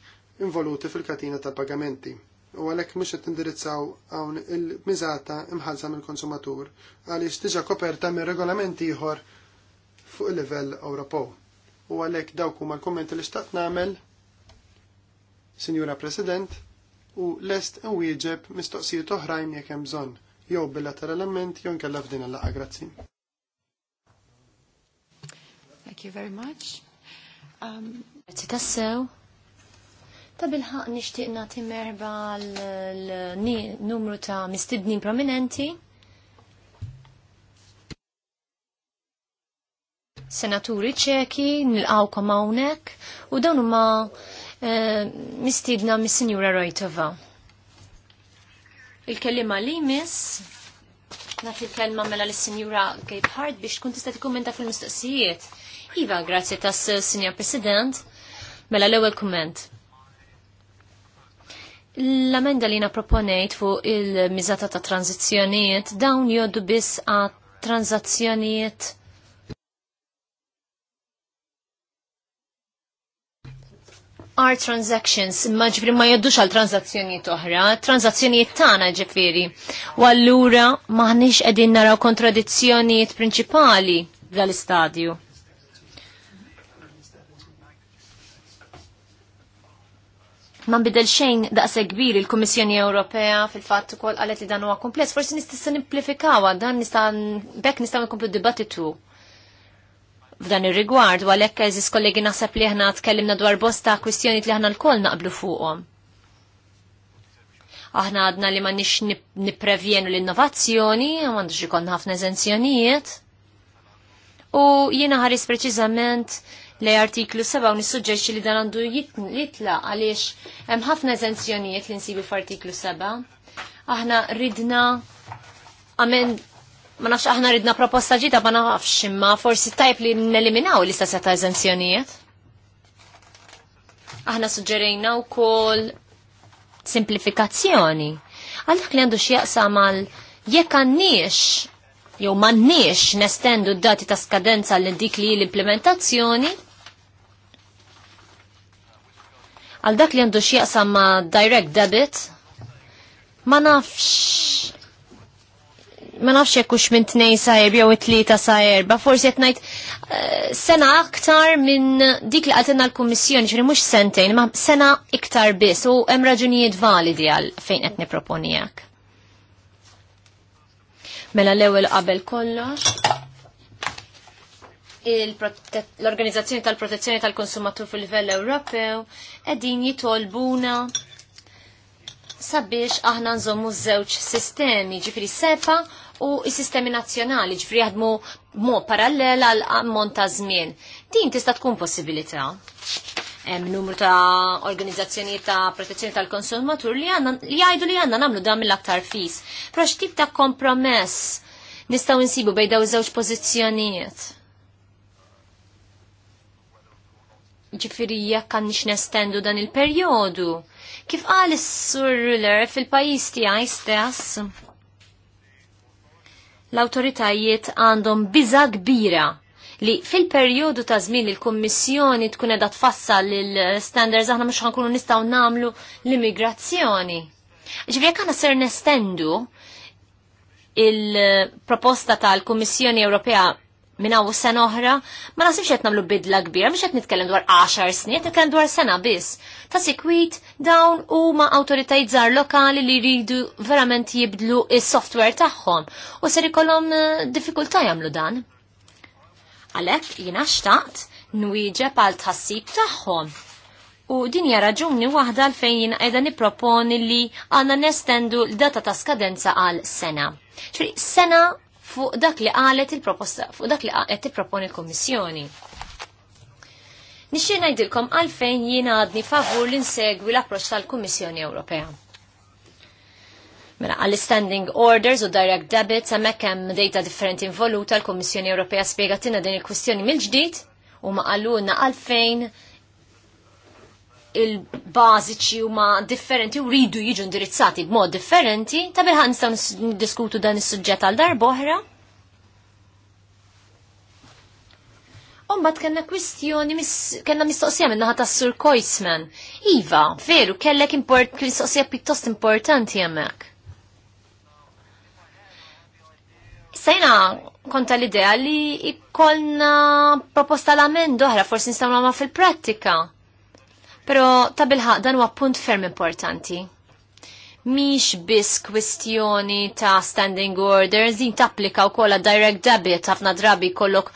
involuti fil-katina ta' pagamenti u għalhekk mhux qed indirizzaw hawn il-miżata imħallsa mill-konsumatur għaliex iġtiġa koperta minn regolament ieħor fuq il-livell Ewropew. U għalhekk dawk huma l-kummenti li xtaqt nagħmel, Signora President, u lest nwieġeb mistoqsijiet oħrajn jekk hemm bżonn jew bilateralment jew nkella f'din il-laqgħa grazzi. Thank you very much. Um, Ta' bilħaq nishtiq nati merba l-numru ta' mistibni prominenti. Senaturi ċeki, nil-għawkom għawnek, u dawn huma eh, mistibna mis senjura Rojtova. Il-kellima li miss, naf il kellima mela l-Sinjura Gabehart biex tkun tista' tikkumenta fil-mistoqsijiet. Iva, grazzi tas-Sinjor President. Mela l-ewwel kumment L-amenda li naproponejt fuq il-mizata ta' tranzizjoniet dawn jodu biss għat tranzazzjonijiet Our transactions, imma ma jaddux għal tranzazzjonijiet oħra, tranzazzjonijiet tagħna ġifiri. U allura maħniex qegħdin naraw kontradizzjonijiet prinċipali dal-istadju. ma bidel xejn daqse kbir il-Kummissjoni Ewropea fil-fatt ukoll qalet li dan huwa kumpless, forsi nista' simplifikawha dan nista' bekk nistgħu nkomplu dibattitu f'dan ir-rigward u għalhekk eżis kollegi naħseb li aħna tkellimna dwar bosta kwistjoni li aħna lkoll naqblu fuqhom. Aħna għadna li ma nix nipprevjenu l-innovazzjoni, m'għandux xikon ħafna eżenzjonijiet. U jiena ħaris preċiżament lej artiklu 7 nissuġġerixxi li dan għandu jitla għaliex hemm ħafna eżenzjonijiet li nsibu f'artiklu 7. Aħna ridna għamen ma nafx aħna ridna proposta ġita ma nafx imma forsi tajb li neliminaw l-istess ta' eżenzjonijiet. Aħna suġġerejna wkoll simplifikazzjoni. Għal dak li għandu x'jaqsa mal jekk għanniex jew m'għandniex nestendu d-dati ta' skadenza l dik li l-implementazzjoni, Għal dak li għandu xieqsam ma' direct debit, ma nafx ma nafx jekk hux minn tnejn sa jew it-tlieta sa ba' forsi qed ngħid eh, sena aktar minn dik li għatenna l-Kummissjoni, x'ri mhux sentejn, ma sena iktar biss u hemm raġunijiet validi għal fejn qed niproponi hekk. Mela l-ewwel qabel kollox l-Organizzazzjoni tal-Protezzjoni tal-Konsumatur fil-livell Ewropew qegħdin jitolbuna sabiex aħna nżommu żewġ sistemi, ġifri sepa u s-sistemi nazzjonali, ġifri jadmu mo parallel għal ammont ta' żmien. Din tista' tkun possibilità. Hemm numru ta' organizzazzjoni ta' protezzjoni tal-konsumatur li għandna li jgħidu li għandna nagħmlu dan mill-aktar fis. Però x'tip ta' kompromess nistgħu nsibu bejn daw iż-żewġ pożizzjonijiet? ġifiri jekk għandix nestendu dan il-perjodu. Kif għal sur ruler fil-pajjiż għaj stess? L-awtoritajiet għandhom biża kbira li fil-perjodu ta' żmien il kommissjoni kummissjoni tkun edha tfassal l-standards aħna mhux ħankunu nistgħu nagħmlu l-immigrazzjoni. Ġifri jekk għandna ser nestendu il-proposta tal-Kummissjoni Ewropea minna u sena oħra, ma nasibx qed nagħmlu bidla kbira, mhux qed nitkellem dwar 10 snin, qed nitkellem dwar sena biss. Ta' sikwit dawn huma awtoritajiet żgħar lokali li jridu verament jibdlu is-software tagħhom u ser ikollhom eh, diffikultà jagħmlu dan. Għalhekk jiena xtaqt nwieġeb għal tħassib tagħhom. U din hija raġuni waħda l fejn qiegħda nipproponi li għandna nestendu l-data ta' skadenza għal sena. Ċri sena fuq dak li qalet il-proposta, fuq dak li qed tipproponi l-Kummissjoni. Nixxie ngħidilkom għalfejn jien għadni favur li nsegwi l-approċċ tal-Kummissjoni Ewropea. Mela, għall-standing orders u direct debits hemmhekk hemm data differenti involuta l-Kummissjoni Ewropea spiegatina din il-kwistjoni mill-ġdid u ma qalluna għalfejn il-bażiċi huma differenti u ridu jiġu indirizzati b'mod differenti, ta' bilħan nistgħu diskutu dan is-suġġett għal darba oħra. Umbat kena kwistjoni, kena mistoqsija minnaħat ta' Sur Koisman. Iva, veru, kellek import, mistoqsija pittost importanti jemmek. Sejna konta l-idea li ikkolna proposta l amendu oħra, forsi nistawna ma fil-prattika. Pero ta' bilħaq dan huwa punt ferm importanti. Miex biss kwistjoni ta' standing orders, din tapplika u kolla direct debit, ħafna drabi kollok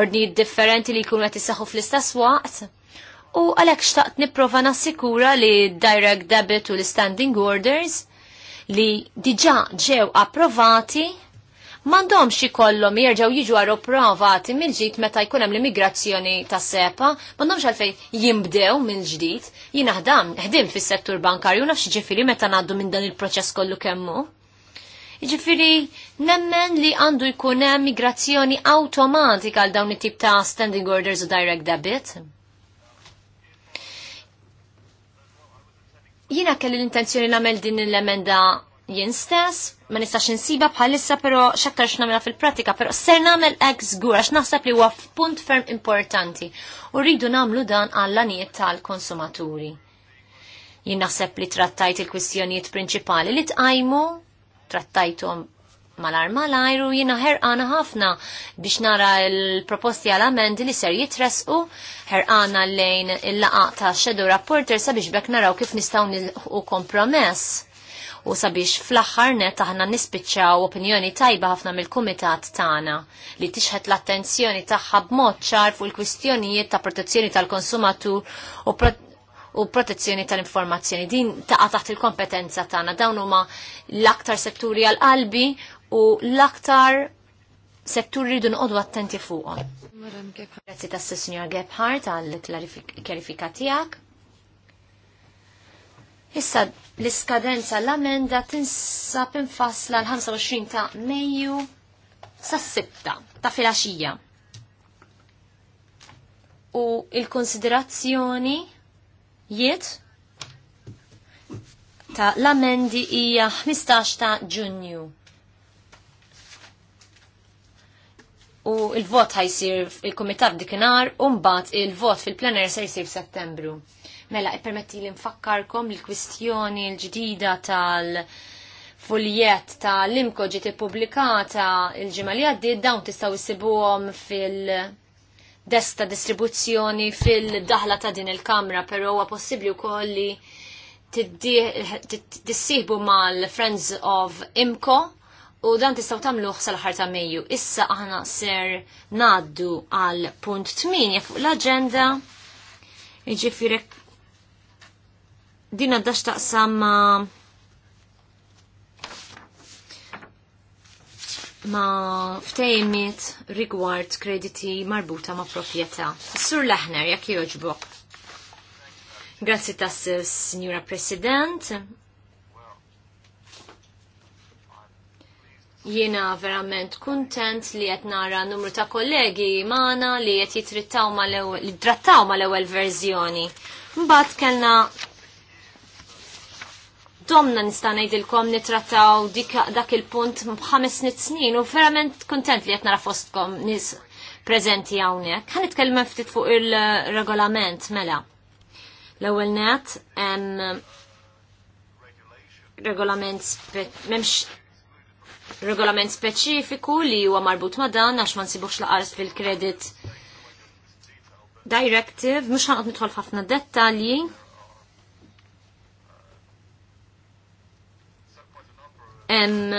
ordni differenti li jkunu qed isaħħu fl-istess waqt. U għalhekk xtaqt nipprova nassikura li direct debit u l-standing orders li diġà ġew approvati m'għandhomx ikollhom jerġgħu jiġu għarru provati minn ġdid meta jkun hemm l-immigrazzjoni tas sepa, m'għandhomx għalfejn jimbdew minn ġdid. jiena ħdam, ħdim fis-settur bankarju nafx ġifieri meta ngħaddu minn dan il-proċess kollu kemmu. Ġifiri, nemmen li għandu jkun hemm migrazzjoni awtomatika għal dawn it-tip ta' standing orders u direct debit? Jina kelli l-intenzjoni nagħmel din l-emenda jien stess, ma nistax insiba bħalissa però x'ekkarx x'namela fil-pratika, però ser nagħmel hekk żgur għax naħseb li huwa punt ferm importanti u rridu nagħmlu dan għall-anijiet tal-konsumaturi. Jien naħseb li trattajt il-kwistjonijiet prinċipali li tqajmu, trattajthom malar malajru u jina ħerqana ħafna biex nara l-proposti għal-amendi li ser jitresqu ħerqana lejn il-laqa ta' Shadow Rapporter sabiex bek naraw kif nistaw u kompromess u sabiex fl-aħħar net aħna nispiċċaw opinjoni tajba ħafna mill-kumitat tagħna li tixħet l-attenzjoni tagħha b'mod ċar fuq il-kwistjonijiet ta' protezzjoni tal-konsumatur u u protezzjoni tal-informazzjoni. Din taqa' taħt il-kompetenza tagħna dawn huma l-aktar setturi għal qalbi u l-aktar setturi rridu nqodu attenti fuqhom. Grazzi tas signor Gebhardt għall klarifika tiegħek. Issa L-iskadenza l-amenda tinsab infasla l-25 ta' Mejju sa' 6 ta' filaxija. U il-konsiderazzjoni jiet ta' l-amendi hija 15 ta' Ġunju. U il-vot ħajsir il-Kumitat dikinar u mbagħad il-vot fil-plenar se jsir f'Settembru. Mela, permetti li nfakkarkom l-kwistjoni l-ġdida tal- fuljet ta' l-imko ġiet ippubblikata il-ġimgħa li għaddiet dawn tistgħu issibuhom fil- desta distribuzzjoni fil-daħla ta' din il-kamra, però huwa possibbli wkoll li tissieħbu mal-Friends of Imko u dan tistgħu tagħmluh sal-aħħar ta' Mejju. Issa aħna ser ngħaddu għal punt 8 fuq l-aġenda. Jiġifieri din għadda taqsam ma ma ftejmiet rigward krediti marbuta ma proprjetà. Sur Leħner, jak joġbok. Grazzi tas signora President. Jiena verament kuntent li qed nara numru ta' kollegi Mana li qed jitrittaw mal-ewwel ewel mal-ewwel verżjoni. Mbagħad kellna domna nista' ngħidilkom nitrattaw dak il-punt b'ħames snit snin u verament kuntent li qed nara fostkom nies preżenti hawnhekk. Ħa nitkellem ftit fuq il-regolament mela. L-ewwel net hemm regolament memx regolament speċifiku li huwa marbut ma' dan għax ma nsibux laqars fil-credit directive, mhux ħanqod nidħol f'ħafna dettalji, hemm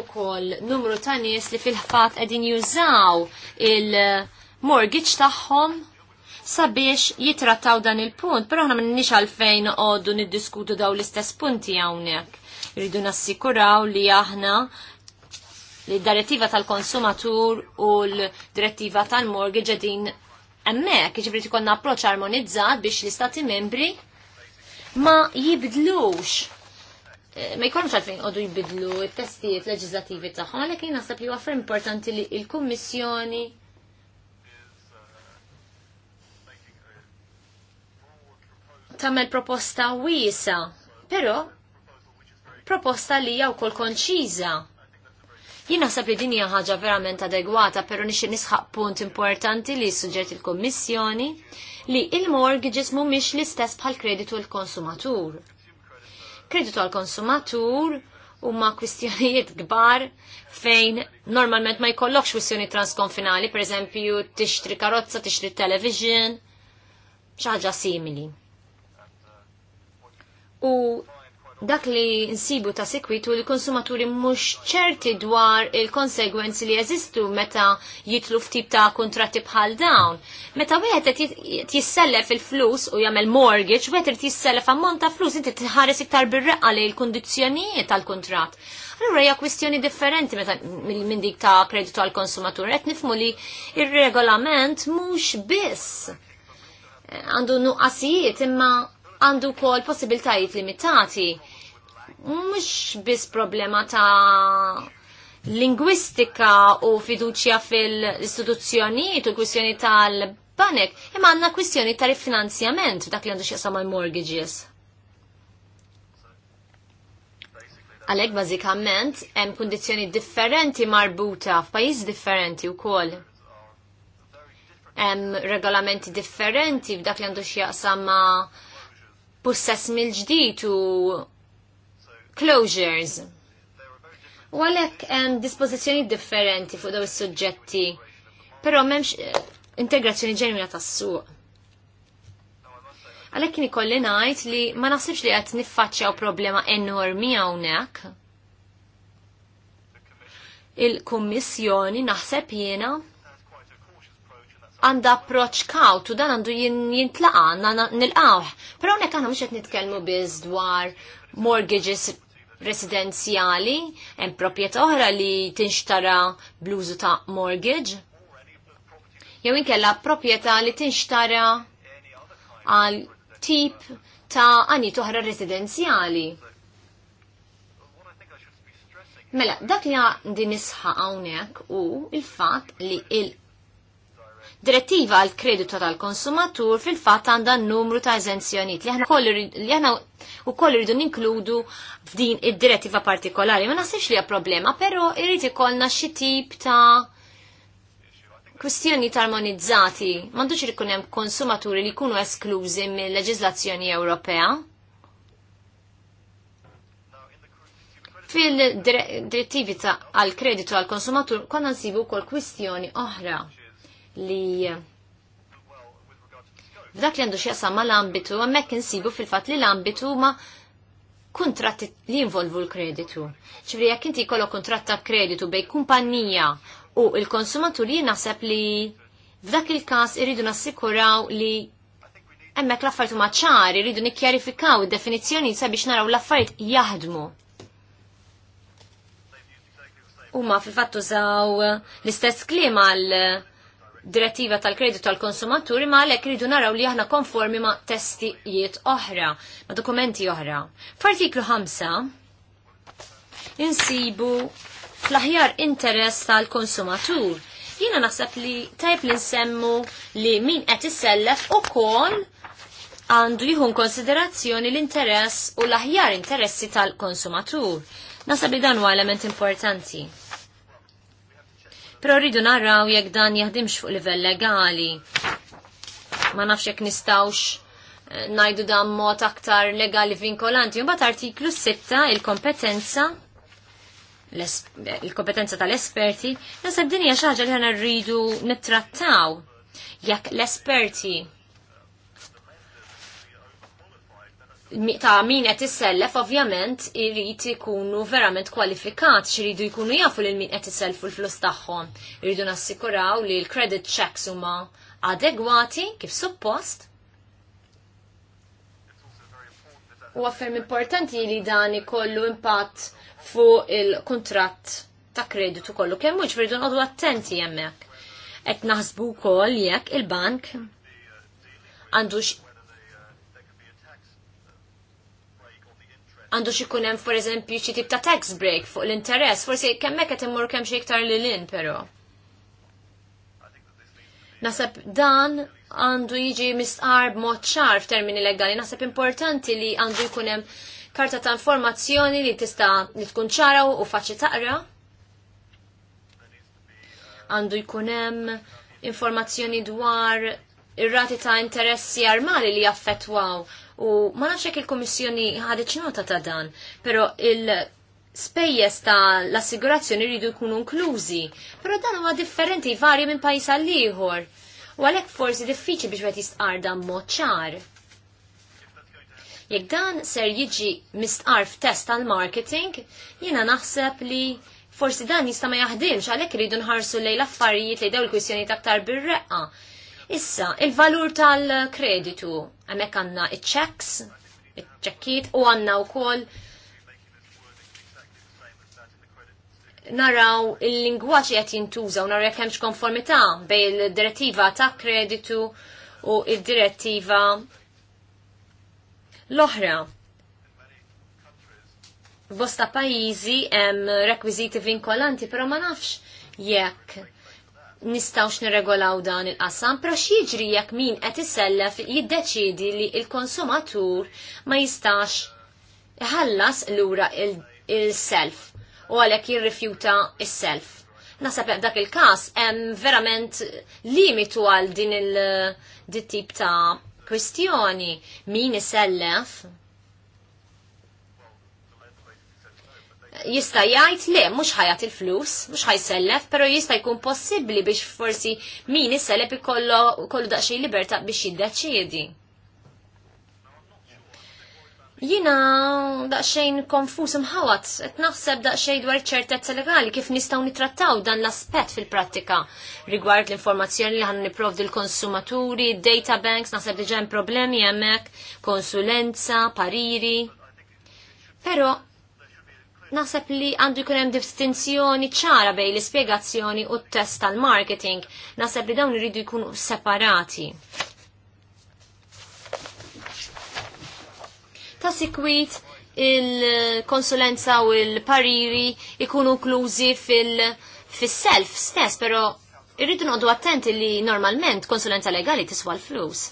ukoll numru ta' nies li fil-ħfat qegħdin jużaw il-mortgage tagħhom sabiex jitrattaw dan il-punt, pero ħna minnix għalfejn għoddu niddiskutu daw l-istess punti għawnek. Rridu nassikuraw li aħna li d-direttiva tal-konsumatur u l-direttiva tal-mortgage għedin emmek, ġifri konna approċ armonizzat biex l-istati membri ma jibdlux ma jkollhomx għalfejn qogħdu jbidlu t-testijiet leġislattivi tagħhom, għalhekk jien naħseb li huwa importanti li l-Kummissjoni tagħmel proposta wiesa, però proposta li hija wkoll konċiża. Jien naħseb li din hija ħaġa verament adegwata, però nixi nisħaq punt importanti li suġġert il-Kommissjoni li il-mortgages mhumiex l-istess bħal kreditu l-konsumatur kreditu għal konsumatur huma kwistjonijiet kbar fejn normalment ma jkollokx kwistjoni transkonfinali, per eżempju tixtri karozza, tixtri television, xaġa simili. U dak li nsibu ta' sekwitu li konsumaturi mhux ċerti dwar il-konsegwenzi li jeżistu meta jitlu ftit ta' kontratti bħal dawn. Meta wieħed qed jissellef il-flus u jagħmel mortgage, wieħed irid jissellef ammont ta' flus inti tħares iktar bir-reqqa li l-kundizzjonijiet tal-kuntratt. Allura hija kwistjoni differenti meta minn dik ta' kreditu għall konsumatur qed nifmu li ir-regolament mhux biss għandu nuqqasijiet imma għandu kol possibiltajiet limitati. Mux bis problema ta' lingwistika u fiduċja fil-istituzzjonijiet u kwistjoni tal-banek, imma għanna kwistjoni tal-finanzjament dak li għandu xieqsam mal-mortgages. Għalek bazikament hemm kundizzjoni differenti marbuta f'pajjiż differenti wkoll. Hemm regolamenti differenti f'dak li għandu x'jaqsam ma' possess mill-ġdid u closures. U għalhekk hemm dispożizzjoni differenti fuq daw is-suġġetti, però m'hemmx eh, integrazzjoni ġenwina tas-suq. Għalhekk kien ikolli ngħid li ma naħsibx li qed niffaċċjaw problema enormi hawnhekk. Il-Kummissjoni naħseb jiena għanda approċ kaut u dan għandu jintlaqa għanna nil-qawħ. Pero nek għanna mux nitkelmu biz dwar mortgages residenzjali, hemm propiet oħra li tinxtara bluzu ta' mortgage. Jew inkella proprjetà li tinxtara għal tip ta' għani toħra residenzjali. Mela, dak li għandin nisħa għawnek u il-fat li il direttiva għal kreditu tal-konsumatur fil-fatt għandha numru ta' eżenzjonijiet li aħna u koll wkoll ninkludu f'din id-direttiva partikolari. Ma naħsibx li hija problema, però irrid ikollna xi tip ta' kwistjoni tarmonizzati. M'għandux irid ikun hemm konsumaturi li jkunu esklużi mill-leġiżlazzjoni Ewropea. Fil-direttivi għal kreditu għal konsumatur konna nsibu kol kwistjoni oħra li f'dak li għandu xieqsam ma l-ambitu, għammek nsibu fil-fat li l-ambitu ma kontratti li involvu l-kreditu. ċivri jekk inti kollok kontrat ta' kreditu bej kumpanija u il li naħseb li f'dak il-kas irridu nassikuraw li għammek l-affarijiet huma ċari, nikjarifikaw nikkjarifikaw id-definizzjoni sabiex naraw l-affarijiet jaħdmu. Huma fil-fatt użaw l-istess kliem għal direttiva tal-kreditu tal-konsumaturi ma għalek rridu naraw li aħna konformi ma testijiet oħra, ma dokumenti oħra. F'artiklu 5 insibu fl-aħjar interess tal-konsumatur. Jiena naħseb li tajb li nsemmu li min qed isellef ukoll għandu jieħu konsiderazzjoni l-interess u l-aħjar interessi tal-konsumatur. Nasab li dan huwa element importanti. Pero rridu naraw jekk dan jaħdimx fuq livell legali. Ma nafx jekk nistawx eh, najdu dan mod aktar legali vinkolanti. Mbagħad artiklu 6 il-kompetenza il-kompetenza tal-esperti, nasab din hija xi ħaġa li għana rridu nittrattaw jekk l-esperti ta' min qed isellef ovvjament irid ikunu verament kwalifikat x'iridu jkunu jafu lil min qed isellfu l-flus tagħhom. Iridu nassikuraw li l-credit checks huma adegwati kif suppost. U affermi importanti li dan ikollu impatt fuq il-kontratt ta' kreditu kollu kemm mhux irridu nqogħdu attenti hemmhekk. Qed naħsbu wkoll jekk il-bank għandux għandu xi jkun hemm pereżempju xi tip ta' tax break fuq l-interess, forsi kemm hekk qed immur kemm xi iktar lil in Nasab dan għandu jiġi mistqar b'mod ċar f'termini legali, nasab importanti li għandu jkun hemm karta ta' informazzjoni li tista' li tkun ċara u faċi taqra. Għandu jkun hemm informazzjoni dwar ir-rati ta' interessi armali li jaffettwaw U ma nafx hekk il-Kummissjoni ħadet nota ta' dan, però il-spejjeż ta' l-assigurazzjoni rridu jkunu inklużi, però dan huwa differenti varji minn pajjiż għal ieħor. U għalhekk forsi diffiċli biex wieħed jistqar dan mod ċar. Jekk dan ser jiġi mistqar f'test tal-marketing, jiena naħseb li forsi dan jista' ma jaħdimx għalhekk iridu nħarsu lejn l-affarijiet li dawn il-kwistjoni aktar bir-reqqa Issa, il-valur tal-kreditu, għamek għanna il-checks, il-checkiet, u għanna u koll naraw il-lingwaċ jgħat jintuża u naraw jgħak hemmx konformità bej il-direttiva ta' kreditu u il-direttiva l-oħra. Bosta pajizi hemm rekwiżiti vinkolanti, però ma nafx jekk nistawx nirregolaw dan il-qasam, pero xieġri jekk min qed isellef jiddeċidi li il-konsumatur ma jistax ħallas lura il-self u għalhekk jirrifjuta il-self. Nasab dak il-kas hemm verament limitu għal din il-tip ta' kwistjoni min isellef jista' jgħid le mhux ħajat il-flus, mhux ħajsellef, però jista' jkun possibbli biex forsi min isellef ikollu kollu daqsxejn libertà biex jiddeċiedi. Jina daqsxejn konfus mħawat, qed naħseb daqsxejn dwar ċertezza legali kif nistgħu nitrattaw dan l-aspett fil-prattika rigward l-informazzjoni li ħannu niprovdi l-konsumaturi, data banks, naħseb diġen problemi hemmhekk, konsulenza, pariri. Però naħseb li għandu jkun hemm distinzjoni ċara bejn l-ispjegazzjoni u t-test tal-marketing. Naħseb li dawn iridu jkunu separati. Ta' sikwit il-konsulenza u l-pariri ikunu klużi fil-self stess, pero irridu noqdu attenti li normalment konsulenza legali tiswa l-flus.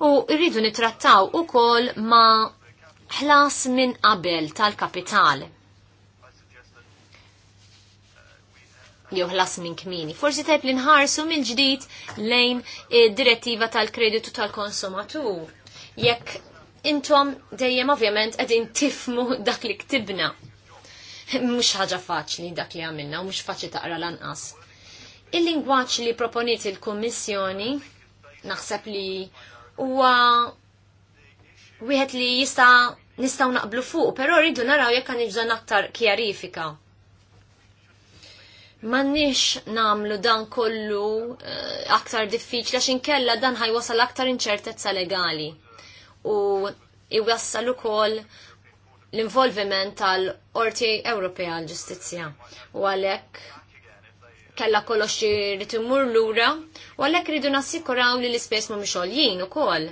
u rridu nitrattaw ukoll ma' ħlas minn qabel tal-kapital. jew ħlas minn kmini. Forsi tajb li nħarsu minn ġdid lejn direttiva tal-kreditu tal-konsumatur. Jekk intom dejjem ovvjament qegħdin tifmu dak li ktibna. Mhux ħaġa faċli dak li għamilna u mhux faċli taqra lanqas. Il-lingwaġġ li proponiet il-Kummissjoni naħseb li huwa wieħed li jista' nistgħu naqblu fuq, però rridu naraw jekk għandi bżonn aktar kjarifika. M'għandniex namlu dan kollu uh, aktar diffiċli għax inkella dan ħajwasal aktar inċertezza legali u iwassal ukoll l-involviment tal-Orti Ewropea għal-Ġustizzja. U għalhekk kella kollox irid immur lura, u għalhekk ridu nassikuraw li l-ispejs ma mixoljin ukoll.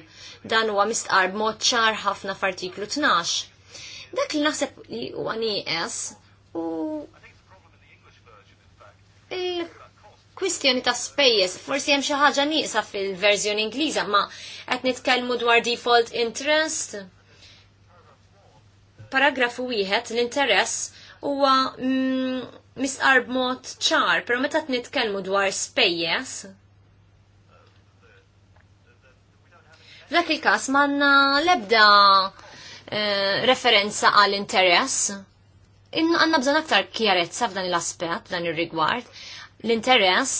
Dan huwa mistqarb mod ċar ħafna f'artiklu 12. Dak li naħseb li huwa nieqes u il-kwistjoni ta' spejjeż forsi hemm xi ħaġa nieqsa fil-verżjoni Ingliża, ma qed nitkellmu dwar default interest. Paragrafu wieħed l-interess huwa mm, misqar b'mod ċar, pero meta t-nitkelmu dwar spejjes. F'dak il-kas manna lebda eh, referenza għal interess. Inna għanna bżon aktar kjarezza f'dan l-aspet, f'dan il-rigward. L-interess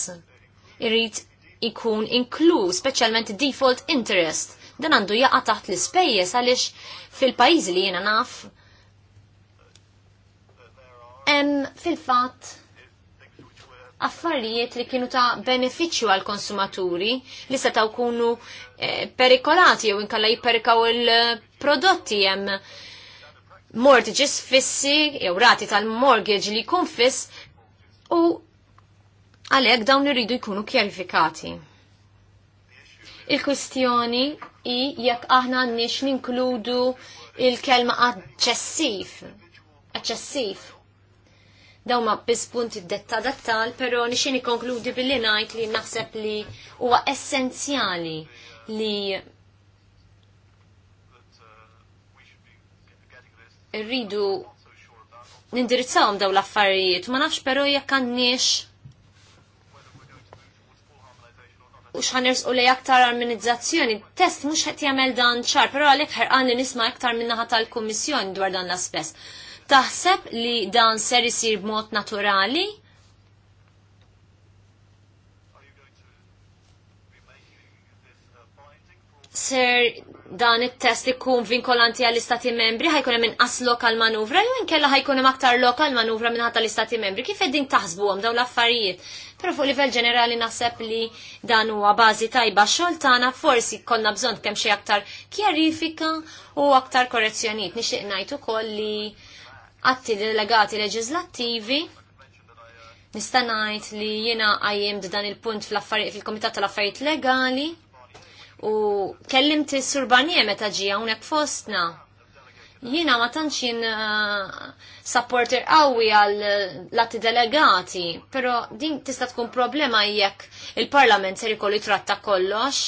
irrit ikun inkluż, specialment default interest. Dan għandu jaqa taħt l-spejjes għalix fil pajiz li jena naf hemm fil-fatt affarijiet li kienu ta' beneficju għal konsumaturi li ta' kunu eh, perikolati jew inkalla jiperikaw il-prodotti jem mortgages fissi jew rati tal-mortgage li jkun fiss u għalhekk dawn iridu jkunu kjarifikati. Il-kwistjoni i jekk aħna nix ninkludu il-kelma aċċessiv. Aċċessiv Daw ma bispunti detta dattal, pero nixin ikonkludi billi najt li naħseb li huwa essenzjali li rridu nindirizzawm daw l-affarijiet, ma nafx però jekk għandniex u xħanirs u lej aktar armonizzazzjoni. Test mux ħet jamel dan ċar, pero għalek ħerqan li nisma aktar minnaħat tal komissjoni dwar dan l-aspess. Taħseb li dan ser isir b'mod naturali? Ser dan it-test ikun vinkolanti għall-istati membri, ħajkun hemm inqas lokal manuvra, jew inkella ħajkun hemm aktar lokal manuvra minn ħadd l-istati membri. Kif qegħdin taħsbuhom dawn l-affarijiet? Però fuq livell ġenerali naħseb li dan huwa bażi tajba xogħol tagħna forsi konna bżonn kemm xi aktar kjarifika u aktar korrezzjonijiet. Nixtieq ngħid ukoll li atti delegati leġislattivi nista' ngħid li jiena għajjem dan il-punt fil kumitat tal-Affarijiet Legali u kellimt is-Sur meta ġie hawnhekk fostna. Jiena ma tantx uh, supporter qawwi għal lati delegati, però din tista' tkun problema jekk il-Parlament seri kollu jitratta kollox.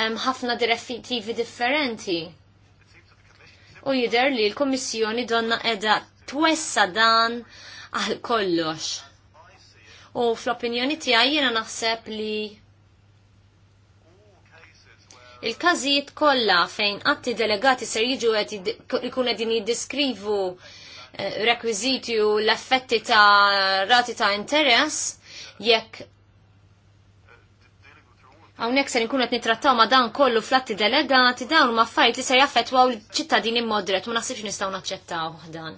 Hemm ħafna direttivi differenti u jider li l-Komissjoni donna edha twessa dan għal kollox. U fl-opinjoni tiegħi jiena naħseb li il-każijiet kollha fejn atti delegati ser jiġu qed ikun qegħdin jiddiskrivu eh, rekwiżiti u l-effetti ta' rati ta' interess jekk Hawnhekk se nkunu qed nittrattaw ma' dan kollu flatti delegati dawn huma fajt li se jaffet għaw ċittadini modret ma nasibx nistgħu naċċettaw dan.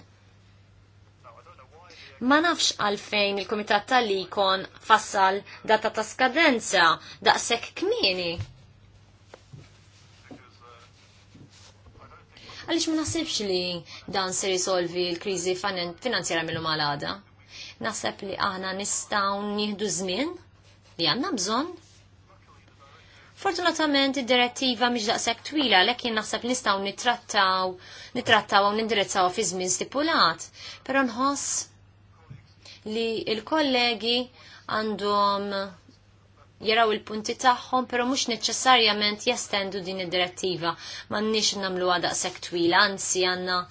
Ma nafx għalfejn il-Kumitat tal-Ikon fassal data ta' skadenza daqshekk kmieni. għalix ma nasibx li dan se risolvi l-krizi finanzjera mill malada. Nasib li aħna nistaw nieħdu żmien li għandna bżonn Fortunatament id-direttiva mhix daqshekk twila jien naħseb nistgħu nittrattaw nittrattaw u nindirizzaw fi żmien stipulat, però nħoss li l kollegi għandhom jaraw il-punti tagħhom, però mhux neċessarjament jestendu din id-direttiva. M'għandniex nagħmlu daqshekk twila, anzi għandna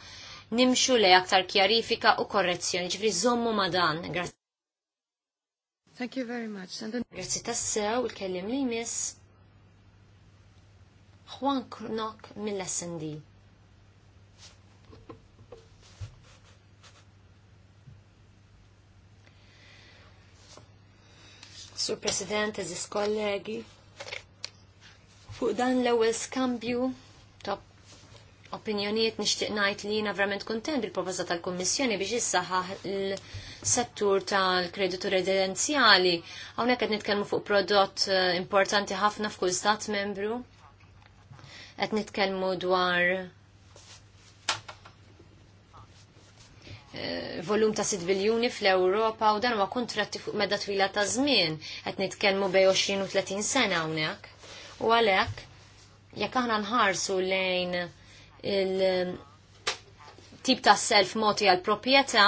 nimxu lej aktar kjarifika u korrezzjoni, ġifri żommu ma dan. Grazie. Thank you very much. Grazie tassew, il-kellim li jmiss. Juan Knock mill-SND. Sur President, eżis kollegi, fuq dan l-ewwel skambju top opinjonijiet nixtieq ngħid li jiena verament kuntent bil-proposta tal-Kummissjoni biex issaħħaħ il-settur tal-kreditu residenzjali. Hawnhekk qed nitkellmu fuq prodott eh, importanti ħafna f'kull stat membru qed nitkellmu dwar eh, volum ta' 6 biljuni fl-Ewropa u dan huwa kuntratti fuq medda twila ta' żmien qed nitkellmu bej 20 u 30 sena hawnhekk. U għalhekk jekk aħna nħarsu lejn il-tip ta' self moti għal proprjetà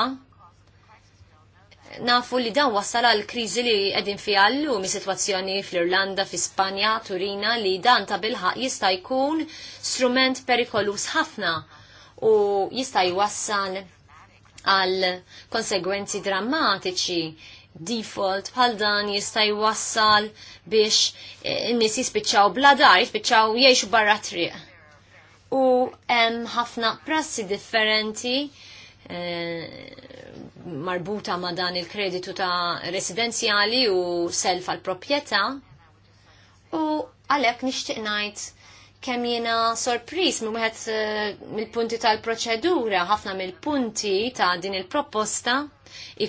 nafu li dan wassal għal kriżi li qegħdin fiha llum is-sitwazzjoni fl-Irlanda, fi Spanja, Turina li dan ta' bilħaq jista' jkun strument perikolus ħafna u jista' jwassal għal konsegwenzi drammatiċi default bħal dan jista' jwassal biex eh, n-nies jispiċċaw bla dar, jispiċċaw jgħixu barra triq. U hemm ħafna prassi differenti Eh, marbuta ma' dan il-kreditu ta' residenzjali u self għal proprjetà u għalhekk nixtieq ngħid kemm jiena sorpriż minn wieħed eh, mill-punti tal-proċedura, ħafna mill-punti ta' din il-proposta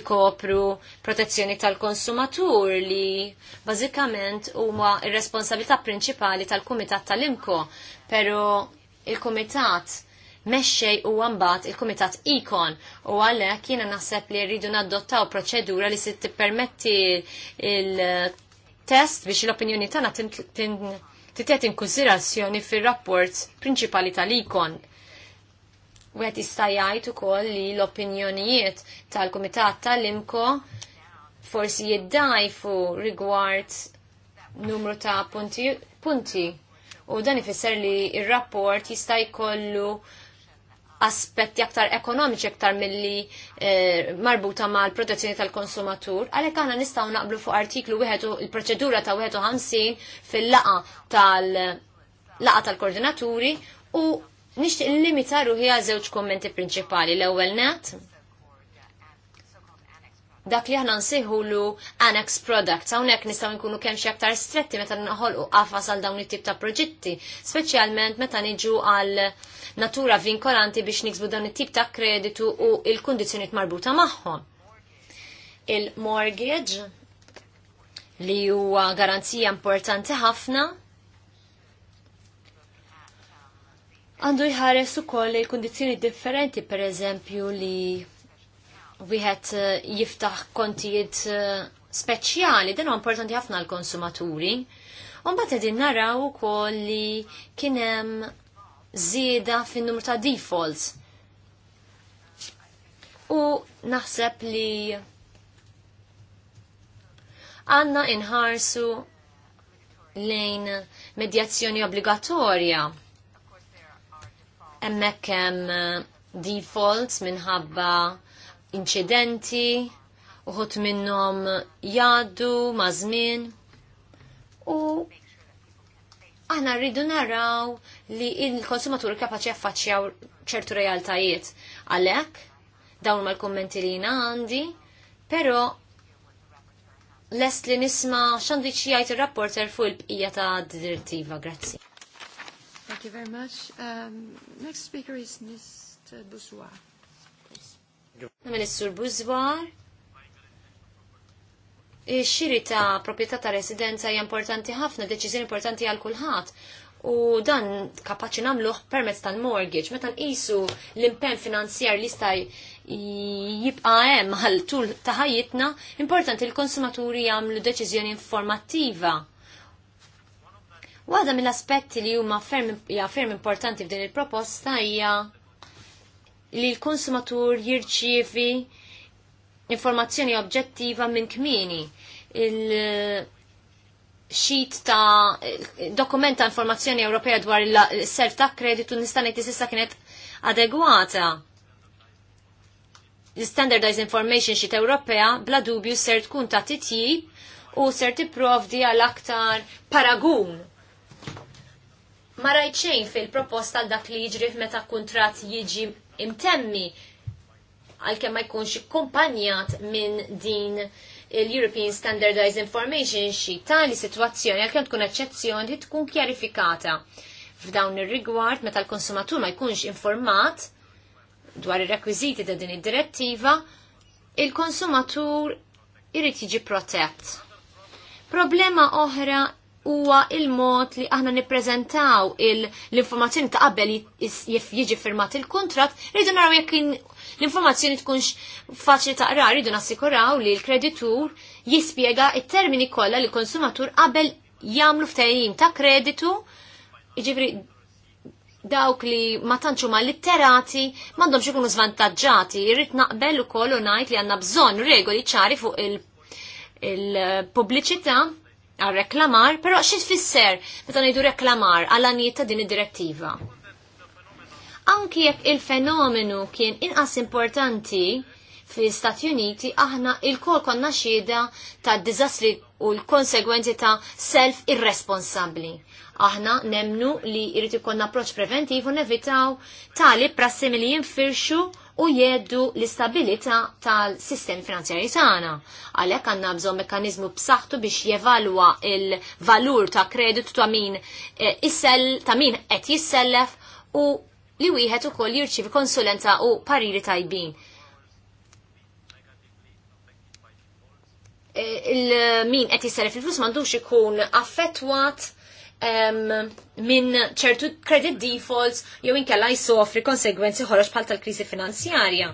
ikopru protezzjoni tal-konsumatur li bażikament huma r responsabilità prinċipali tal-Kumitat tal-Imko, però il-Kumitat mexxej u mbagħad il-Kumitat Ikon u għalhekk jiena naħseb li rridu nadottaw proċedura li se tippermetti il-test biex l-opinjoni tagħna titgħet inkunsiderazzjoni fir-rapport prinċipali tal-Ikon. U għet jista' jgħid ukoll li l-opinjonijiet tal-Kumitat tal-Imko forsi jiddajfu rigward numru ta' punti, punti. u dan ifisser li il rapport jista' jkollu aspetti aktar ekonomiċi aktar milli e, marbuta mal protezzjoni tal-konsumatur, għalhekk aħna nistgħu naqblu fuq artiklu wieħed il-proċedura ta' 51 fil-laqa tal-laqa tal-koordinaturi u nixtieq nlimita ruħi għal żewġ kommenti prinċipali l-ewwel net dak li aħna nsiħulu annex products, hawnhekk nistgħu nkunu kemm xi aktar stretti meta nħolqu għafas għal dawn it-tip ta' proġetti, speċjalment meta niġu għal natura vinkolanti biex niksbu dawni it-tip ta' kreditu u il-kundizzjonijiet marbuta magħhom. Il-mortgage li huwa garanzija importanti ħafna għandu jħares ukoll il-kundizzjoni differenti, per eżempju li wieħed eh, jiftaħ kontijiet eh, speċjali, dan huwa importanti ħafna għall konsumaturi mbagħad qegħdin naraw ukoll li kien hemm żieda fin numru ta' defaults. U naħseb li għanna inħarsu lejn medjazzjoni obbligatorja. Hemmhekk hemm eh, defaults minħabba inċidenti, uħut minnom jaddu, mażmin. U aħna rridu naraw li il konsumatur kapaċi jaffaċċjaw ċertu realtajiet. Għalek, dawn mal-kommenti li jina għandi, pero lest li nisma xandu ċijajt il-rapporter fuq il-bqija ta' direttiva. Grazzi. Thank you very much. Um, next speaker is Mr. Boussois. Ministru Buzwar. Ix-xiri ta' proprjetà ta' residenza hija importanti ħafna, deċiżjoni importanti għal kulħadd. U dan kapaċi nagħmluh permezz tal-mortgage. Meta nqisu l-impenn finanzjar li jista' jibqa' hemm għal tul ta' ħajjitna, importanti l-konsumaturi jagħmlu deċiżjoni informattiva. Waħda mill-aspetti li huma ferm, ferm importanti f'din il-proposta hija li l-konsumatur jirċievi informazzjoni oġġettiva minn kmini il-xit ta' dokument ta' informazzjoni Ewropea dwar il-self ta' kreditu nistanet s'issa kienet adegwata. Standardized Information Sheet Ewropea bla dubju ser tkun ta' titjib u ser tipprovdi għal aktar paragun ma rajt xejn fil-proposta dak li jiġri meta kuntratt jiġi imtemmi għalkemm ma jkunx kumpanjat minn din l european Standardized Information Sheet tali situazzjoni għalkemm tkun eċċezzjoni tkun kjarifikata f'dawn ir-rigward meta l-konsumatur ma jkunx informat dwar ir-rekwiżiti ta' din id-direttiva, il-konsumatur irid jiġi protett. Problema oħra huwa il-mod li aħna nippreżentaw l-informazzjoni ta' qabel jiġi firmat il-kontrat, rridu naraw jekk l-informazzjoni tkunx faċli taqra, rridu nassikuraw li l-kreditur jispjega it-termini kollha li konsumatur qabel jagħmlu ftehim ta' kreditu, jiġifieri dawk li ma tantxu ma litterati m'għandhomx ikunu żvantaġġati, irrid naqbel ukoll u ngħid li għandna bżonn regoli ċari fuq il-pubbliċità il pubbliċità għal-reklamar, pero xit fisser meta ngħidu reklamar għal-għaniet ta' din id-direttiva. Anki jekk il-fenomenu kien inqas importanti fi Stati Uniti, aħna il-kol konna xieda ta' dizastri u l-konsegwenzi ta' self irresponsabli. Aħna nemnu li irrit ikon approċċ preventiv u nevitaw tali prassim li jinfirxu u jeddu l-istabilita tal-sistem finanzjari tagħna. Għalhekk għandna bżonn mekkaniżmu b'saħħtu biex jevalwa il-valur ta' kreditu ta' min e, issell ta' min qed jissellef u li wieħed ukoll jirċivi konsulenza u pariri tajbin. E, il-min qed jissellef il-flus m'għandux ikun affettwat minn ċertu credit defaults jew inkella jsofri konsegwenzi ħoroġ bħal tal-kriżi finanzjarja.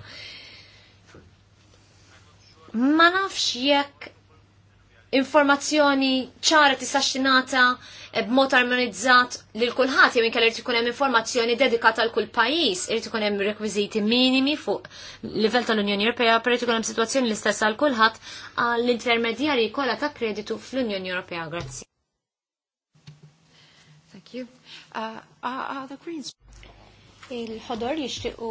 Ma nafx jekk informazzjoni ċara tista' xtinata eh, b'mod armonizzat lil kulħadd jew inkella irid ikun hemm informazzjoni dedikata għal kull pajjiż, irid ikun hemm rekwiżiti minimi fuq livell tal-Unjoni Ewropea, per irid ikun hemm sitwazzjoni l istessa għal kulħadd għall intermedjarji kollha ta' kreditu fl-Unjoni Ewropea. Grazzi. Uh, the Greens. Il-ħodor jishtiqu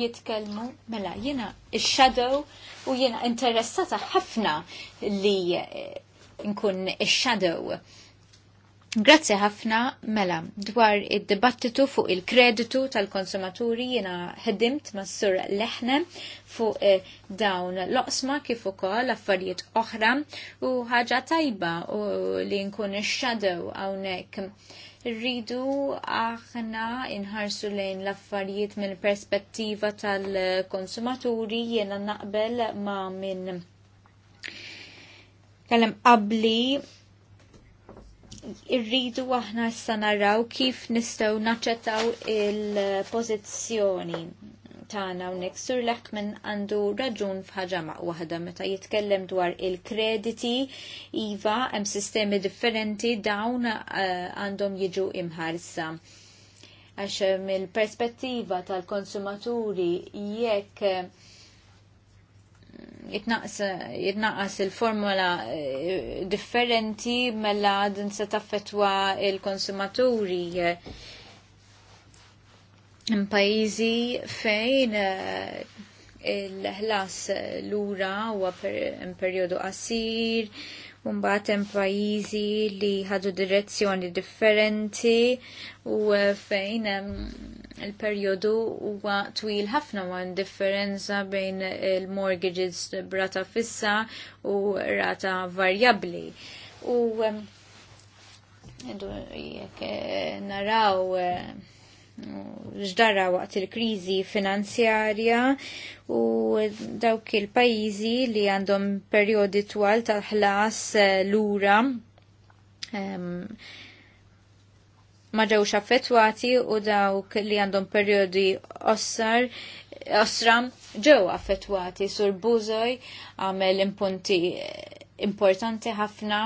jitkellmu mela jiena il shadow u jiena interessata ħafna li eh, nkun ix-shadow. Grazzi ħafna mela dwar id-dibattitu fuq il-kreditu tal-konsumaturi jiena ħedimt s sur Leħne fuq eh, dawn l-oqsma kif ukoll affarijiet oħra u ħaġa tajba u li nkun ix-shadow hawnhekk rridu aħna inħarsu lejn l-affarijiet mill perspettiva tal-konsumaturi jiena naqbel ma minn kellem qabli irridu aħna s naraw kif nistgħu naċċettaw il-pożizzjoni tagħna hawnhekk Sur Lachman għandu raġun f'ħaġa ma' waħda meta jitkellem dwar il-krediti iva hemm sistemi differenti dawn eh, għandhom jiġu imħarsa għax eh, mill-perspettiva tal-konsumaturi jekk eh, jitnaqas il-formula differenti mela din se taffetwa il-konsumaturi pajizi fejn eh, il-ħlas eh, l-ura u periodu qasir, Mbagħad hemm pajjiżi li ħadu direzzjoni differenti u eh, fejn il-perjodu huwa twil ħafna ma differenza bejn il-mortgages brata fissa u rata varjabbli. U jekk naraw ġdara waqt il-krizi finanzjarja u dawk il-pajizi li għandhom periodi twal tal-ħlas eh, l-ura ehm, ma ġewx affettwati u dawk li għandhom periodi ossar osra ġew affettwati sur bużoj għamel impunti importanti ħafna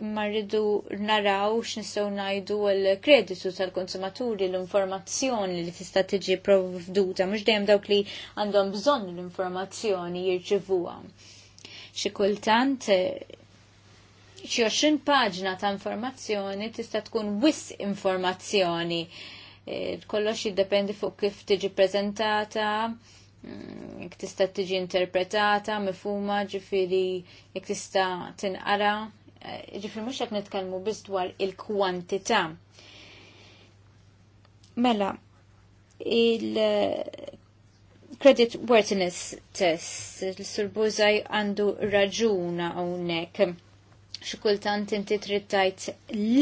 marridu naraw x'nistgħu ngħidu l-kreditu tal-konsumaturi l-informazzjoni li tista' tiġi provduta mhux dejjem dawk li għandhom bżonn l-informazzjoni jirċivuha. Xi kultant xi 20 paġna ta' informazzjoni tista' tkun wis informazzjoni. E, kollox jiddependi fuq kif tiġi preżentata, mm, jek tista' tiġi interpretata, mifhuma, ġifieri jekk tista' tinqara ġifri mux għet netkalmu biz dwar il-kwantita. Mela, il-credit worthiness test, l surbużaj għandu raġuna għonek xikultant inti trid tgħid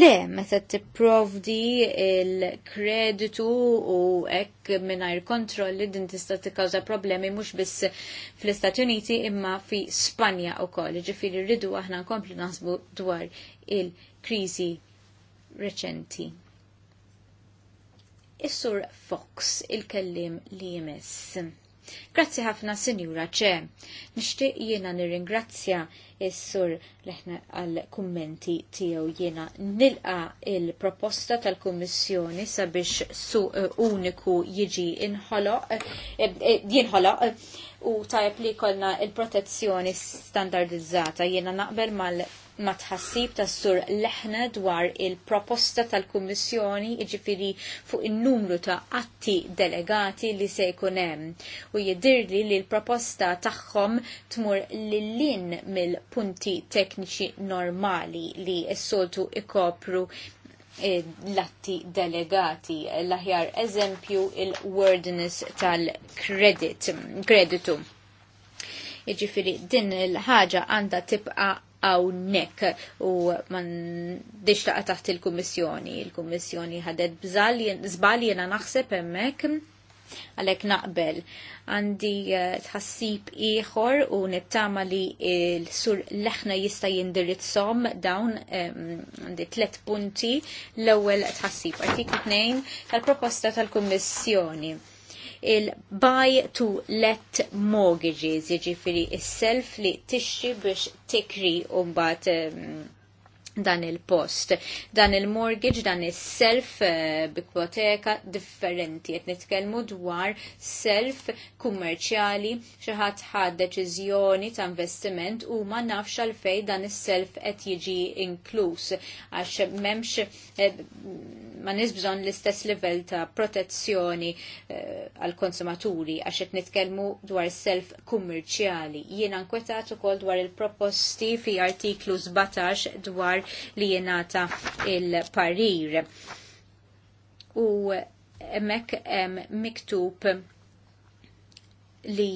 le meta tipprovdi il-kreditu u hekk mingħajr kontrolli din tista' tikkawża problemi mhux biss fl-Istati Uniti imma fi Spanja wkoll. Ġifiri rridu aħna nkomplu naħsbu dwar il-kriżi reċenti. Is-sur Fox il-kellim li jmiss. Grazzi ħafna, Sinjura ċe. Nishtiq jiena nirringrazzja s-sur leħna għal-kummenti tiegħu jiena nilqa il-proposta tal-Kummissjoni sabiex su eh, uniku jiġi inħoloq, eh, eh, u tajab li kolna il-protezzjoni standardizzata jiena naqbel mal- ma tħassib ta' sur leħna dwar il-proposta tal-Kummissjoni iġifiri fuq il-numru ta' atti delegati li se jkunem. U jidirli li l-proposta tagħhom tmur lillin mill-punti tekniċi normali li s-soltu ikopru eh, l-atti delegati. L-aħjar eżempju il-wordness tal-kredit, kreditu. Iġifiri din il-ħaġa għanda tibqa hawnhekk u m'għandix taqa' taħt il-Kummissjoni. Il-Kummissjoni ħadet żball jiena naħseb hemmhekk għalek naqbel. Għandi eh, tħassib ieħor u nittama li l-sur leħna jista jindirizzom dawn għandi tlet punti l-ewwel tħassib artiklu 2 tal-proposta tal-Kummissjoni il-buy to let mortgages, jiġifieri is-self li tixtri biex tikri u mbagħad ehm, dan il-post, dan il-mortgage, dan il-self uh, bipoteka differenti. Et nitkelmu dwar self kummerċjali xaħat ħad deċizjoni ta' investiment u ma nafx fej dan il-self et jiġi inklus għax memx eh, ma nisbżon l-istess level ta' protezzjoni eh, għal-konsumaturi għax et nitkelmu dwar self kummerċjali. Jiena nkwetat u kol dwar il-proposti fi artiklu 17 dwar li jenata il-parir. U emmek em, miktub li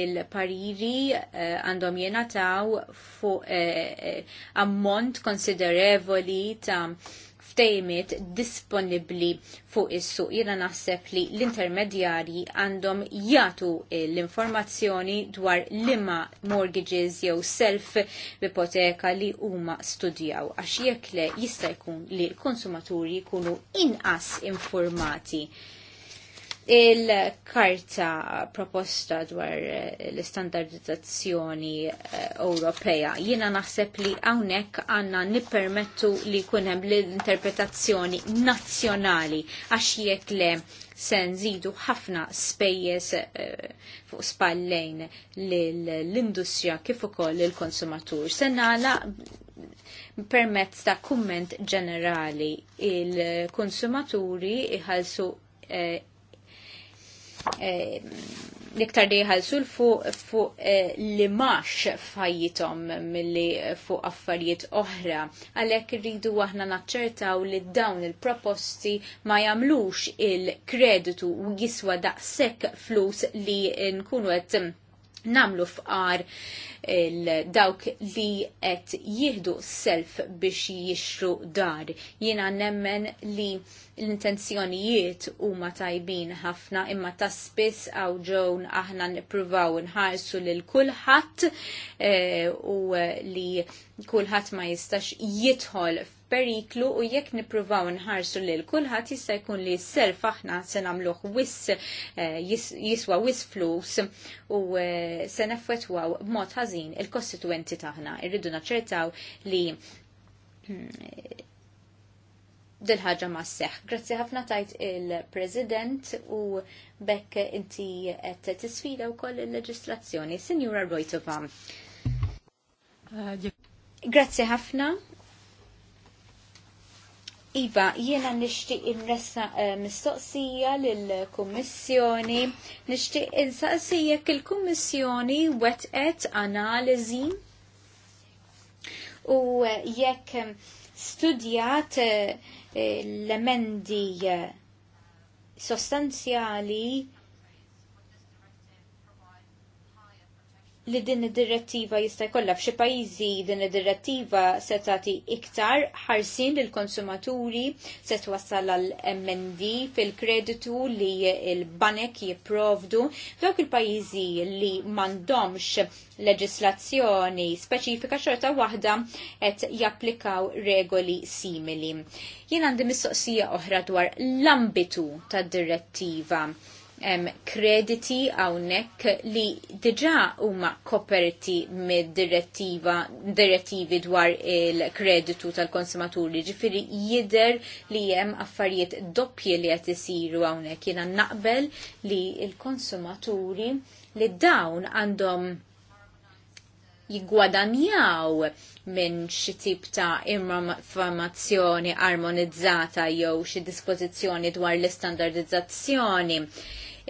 il-pariri eh, għandhom uh, jenataw fuq uh, eh, eh, ammont konsiderevoli ta' ftejmiet disponibbli fuq is-suq. Jiena naħseb li l-intermedjarji għandhom jagħtu l-informazzjoni dwar liema mortgages jew self ipoteka li huma studjaw għax jekk le jista' jkun li l-konsumaturi jkunu inqas informati il-karta proposta dwar eh, l-standardizzazzjoni eh, Ewropea. Jiena naħseb li hawnhekk għandna nippermettu li jkun hemm l-interpretazzjoni nazzjonali għax jekk le se nżidu ħafna spejjeż eh, fuq spallejn l-industrija kif ukoll il-konsumatur. Se nagħlaq permezz ta' kumment ġenerali il-konsumaturi jħallsu Eh, liktar li jħalsu fuq fuq eh, li max fajjitom mill-li fuq affarijiet oħra. Għalek rridu aħna naċċertaw li dawn il-proposti ma jamlux il-kreditu u jiswa daqsek flus li nkunu għet namlu fqar dawk li qed jihdu self biex jixru dar. Jiena nemmen li l-intenzjonijiet huma tajbin ħafna imma ta' spiss għaw ġown aħna nippruvaw nħarsu lil kulħadd e, u li kulħadd ma jistax jidħol Periklu u jekk nippruvaw nħarsu lil kulħadd jista' jkun li s-self aħna se nagħmluh wiss eh, jiswa wiss flus u eh, se neffettwaw b'mod ħażin il-kostituenti tagħna. Irridu naċċertaw li hmm, dil ħaġa ma seħ. Grazzi ħafna tajt il-President u bekk inti qed tisfida wkoll il-leġislazzjoni. Sinjura Rojtova. Eh, Grazzi ħafna Iva, jiena nixtieq inressa eh, mistoqsija lill-Kummissjoni, nixtieq insaqsija il-Kummissjoni wetqet analiżi u eh, jekk eh, studjat l-emendi sostanzjali li din id-direttiva jista' jkollha f'xi pajjiżi din id-direttiva se tagħti iktar ħarsin lil konsumaturi se twassal għal MND fil-kreditu li l-banek jipprovdu dawk il-pajjiżi li m'għandhomx leġislazzjoni speċifika xorta waħda qed japplikaw regoli simili. Jien għandi mistoqsija oħra dwar l-ambitu tad-direttiva em, krediti hawnhekk li diġà huma koperti mid-direttiva direttivi dwar il-kreditu tal-konsumaturi. ġifiri jidher li hemm affarijiet doppji li qed isiru hawnhekk jiena naqbel li l-konsumaturi li dawn għandhom jigwadanjaw minn xi tip ta' informazzjoni armonizzata jew xi dispożizzjoni dwar l-istandardizzazzjoni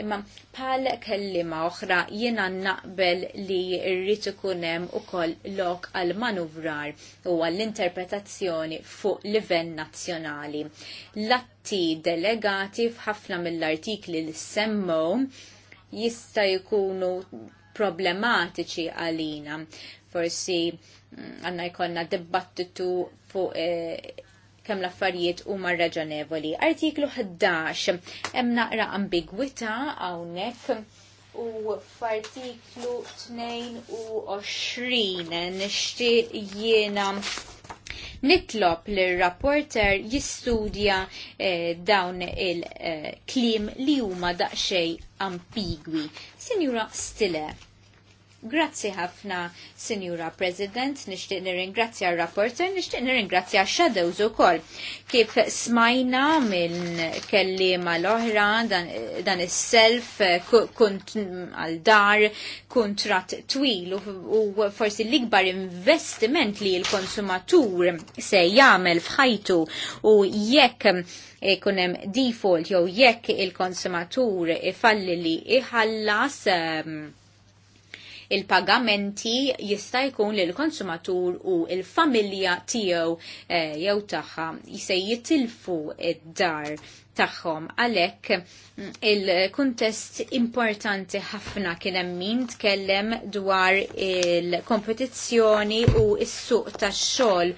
imma pal kellima oħra jiena naqbel li rrid ikun hemm ukoll lok għal manuvrar u għall-interpretazzjoni fuq livell nazzjonali. Latti delegati f'ħafna mill-artikli li semmo jista' jkunu problematiċi għalina. Forsi mm, għanna jkonna dibattitu fuq eh, kemm l-affarijiet huma raġonevoli. Artiklu 11 hemm naqra ambigwità hawnhekk u f'artiklu 22 nixtieq jiena nitlob li rapporter jistudja eh, dawn il-klim eh, li huma daqsxejn ambigwi. Sinjura Stile, Grazzi ħafna, Sinjura President, nixtieq nir r-rapporter, nixtieq nirringrazzja ingrazzja shadows ukoll. Kif smajna minn kelliema l-oħra dan, dan is-self eh, kunt għal dar kontrat twil u, u forsi l-ikbar investiment li l-konsumatur se jagħmel f'ħajtu u jekk kunem default jew jekk il-konsumatur ifalli li iħallas um, il-pagamenti jista' jkun lil konsumatur u il-familja tiegħu eh, jew tagħha se jitilfu id-dar tagħhom. Għalhekk mm, il-kuntest importanti ħafna kien hemm min tkellem dwar il-kompetizzjoni u s-suq il kompetizzjoni u s suq tax xogħol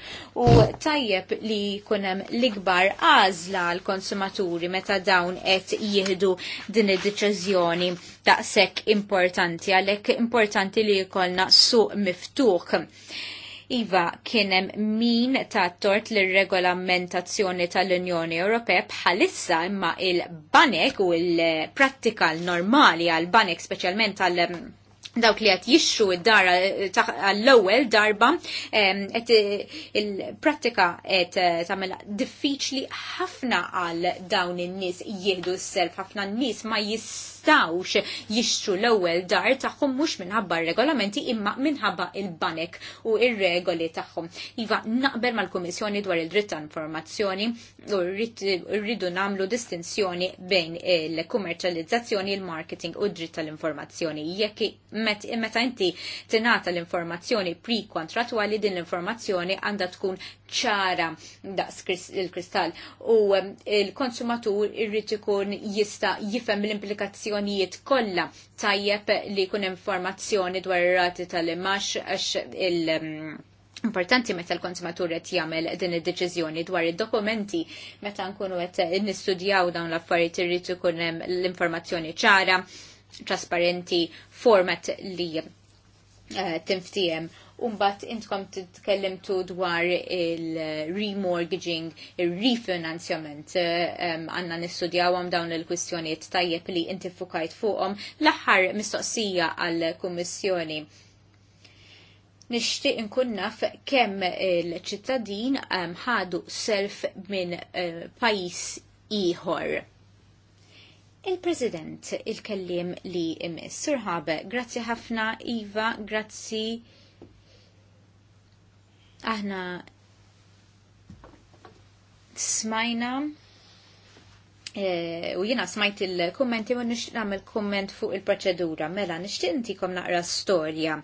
u tajjeb li jkun hemm l-ikbar għażla għall konsumaturi meta dawn qed jieħdu din id-deċiżjoni daqshekk importanti għalhekk importanti li jkollna suq miftuħ. Iva kienem min ta' tort l-regolamentazzjoni tal-Unjoni Ewropea bħalissa imma il-banek u l-prattika normali għal-banek specialment għal dawk li għat jixxu id-dara eh, għall-ewwel darba qed eh, il-prattika qed eh, tagħmel diffiċli ħafna għal dawn in-nies jihdu s-self ħafna n-nies ma jistawx jixxu l-ewwel dar tagħhom mhux minħabba regolamenti imma minħabba il-banek u il regoli tagħhom. Iva naqbel mal-Kummissjoni dwar il-dritt informazzjoni u rridu nagħmlu distinzjoni bejn il kommerċalizzazzjoni il-marketing u d-dritt tal-informazzjoni. Jekk meta inti tingħata l-informazzjoni pre-kontratwali din l-informazzjoni għandha tkun ċara daqs il-kristall u um, il-konsumatur irrid ikun jista' jifhem l-implikazzjonijiet kollha tajjeb li jkun informazzjoni dwar ir-rati tal-imax għax il- um, Importanti meta l-konsumatur qed jagħmel din id-deċiżjoni dwar id-dokumenti meta nkunu qed nistudjaw dawn l-affarijiet irrid ikun hemm l-informazzjoni ċara trasparenti format li uh, eh, tinftijem Umbat intkom titkellimtu dwar il-remortgaging, il-refinanzjament, eh, għanna um, nistudjaw għam dawn il-kwistjoniet tajjeb li inti fukajt fuqom l aħħar mistoqsija għal kummissjoni Nishtiq nkun naf kemm il-ċittadin ħadu um, self minn uh, pajis ieħor Il-President, il-kellim li imis. Surħabe, grazzi ħafna, Iva, grazzi. Aħna smajna Eh, u jina smajt il-kommenti u nix namel komment fuq il-proċedura. Mela, nishtiq intikom naqra storja.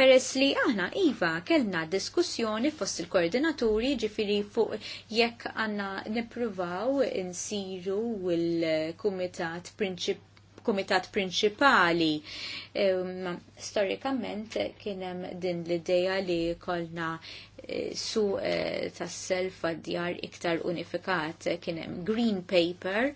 Peress li aħna, Iva, kellna diskussjoni fost il-koordinaturi ġifiri fuq jekk għanna nipruvaw insiru il-kumitat prinċip kumitat prinċipali. Ehm, storikament kien hemm din l-idea li kolna eh, su eh, tas-self għad-djar iktar unifikat kien hemm green paper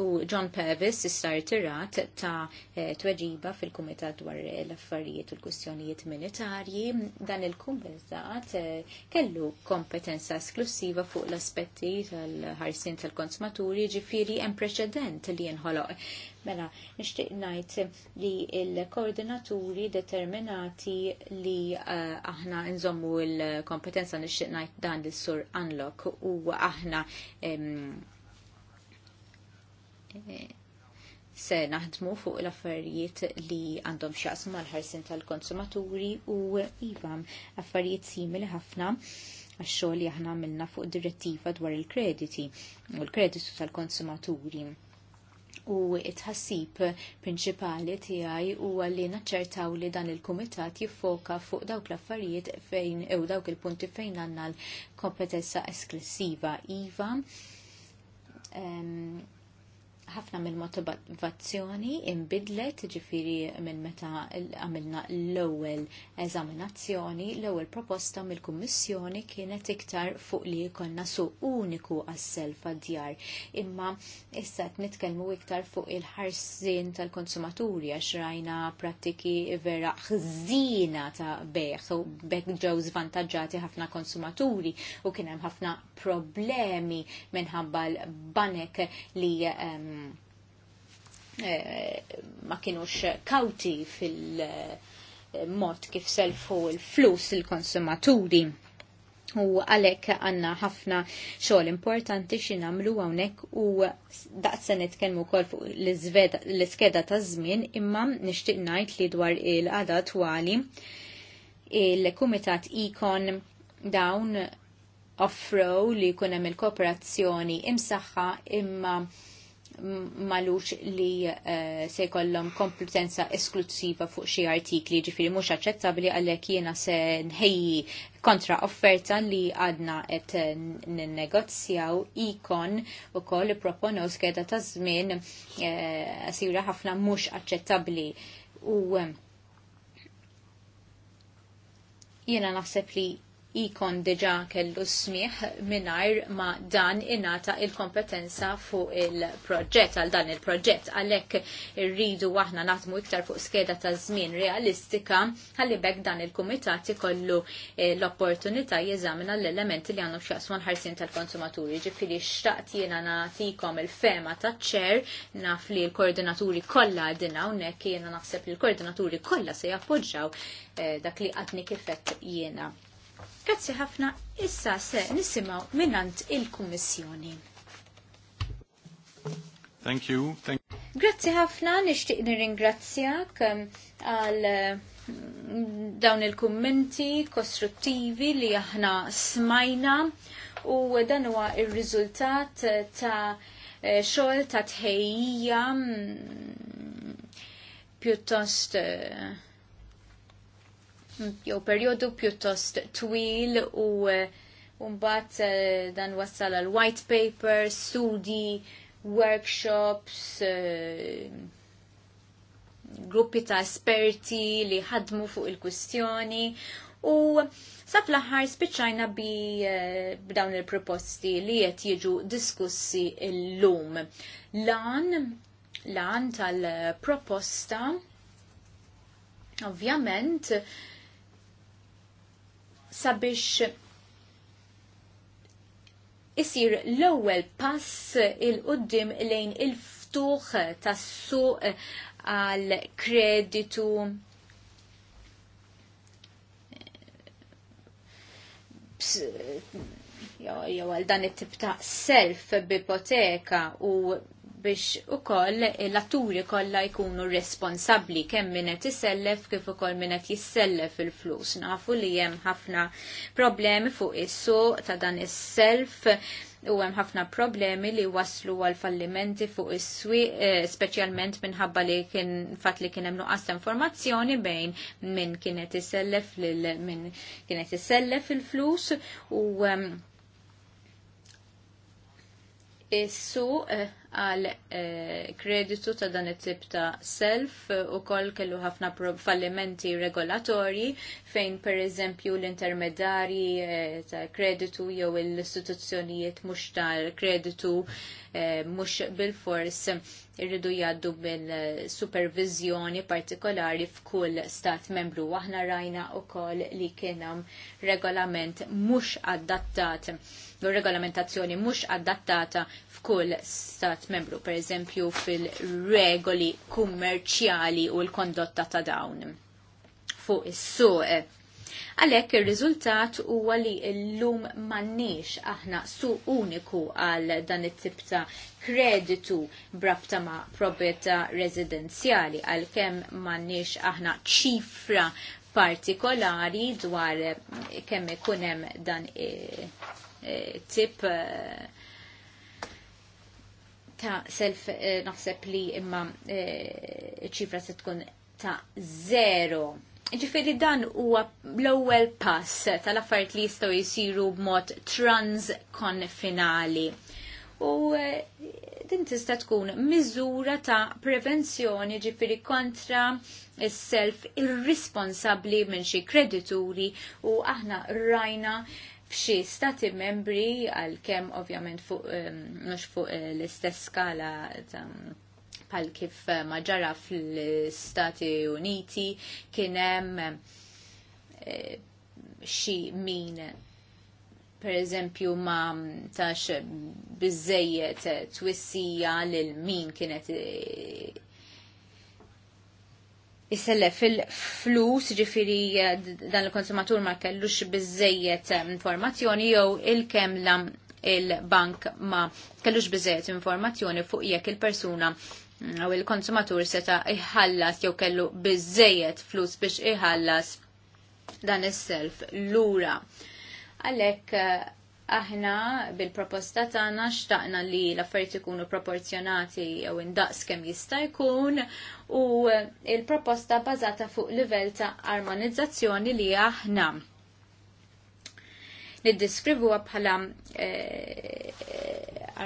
u John Purvis sar rtirat ta' eh, tweġiba fil-Kumitat dwar l-affarijiet u l kustjonijiet militarji. Dan il-Kumitat eh, kellu kompetenza esklusiva fuq l-aspetti tal-ħarsin tal-konsumaturi ġifiri hemm preċedent li jinħoloq. Mela, nixtieq ngħid li l-koordinaturi determinati li eh, aħna nżommu l-kompetenza nixtieq ngħid dan l-sur Unlock u aħna se naħdmu fuq l-affarijiet li għandhom xaqsmu mal ħarsin tal-konsumaturi u ivam affarijiet simili ħafna għax-xogħol li aħna għamilna fuq direttiva dwar il-krediti u l-kreditu tal-konsumaturi. U it-ħassib prinċipali tiegħi huwa li naċċertaw li dan il-kumitat jiffoka fuq dawk l-affarijiet fejn ew dawk il-punti fejn għandna l-kompetenza esklusiva iva. Um, ħafna mill motivazzjoni imbidlet ġifiri minn meta għamilna l-ewwel eżaminazzjoni, l-ewwel proposta mill-Kummissjoni kienet iktar fuq li jkollna su uniku għas-self għad-djar. Imma issa qed nitkellmu iktar fuq il-ħarsien tal-konsumaturi għax rajna prattiki vera ħżina ta' beħ, u bekk ġew żvantaġġati ħafna konsumaturi u kien hemm ħafna problemi minħabba l-banek li um, Mm, eh, ma kienux kauti fil-mod kif selfu il-flus il-konsumaturi. U għalek għanna ħafna xogħol importanti xi nagħmlu hawnhekk u daqsa nitkellmu wkoll fuq l-iskeda ta' żmien imma nixtieq ngħid li dwar il-qada twali il-Kumitat Ikon dawn offro li jkun hemm il-kooperazzjoni imsaħħa imma malux li uh, se jkollhom kompetenza esklusiva fuq xi artikli ġifieri mhux aċċettabbli għalhekk jiena se nħejji kontra offerta li għadna qed ninnegozjaw ikon ukoll proponow skeda ta' żmien uh, eh, sira ħafna mhux aċċettabbli u eh, jiena naħseb li ikon deġa kellu smieħ minnajr ma dan inata il-kompetenza fuq il-proġett, għal dan il-proġett, għalek rridu waħna natmu iktar fuq skeda ta' żmien realistika, għalli bekk dan il-komitat ikollu eh, l-opportunità jeżamina l-elementi li għannu xaqsmu ħarsin tal-konsumaturi. Ġifiri xtaqt jena natikom il-fema ta' ċer, naf li l-koordinaturi kolla għadina unnek jena naħseb li l-koordinaturi kolla se jappoġġaw eh, dak li għadni kifet jena. Grazzi ħafna, issa se nisimaw minnant il-Kummissjoni. Thank you. Thank Grazzi ħafna, nishtiq nirringrazzjak um, għal mm, dawn il-kummenti kostruttivi li aħna smajna u dan huwa ir-riżultat ta' eh, xogħol ta' tħejjija mm, pjuttost uh, jew perjodu pjuttost twil u eh, mbagħad eh, dan wassal għal white paper, studi, workshops, eh, gruppi ta' esperti li ħadmu fuq il-kwistjoni u saf l-aħħar spiċċajna bi b'dawn il-proposti li qed jiġu diskussi llum. Lan lan tal-proposta ovvjament sabiex isir l-ewwel pass il-qoddim lejn il-ftuħ tas-suq eh, għal kreditu eh, jew għal dan it-tip ta' self b'ipoteka u biex ukoll l-atturi kollha jkunu responsabbli kemm min qed isellef kif ukoll min qed jissellef il-flus. Nafu li hemm ħafna problemi fuq issu ta' dan is-self u hemm ħafna problemi li waslu għal fallimenti fuq is-swieq, eh, speċjalment minħabba li kien fatt li kien hemm nuqqas informazzjoni bejn minn kienet isellef lil minn kienet isellef il-flus u um, ehm, is eh, għal eh, kreditu ta' dan it-tip ta' self u koll kellu ħafna fallimenti regolatorji fejn per eżempju l-intermedari eh, ta' kreditu jew l-istituzzjonijiet mux tal kreditu eh, mux bil-fors irridu jaddu bil-supervizjoni partikolari f'kull stat membru. Aħna rajna u koll li kienem regolament mux adattat regolamentazzjoni mhux adattata f'kull stat membru, per eżempju fil-regoli kummerċjali u l-kondotta ta' dawn fuq is-suq. Għalhekk ir-riżultat huwa li llum m'għandniex aħna suq uniku għal dan it-tip ta' kreditu brabta ma' proprjetà residenzjali għalkemm m'għandniex aħna ċifra partikolari dwar kemm ikun hemm dan Eh, tip eh, ta' self eh, naħseb li imma ċifra se tkun ta' zero. Ġifiri dan huwa l-ewwel pass tal-affarijiet li jistgħu jsiru b'mod transkonfinali. U din tista' tkun miżura ta' prevenzjoni ġifiri kontra is-self irresponsabbli minn xi kredituri u aħna rajna f'xi stati membri għal kemm ovvjament fuq mhux fuq eh, l-istess skala bħal ehm, kif eh, ma ġara fl-Stati Uniti kien hemm eh, xi min per eżempju ma tax biżejjed twissija lil min kienet jisellef il-flus, ġifiri eh, dan il-konsumatur ma kellux bizzejiet eh, informazzjoni jew il-kem lam il-bank ma kellux bizzejiet informazzjoni fuq jekk il-persuna u mm, il-konsumatur seta iħallas jew kellu bizzejiet flus biex iħallas dan is-self lura. Għalek eh, aħna bil-proposta tagħna xtaqna li l-affarijiet ikunu proporzjonati jew indaqs kemm jista' jkun u l proposta bażata fuq livell ta' armonizzazzjoni li aħna niddiskrivuha bħala eh,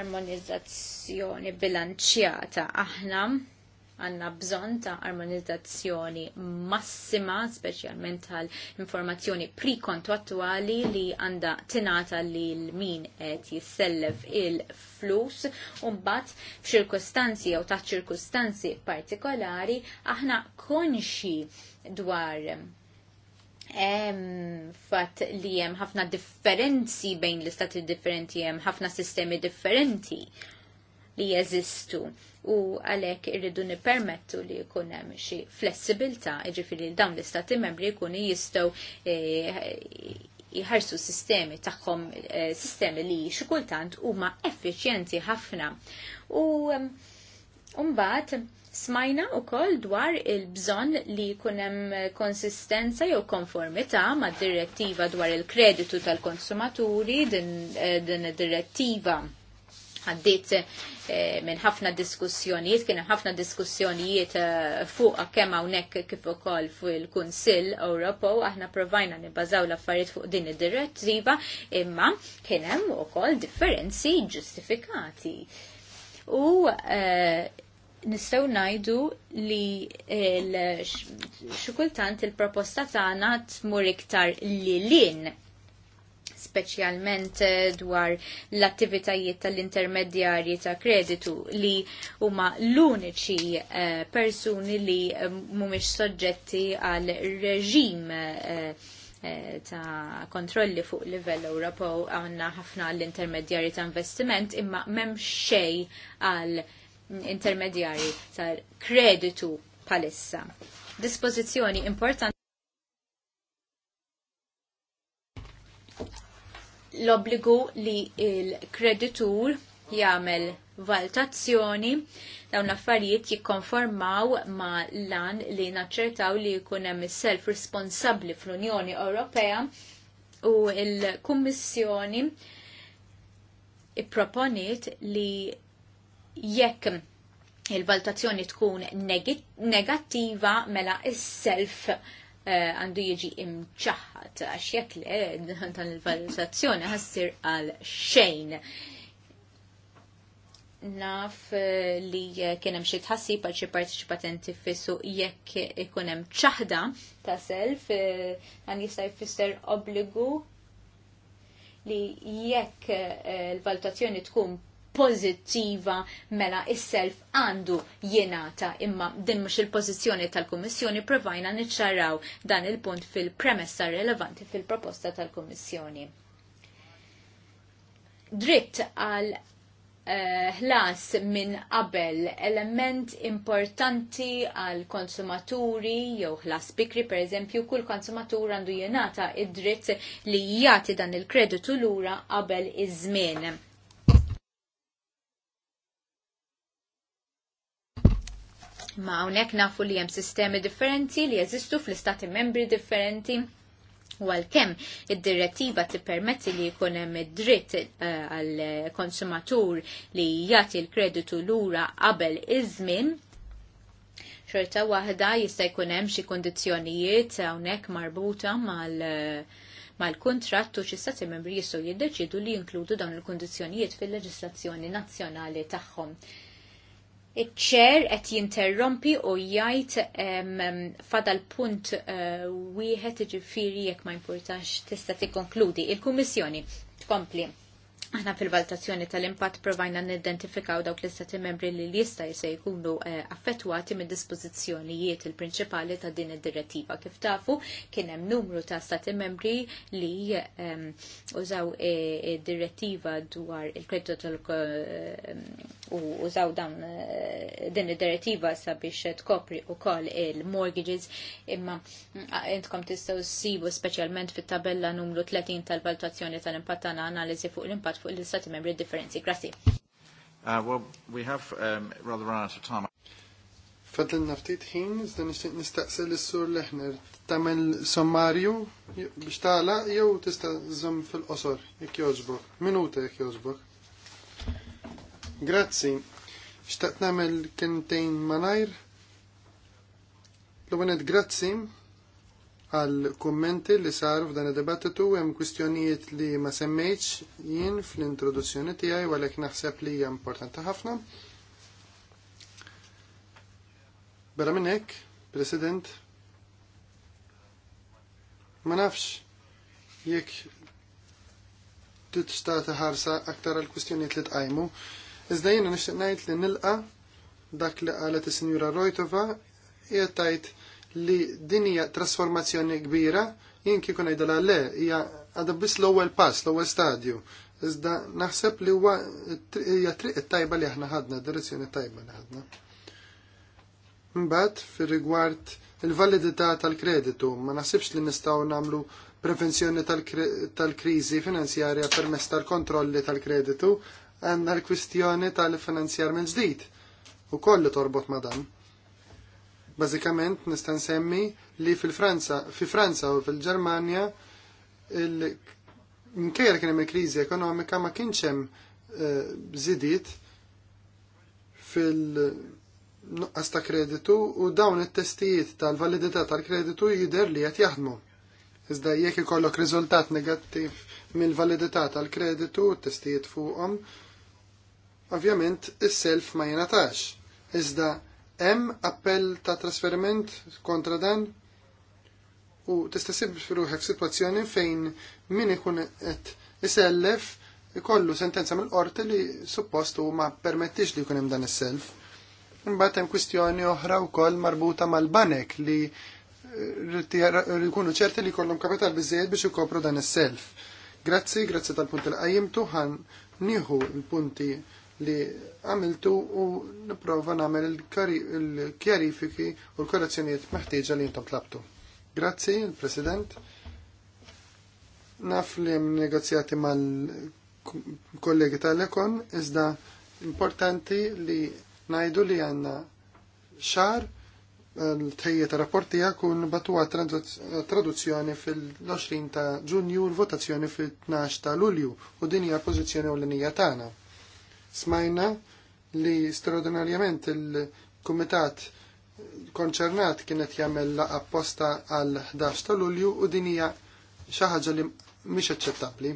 armonizzazzjoni bilanċjata aħna għanna bżon ta' armonizzazzjoni massima, specialment tal informazzjoni prikontrattuali li għanda tinata li l-min qed jissellef il-flus u mbagħad f'ċirkustanzi jew ta' ċirkustanzi partikolari aħna konxi dwar Em, li jem ħafna differenzi bejn l-istati differenti jem ħafna sistemi differenti li jeżistu u għalhekk irridu nippermettu li jkun hemm xi flessibilità, jiġifieri dawn l-istati membri jkunu jistgħu eh, jħarsu sistemi tagħhom eh, sistemi li xi kultant huma effiċjenti ħafna. U eh, mbagħad smajna u koll dwar il-bżon li kunem konsistenza jew konformita ma' direttiva dwar il-kreditu tal-konsumaturi din, id direttiva għaddit eh, minn ħafna diskussjonijiet, kien hemm ħafna diskussjonijiet eh, fuq kemm hawnhekk kif ukoll fuq il-Kunsill Ewropew aħna provajna nibbażaw l-affarijiet fuq din id-direttiva imma kien hemm ukoll differenzi ġustifikati. U eh, nistgħu ngħidu li kultant il-proposta tagħna tmur iktar lilin speċjalment eh, dwar l-attivitajiet tal-intermedjarji ta' kreditu li huma l-uniċi eh, persuni li eh, mhumiex soġġetti għal reġim ta' kontrolli fuq livell Ewropew għandna ħafna l-intermedjarji ta' investiment imma m'hemm xejn għal intermedjarji ta' kreditu palissa. Dispożizzjoni importanti l-obbligu li il-kreditur jagħmel valutazzjoni dawn l-affarijiet jikkonformaw ma lan li naċċertaw li jkun hemm is-self responsabbli fl-Unjoni Ewropea u l-Kummissjoni ipproponiet li jekk il-valutazzjoni tkun negattiva mela is-self Eh, għandu jiġi imċaħat għax jekk le dan il-valutazzjoni ħassir għal xejn. Naf eh, li kien hemm xi tħassib għal xi partiċipatenti fissu jekk ikun hemm ċaħda ta' self eh, dan jista' jfisser obbligu li jekk il valutazzjoni tkun pozittiva mela is-self għandu jenata imma din mhux il-pożizzjoni tal-Kummissjoni provajna niċċaraw dan il-punt fil-premessa rilevanti fil-proposta tal-Kummissjoni. Dritt għal eh, ħlas uh, minn qabel element importanti għal konsumaturi jew ħlas bikri per eżempju kull konsumatur għandu jenata id-dritt li jagħti dan il-kreditu lura qabel iż-żmien. ma hawnhekk nafu li hemm sistemi differenti li jeżistu fl-istati membri differenti. U għalkemm id-direttiva tippermetti li jkun hemm id-dritt eh, għal konsumatur li jagħti l-kreditu lura qabel iż-żmien, xorta waħda jista' jkun hemm xi kundizzjonijiet hawnhekk marbuta mal eh, mal-kontrattu xi stati membri jistgħu jiddeċidu li jinkludu dawn il-kundizzjonijiet fil-leġislazzjoni nazzjonali tagħhom. Iċ-ċer qed jinterrompi u jgħid fadal punt eh, wieħed iġifieri jekk ma jimpurtax tista' tikkonkludi. Il-Kummissjoni tkompli. Aħna fil-valutazzjoni tal-impatt provajna nidentifikaw dawk l-istati membri li jista' se jkunu eh, affettwati mid dispożizzjonijiet il-prinċipali ta' din id-direttiva. Kif tafu kien hemm numru ta' stati membri li ehm, użaw eh, id-direttiva dwar il-kredito eh, u użaw dan din id-direttiva sabiex tkopri ukoll il-mortgages imma intkom tistgħu sibu speċjalment fit-tabella numru 30 tal-valutazzjoni tal-impatt tagħna analiżi fuq l-impatt impatt fuq l-istati membri differenzi. Grazzi. Uh, well, we have um, rather run out of time. Fadlin naftit ħin, iżda nixtieq nistaqsel is-sur Leħner, tagħmel sommarju biex tala jew tista' zom fil-qosor jekk jogħġbok, minuta jekk jogħġbok. Grazzi. Xtaqt nagħmel kentejn malajr. L-għanet grazzi għal kummenti li saru f'dan id-dibattitu hemm kwistjonijiet li ma semmejtx jien fl-introduzzjoni tiegħi għalek naħseb li hija importanti ħafna. Bera minn hekk, President, ma nafx jekk tista' ħarsa aktar għal kwistjonijiet li tqajmu. Iżda jiena nixtieq ngħid li nilqa' dak li qalet is-Sinjura Rojtova hija tajt li din hija trasformazzjoni kbira, jien kieku ngħidilha le, hija għadha biss l-ewwel pass, l-ewwel stadju. Iżda naħseb li huwa hija triq tajba li aħna ħadna, direzzjoni tajba li ħadna. Mbagħad fir-rigward il-validità tal-kreditu, ma naħsibx li nistgħu nagħmlu prevenzjoni tal-kriżi finanzjarja permezz tal-kontrolli tal-kreditu, għandna l-kwistjoni tal-finanzjar minn ġdid u kollu torbot ma' dan. Bażikament nista' nsemmi li fil-Franza, fi Franza u fil-Ġermanja minkejja kien hemm il-kriżi ekonomika ma kienx hemm eh, żidiet fil-nuqqas ta' kreditu u dawn it-testijiet tal-validità tal-kreditu jidher li qed jaħdmu. Iżda jekk ikollok riżultat negattiv mill-validità tal-kreditu u testijiet fuqhom, ovvjament is-self ma jingħatax. Iżda Hemm appell ta' trasferiment kontra dan u tista' ssib ruħek f'sitwazzjoni fejn min ikun qed isellef ikollu sentenza mill-qorti li suppost u ma permettix li jkun hemm dan is-self. Imbagħad hemm kwistjoni oħra wkoll marbuta mal-banek li eh, jkunu ċerti li jkollhom kapital biżejjed biex ikopru dan is-self. Grazzi, grazzi tal-punti li qajjimtu ħan nieħu l-punti li għamiltu u niprofa nagħmel il-kjarifiki u l-korrezzjonijiet meħtieġa li jintom tlabtu. Grazzi, il-President. Naf li hemm negozjati mal-kollegi tal-Ekon, iżda importanti li najdu li għanna xar l-tħejja ta' rapportija kun batuwa traduzzjoni fil-20 ta' ġunju l-votazzjoni fil-12 ta' lulju u dinja pożizzjoni u l-nija tagħna smajna li straordinarjament il-Kumitat konċernat kienet jagħmel laqa apposta għal 11 ta' Lulju u din hija xi ħaġa li mhix eċċettabbli.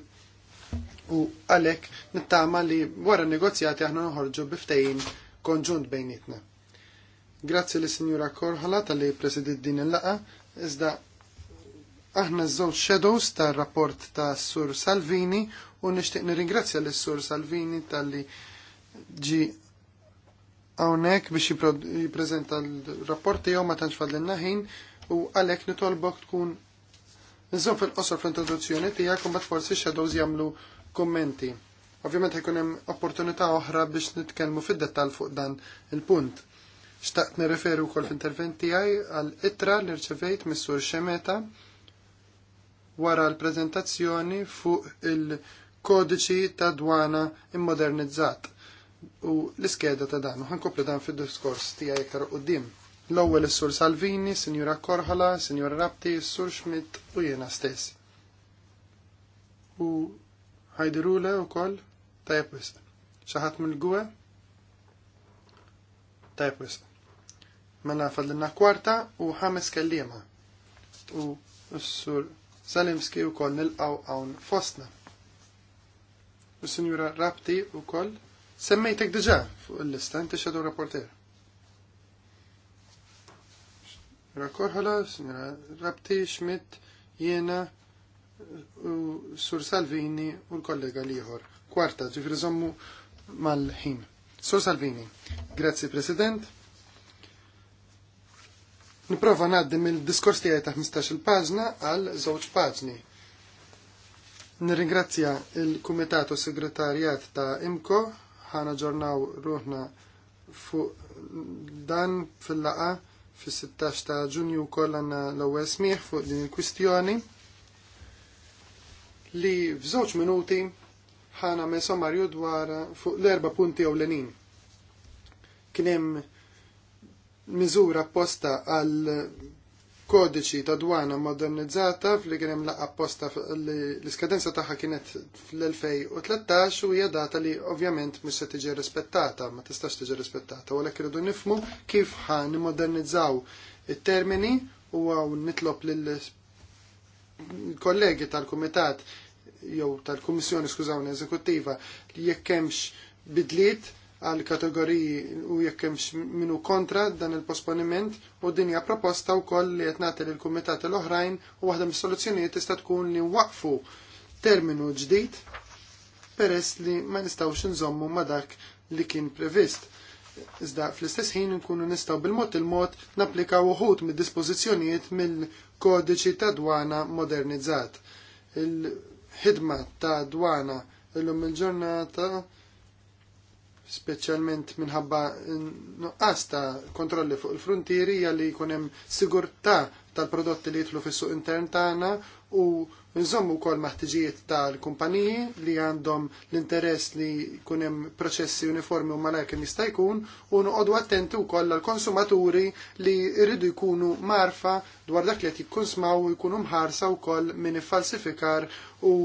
U għalhekk nittama li wara negozjati aħna noħorġu biftejn konġunt bejnietna. Grazzi li Sinjura Korħala tal-li presidit din il-laqa, iżda aħna żewġ shadows tar-rapport ta' Sur Salvini u nixtieq nirringrazzja lis sur Salvini tal-li ġi hawnhekk biex jippreżenta l-rapport tiegħu ma tantx fadl ħin u għalhekk nitolbok tkun Nżom fil-qosor fl-introduzzjoni tiegħek u forsi shadows jagħmlu kummenti. Ovvjament ħajkun hemm opportunità oħra biex nitkellmu fid-dettall fuq dan il-punt. Xtaqt nirreferu wkoll fl-intervent tiegħi għal ittra li rċevejt mis-sur Xemeta wara l-preżentazzjoni fuq il-kodiċi ta' dwana immodernizzat u l-iskeda ta' dan, ħankopli dan fil-diskors tija jektar qoddim. L-ewwel is-Sur Salvini, Sinjura Korħala, Sinjura Rapti, Sur Schmidt u jiena stess. U ħajdirule wkoll tajjeb wisq. Xi ħadd mill-gwe? Tajjeb wisq. Mela fadlina kwarta u ħames kelliema. U s-Sur Salimski nil nilqgħu hawn fostna. U Sinjura Rapti wkoll Semmejtek diġa fuq il-lista, inti xadu rapporter. Rakorħala, sinra, Rabti, Schmidt, Jena, u Sur Salvini u l-kollega liħor. Kwarta, ġifri zommu mal-ħin. Sur Salvini, grazzi President. Niprofa naddim il-diskors tiegħi ta' 15-il paġna għal żewġ paġni. Nirringrazzja il-Kumitatu Segretarjat ta' IMCO ħana ġornaw ruħna fuq dan fil-laqa fis-16 ta' ġunju kollana l-ewwel smieħ fuq din il-kwistjoni li f'żewġ minuti ħana me sommarju dwar fuq l-erba punti ewlenin. Kien hemm miżura apposta għal kodiċi ta' dwana modernizzata fl kien hemm laqgħa apposta l-iskadenza tagħha kienet fl-2013 u hija data li ovvjament mhux se tiġi rispettata, ma tistax tiġi rispettata, u irridu nifmu kif ħa nimmodernizzaw it-termini u għaw nitlob lill kollegi tal-Kumitat jew tal-Kummissjoni skużawni eżekuttiva li jekk hemmx bidliet għal kategoriji u jekk hemm minu kontra dan il-posponiment u dinja proposta wkoll li qed nagħti lill l-oħrajn u waħda mis-soluzzjonijiet tista' tkun li waqfu terminu ġdid peress li ma nistgħux nżommu ma dak li kien previst. Iżda fl-istess ħin nkunu nistgħu bil-mod il-mod napplikaw uħut mid-dispożizzjonijiet mill-kodiċi ta' dwana modernizzat. Il-ħidma ta' dwana illum il-ġurnata il ġurnata speċjalment minħabba nuqqas ta' kontrolli fuq il-frontieri hija li jkun hemm sigurtà tal-prodotti li jitlu fis-suq intern tagħna u nżommu wkoll maħtiġijiet tal-kumpaniji li għandhom l-interess li jkun hemm proċessi uniformi u malajk kien jista' jkun u noqogħdu attenti wkoll għall-konsumaturi li jridu jkunu marfa dwar dak li qed jikkonsmaw u jkunu mħarsa wkoll minn iffalsifikar u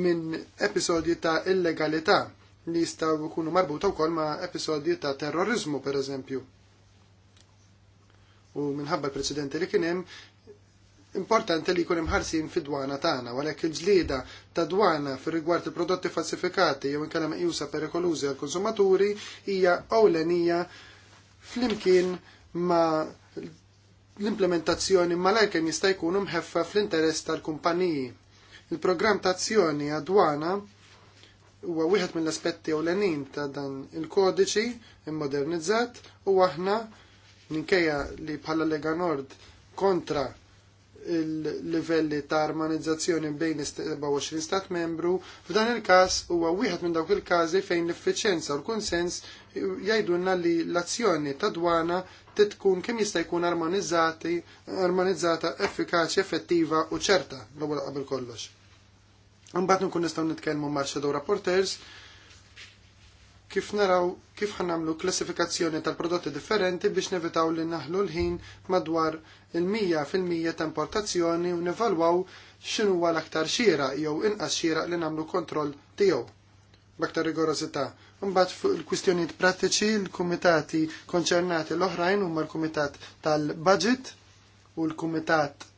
minn episodji ta' illegalità li jistaw ikunu marbuta wkoll ma' episodji ta' terrorizmu per eżempju. U minħabba l-preċedenti li kien hemm, importanti li jkun imħarsin fi dwana tagħna, għalhekk il-ġlieda ta' dwana fir rigward il-prodotti falsifikati jew inkella meqjusa perikolużi għall konsumaturi hija ewlenija flimkien ma' l-implementazzjoni malajkem jista' jkunu mħeffa fl-interess tal-kumpaniji. Il-programm ta' azzjoni għadwana dwana huwa wieħed mill-aspetti ewlenin ta' dan il-kodiċi immodernizzat u aħna minkejja li bħala Lega Nord kontra il-livelli ta' armonizzazzjoni bejn 27 stat membru, f'dan il-każ huwa wieħed minn dawk il-każi fejn l-effiċenza u l-kunsens jgħidulna li l-azzjoni ta' dwana titkun kemm jista' jkun armonizzati, armonizzata, effikaċi, effettiva u ċerta l-ewwel qabel kollox. Mbagħad nkun nistgħu nitkellmu ma' shadow rapporters kif naraw kif ħanamlu klassifikazzjoni tal-prodotti differenti biex nevitaw li naħlu l-ħin madwar il-100% ta' importazzjoni u nevalwaw x'inhu huwa l-aktar xiera jew inqas xiera li nagħmlu kontroll tiegħu b'aktar rigorozità. Mbagħad fuq il-kwistjonijiet prattiċi l-kumitati konċernati l-oħrajn huma l-kumitat tal-budget u l-kumitat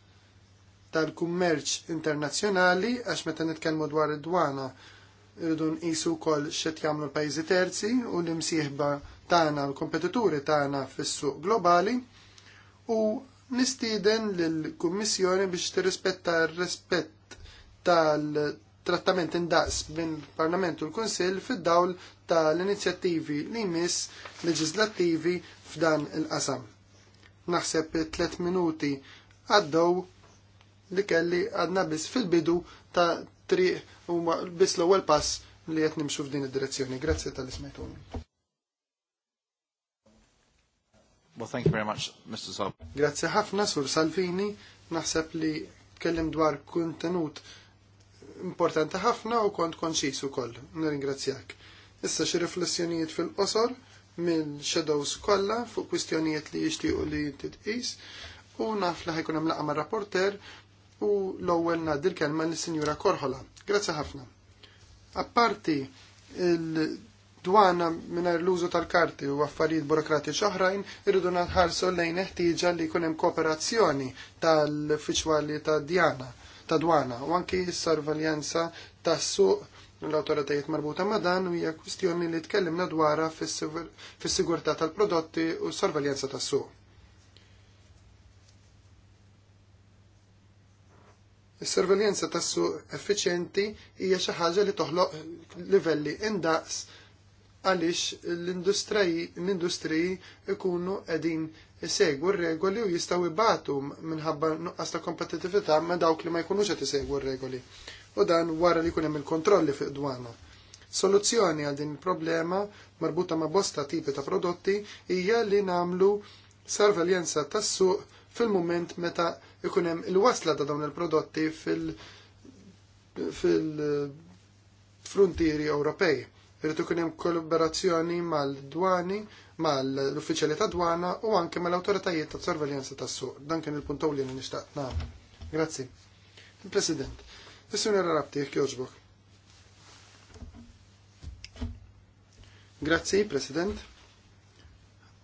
tal-kummerċ internazzjonali għax meta nitkellmu dwar id-dwana irridu nqisu wkoll x'qed jagħmlu pajjiżi terzi u l-imsieħba tagħna l-kompetituri tagħna fis-suq globali u nistieden lill-Kummissjoni biex tirrispetta r-rispett tal-trattament indaqs bin parlament u l-Kunsill fid-dawl tal-inizjattivi li jmiss leġislattivi f'dan il-qasam. Naħseb 3 minuti għaddew li kelli għadna biss fil-bidu ta' triq u biss l-ewwel pass li qed nimxu f'din id-direzzjoni. Grazie tal-ismajtuni. Well, thank you very much, Mr. Sob. Grazzi ħafna, Sur Salvini. Naħseb li kellim dwar kontenut importanti ħafna u kont konċis ukoll. Nirringrazzjak. Issa xi riflessjonijiet fil-qosor minn shadows kollha fuq kwistjonijiet li jixtiequ li titqis u naf li ħajkun hemm laqgħa rapporter u l-ewwel ngħaddi l-kelma lis-Sinjura Korħola. Grazzi ħafna. Apparti il-dwana mingħajr l-użu tal-karti u affarijiet burokratiċi oħrajn, irridu naħarsu lejn ħtieġa li jkun hemm kooperazzjoni tal-uffiċjali ta' Djana ta' dwana u anki s-sorvaljanza tas-suq l-autoritajiet marbuta ma' dan hija kwistjoni li tkellimna dwarha fis-sigurtà tal-prodotti u s-sorveljanza tas-suq. is servenjenza tas-suq effiċjenti hija xi ħaġa li toħloq livelli indaqs għaliex l-industriji ikunu qegħdin isegwu r-regoli u jistgħu jibatu minħabba nuqqas ta' kompetitività ma' dawk li ma jkunux qed isegwu r-regoli. U dan wara li jkun hemm il-kontrolli fiq dwana. Soluzzjoni għal din il-problema marbuta ma' bosta tipi ta' prodotti hija li nagħmlu sorveljenza tas-suq fil-moment meta ikun hemm il-wasla ta' dawn il-prodotti fil-frontieri Ewropej. Irrid ikun hemm kollaborazzjoni mal-dwani, mal-uffiċjali ta' dwana u anke mal-awtoritajiet ta' sorveljanza tas-suq. Dan kien il puntaw li nixtaqt nagħmel. Grazzi. Il-President, is-Sunera Rabti, jogħġbok. Grazzi, President.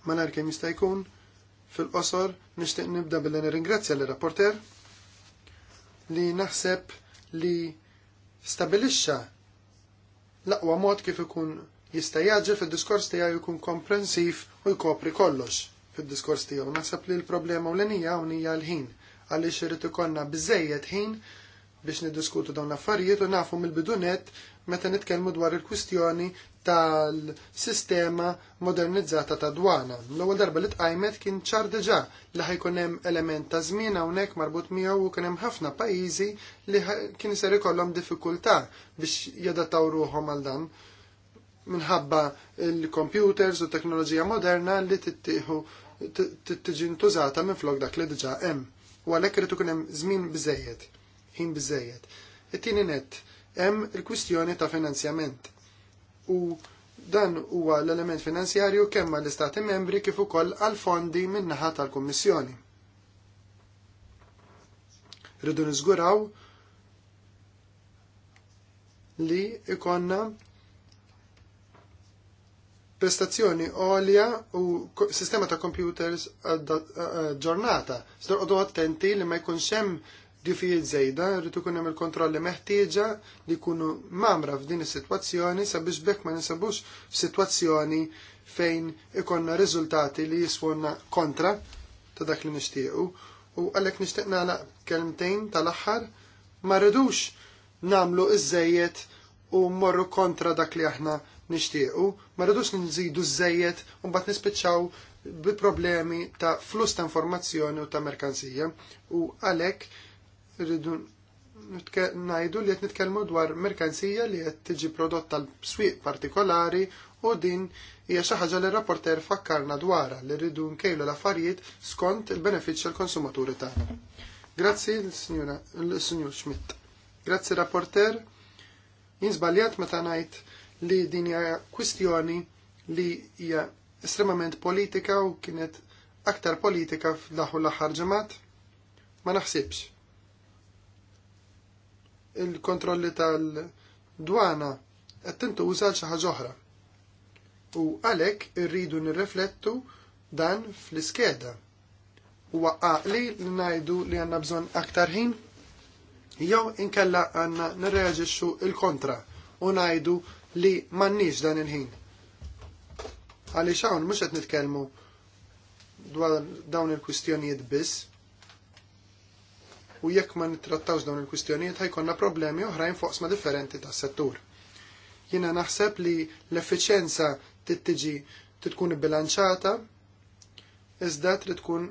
Ma nar kemm jista' jkun Fil-qosor nixtieq nibda billi nirringrazzja l-rapporter li naħseb li stabilixxa l-aqwa mod kif ikun jista' jaġġel fid-diskors tiegħu jkun komprensiv u jkopri kollox fid-diskors tiegħu. Naħseb li l-problema u l inija hija l-ħin għaliex irid ikollna biżejjed ħin biex niddiskutu dawn l-affarijiet u nafu mill-bidunet meta nitkellmu dwar il-kwistjoni tal-sistema modernizzata ta' dwana. L-ewwel darba li tqajmet kien ċar diġà li ħajkun hemm element ta' żmien hawnhekk marbut miegħu u kien hemm ħafna pajjiżi li kien iser ikollhom diffikultà biex jadattaw ruħhom għal dan minħabba l computers u teknoloġija moderna li tittieħu tiġi ntużata minn flok dak li diġà hemm. U għalhekk irid ikun hemm żmien biżejjed ħin biżejjed. It-tieni net hemm il-kwistjoni ta' finanzjament. U dan huwa l-element finanzjarju kemm l-Istati membri kif ukoll għal fondi min-naħa tal-Kummissjoni. Rridu niżguraw li ikonna prestazzjoni olja u sistema ta' computers ġornata. Sdor għodu attenti li ma jkunx hemm Difijiet żejda, rrid ikun hemm il-kontrolli meħtieġa li jkunu mamra f'din is-sitwazzjoni sabiex bekk ma nisabux f'sitwazzjoni fejn ikonna riżultati li jiswonna kontra ta' dak li nixtiequ. U għalhekk nixtieq nagħlaq kelmtejn tal-aħħar ma rridux namlu iż-żejjed u mmorru kontra dak li aħna nixtiequ, ma rridux nżidu iż-żejjed u mbagħad nispiċċaw bi problemi ta' flus ta' informazzjoni u ta' merkanzija u għalhekk rridu najdu li qed nitkellmu dwar merkanzija li qed tiġi prodotta l-swieq partikolari u din hija xi ħaġa li rapporter fakkarna dwarha li rridu nkejlu l-affarijiet skont il-benefiċċju l-konsumaturi tagħna. Grazzi l-Sinjur Schmidt. Grazzi rapporter. żbaljat meta ngħid li din hija kwistjoni li hija estremament politika u kienet aktar politika l aħħar ġemat? Ma naħsibx il-kontrolli tal-dwana qed tintuża xi ħaġa oħra. U għalhekk irridu nirriflettu dan fl-iskeda. Huwa għaqli li ngħidu li għandna bżonn aktar ħin jew inkella għandna nirreġiċu il-kontra u ngħidu li m'għandniex dan il-ħin. Għaliex hawn mhux qed nitkellmu dwar dawn il-kwistjonijiet biss, u jekk ma nittrattawx dawn il-kwistjonijiet ħajkonna problemi oħrajn foqsma differenti tas settur. Jiena naħseb li l-effiċenza tittiġi titkun bilanċata iżda trid tkun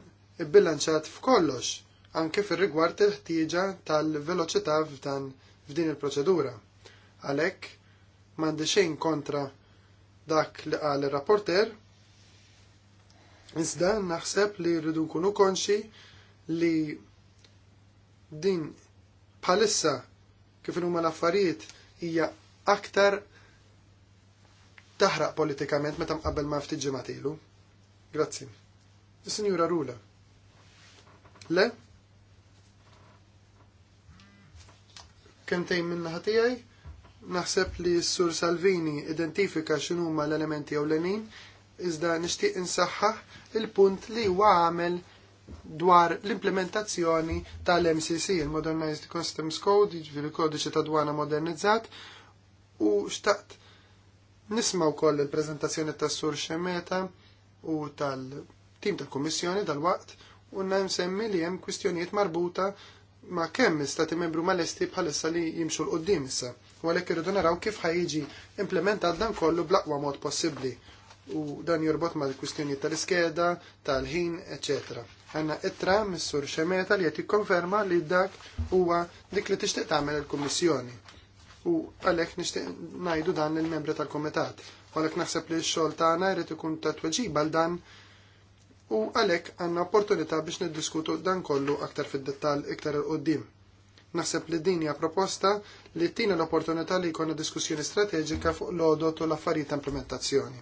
bilanċat f'kollox, anke fir-rigward il-ħtieġa tal-veloċità f'dan f'din il-proċedura. Għalhekk m'għandi xejn kontra dak li qal ir-rapporter, iżda naħseb li rridu nkunu konxi li din bħalissa kif huma l-affarijiet hija aktar taħraq politikament meta mqabbel ma ftit ġimatilu. Grazzi. Is-Sinjura Rula. Le? kentejn tejn minna ħatijaj? Naħseb li s-Sur Salvini identifika x'inhuma l-elementi ewlenin iżda nixtieq insaħħaħ il-punt li huwa għamel dwar l-implementazzjoni tal-MCC, il-Modernized Customs Code, il kodiċi ta' dwana modernizzat, u xtaqt nisma' wkoll il-preżentazzjoni tas-Sur Xemeta u tal-tim tal-Kummissjoni dal waqt u nam semmi li hemm kwistjonijiet marbuta ma kemm istati membru ma l-esti bħalissa li jimxu l-qoddim issa. U għalhekk irridu naraw kif ħajġi implementat dan kollu blaqwa mod possibbli. U dan jorbot ma l-kwistjonijiet tal-iskeda, tal-ħin, eċetera ħanna ittra mis-sur Xemeta li qed konferma li dak huwa dik li tixtieq tagħmel il-Kummissjoni. U għalhekk nixtieq ngħidu dan lill-membri tal-Kumitat. U għalhekk naħseb li x-xogħol tagħna jrid ikun ta' tweġiba dan u għalhekk għandna opportunità biex niddiskutu dan kollu aktar fid-dettall iktar il qoddim Naħseb li din hija proposta li tina l-opportunità li jkollna diskussjoni strateġika fuq l-odot u l-affarijiet ta' implementazzjoni.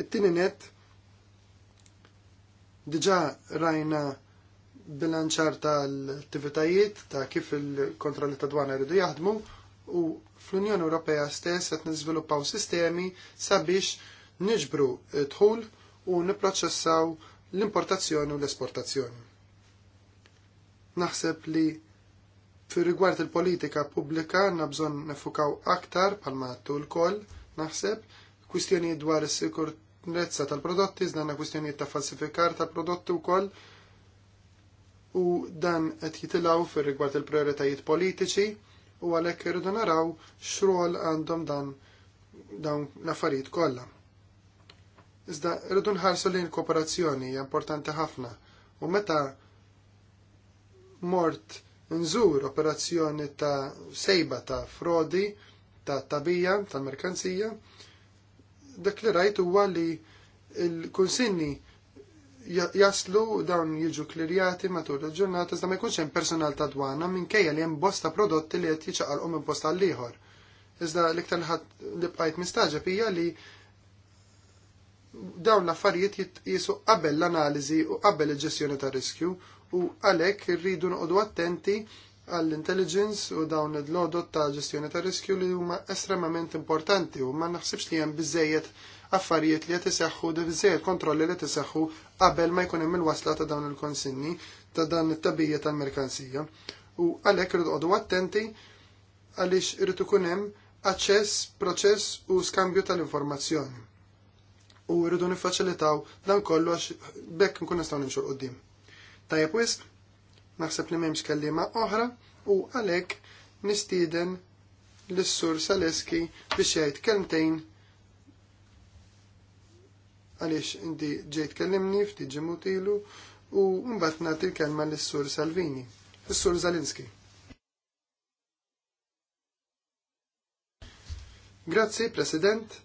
It-tieni net Diġa rajna bilanċar tal-attivitajiet ta' kif il-kontrolli ta' dwana jridu jaħdmu u fl-Unjoni Ewropea stess qed niżviluppaw sistemi sabiex niġbru dħul u nipproċessaw l-importazzjoni u l-esportazzjoni. Naħseb li fi rigward il-politika pubblika nabżon bżonn nefukaw aktar palma tu l-koll, naħseb, kwistjoni dwar is sikurt prezza tal-prodotti, zdanna kwistjonijiet ta' falsifikar tal-prodotti u koll u dan qed jitilaw fir rigward il-prioritajiet politiċi u għalhekk irridu naraw x'rol għandhom dan dawn l-affarijiet kollha. Iżda rridu nħarsu l kooperazzjoni hija importanti ħafna u meta mort nżur operazzjoni ta' sejba ta' frodi, ta' tabija, tal merkanzija, dak li rajt huwa li l-kunsinni jaslu dawn jiġu klirjati matul il-ġurnata iżda ma jkunx hemm personal ta' dwana minkejja li hemm bosta prodotti li qed jiċċaqalqu minn bosta l ieħor. Iżda l-iktar ħadd li bqajt mistaġa hija li dawn l-affarijiet jitqisu qabel l-analiżi u qabel il-ġestjoni ta' riskju u għalhekk irridu noqogħdu attenti għall-intelligence u dawn id-lodot ta' ġestjoni ta' riskju li huma estremament importanti u ma naħsibx li hemm biżejjed affarijiet li qed iseħħu biżejjed kontrolli li tiseħħu qabel ma jkun hemm il-wasla ta' dawn il-konsinni ta' dan it-tabija tal-merkanzija. U għalhekk irid qogħdu attenti għaliex irid ikun hemm aċċess, proċess u skambju tal-informazzjoni. U rridu nifaċilitaw dan kollu għax bekk nkun nistgħu nimxu qudiem. Tajjeb wisq, Naħseb li m'hemmx kellima oħra u għalhekk nistieden l-sur Saleski biex jgħid kelmtejn għaliex inti ġejt kellimni ftit ġemutilu u mbagħad nagħti l-kelma lis-sur Salvini, l sur Zalinski. Grazzi, President.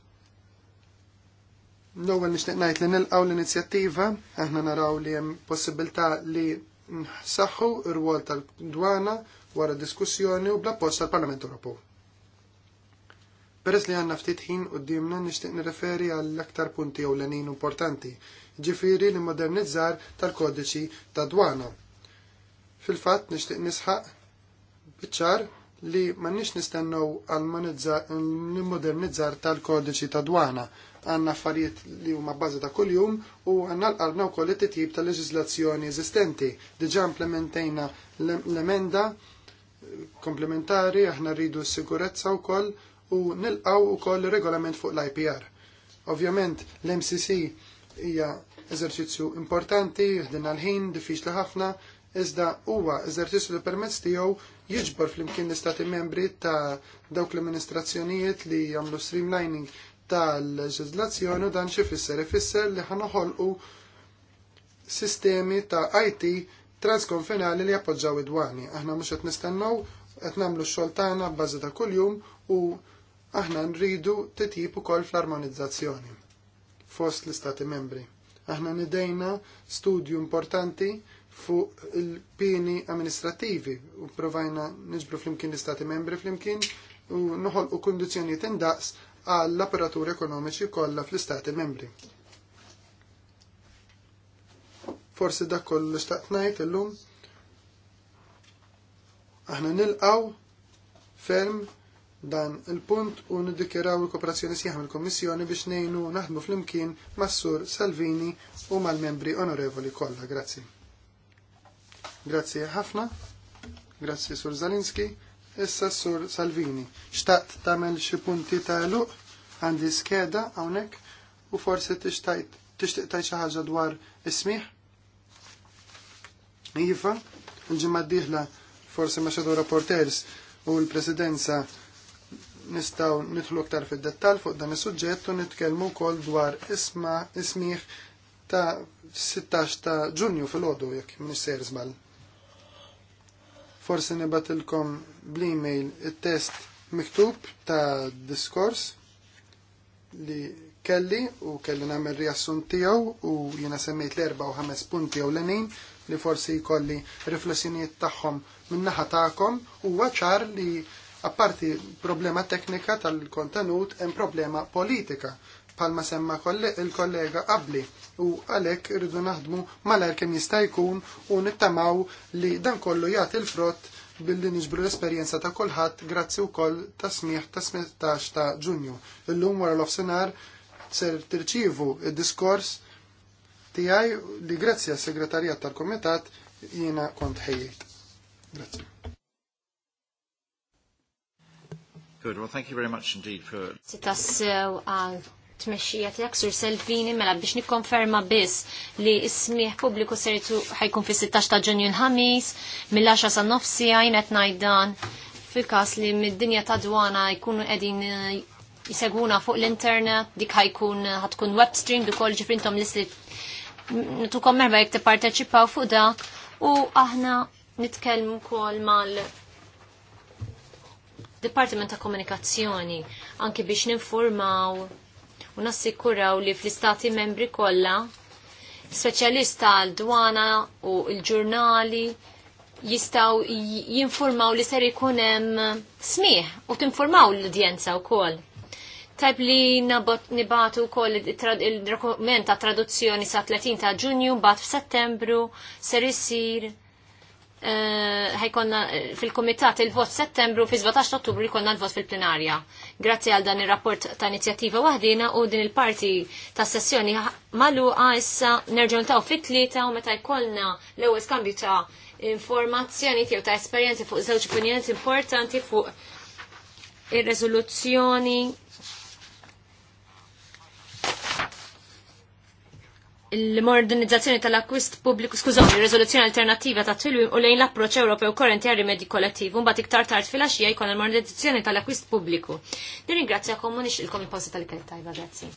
L-ewwel nixtieq ngħid li nilqgħu l-inizjattiva, aħna naraw li hemm possibilità li nsaħħu r-rwol tal-dwana wara diskussjoni u bla post tal-Parlament Ewropew. Peress li għanna ftit ħin d-dimna nixtieq nirreferi għall aktar punti l-għanin importanti, ġifiri li modernizzar tal-kodiċi ta' dwana. Fil-fatt nixtieq nisħaq biċċar li ma nix nistennew għal modernizzar tal-kodiċi ta' dwana għanna affarijiet li huma bażi ta' kuljum u għanna l-qalbna wkoll it-tip ta' leġiżlazzjoni eżistenti. Diġà implementejna l-emenda eh, komplementari aħna rridu s-sigurezza wkoll u nilqaw ukoll regolament fuq l-IPR. Ovvjament l-MCC hija eżerċizzju importanti, ħdinna l-ħin, diffiċli ħafna, iżda huwa eżerċizzju li permezz tiegħu jiġbor flimkien l-istati membri ta' dawk l-amministrazzjonijiet li jagħmlu streamlining tal-leġizlazzjoni u dan xi fisser ifisser li ħanoħolqu sistemi ta' IT transkonfinali li jappoġġaw id-dwani. Aħna mhux qed nistennew qed nagħmlu x-xogħol tagħna b'bażi ta' kuljum u aħna nridu titjib ukoll fl-armonizzazzjoni fost l-istati membri. Aħna nidejna studju importanti fuq il-pini amministrativi u provajna nġbru flimkien l-istati membri flimkien u noħolqu kundizzjoni tindaqs għall apparaturi ekonomiċi kollha fl-Istati membri. Forsi dak kollu staqt ngħid illum aħna nilqaw ferm dan il-punt u niddikjeraw il-kooperazzjoni sieħa mill-Kommissjoni biex ngħinu naħdmu fl-imkien mas-Sur Salvini u mal-membri onorevoli kollha. Grazzi. Grazzi ħafna. Grazzi Sur Zalinski. Issa s-sur Salvini, xtaqt tamel xi punti ta' luq għandi skeda hawnhekk u forsi tixtaqt tixtieq tajt xi ħaġa dwar ismiħ? Iva, l-ġimgħa d-dieħla forsi ma' xedu rapporters u l-presidenza nistaw nidħlu aktar fid-dettal fuq dan is-suġġett u nitkellmu wkoll dwar isma ismiħ ta' 16 ta' Ġunju fil-għodu jekk minister żball forsi nibatilkom bl-email il-test miktub ta' diskors li kelli u kelli namel riassun tiegħu u jina semmejt l-erba u ħames punti jew l-enin li forsi jkolli riflessjonijiet tagħhom min-naħa tagħkom u ċar li apparti problema teknika tal-kontenut hemm problema politika palma semma il-kollega qabli u għalek rridu naħdmu malar kem jista' jkun u nittamaw li dan kollu jagħti il frott billi niġbru l-esperjenza ta' kulħadd grazzi wkoll ta' smieħ ta' 17 ta' Ġunju. Illum wara l-ofsenar ser tirċivu id-diskors tiegħi li grazzi għas segretarjat tal-Komitat jiena kont ħejjejt. Grazzi. Good, well thank you very much indeed for tmexxija tiegħek sur Selvini mela biex nikkonferma biss li s-smieħ pubbliku seritu ħajkun fi 16 ta' Ġunju l-ħamis mill-10 sa nofsi għajn qed ngħid dan fil-każ li mid-dinja ta' dwana jkunu qegħdin eh, jiseguna fuq l-internet dik ħajkun eh, ħatkun web stream dik ukoll ġifrintom lisli tukom merba jek tipparteċipaw fuq dak u aħna nitkellmu wkoll mal Dipartiment ta' Komunikazzjoni anki biex ninformaw nassikuraw li fl-istati membri kollha speċjalista għal dwana u l-ġurnali jistaw jinformaw li ser ikun hemm smih u tinformaw l-udjenza wkoll. Tajb li nibatu kol il-dokument ta' traduzzjoni sa' 30 ta' ġunju, bat f'settembru, ser jisir eh, ħajkonna eh, fil-komitat il-vot settembru, fi 17 ottubru jkonna il vot fil-plenarja. Grazzi għal dan ir-rapport ta' inizjattiva wahdina u din il-parti ta' sessjoni magħluqa issa nerġgħu ntaw fit-tlieta u meta jkollna l-ewwel skambju ta' informazzjoni tiegħu ta' esperjenzi fuq żewġ opinjoni importanti fuq ir-reżoluzzjoni l-modernizzazzjoni tal-akwist pubbliku, skużawni, riżoluzzjoni alternativa ta' tilwim u lejn l-approċ Ewropew korrenti għal rimedi kollettiv, un iktar tard fil-axija jkun l-modernizzazzjoni tal-akwist pubbliku. Nirringrazzja u il-posta tal-kelb grazzi.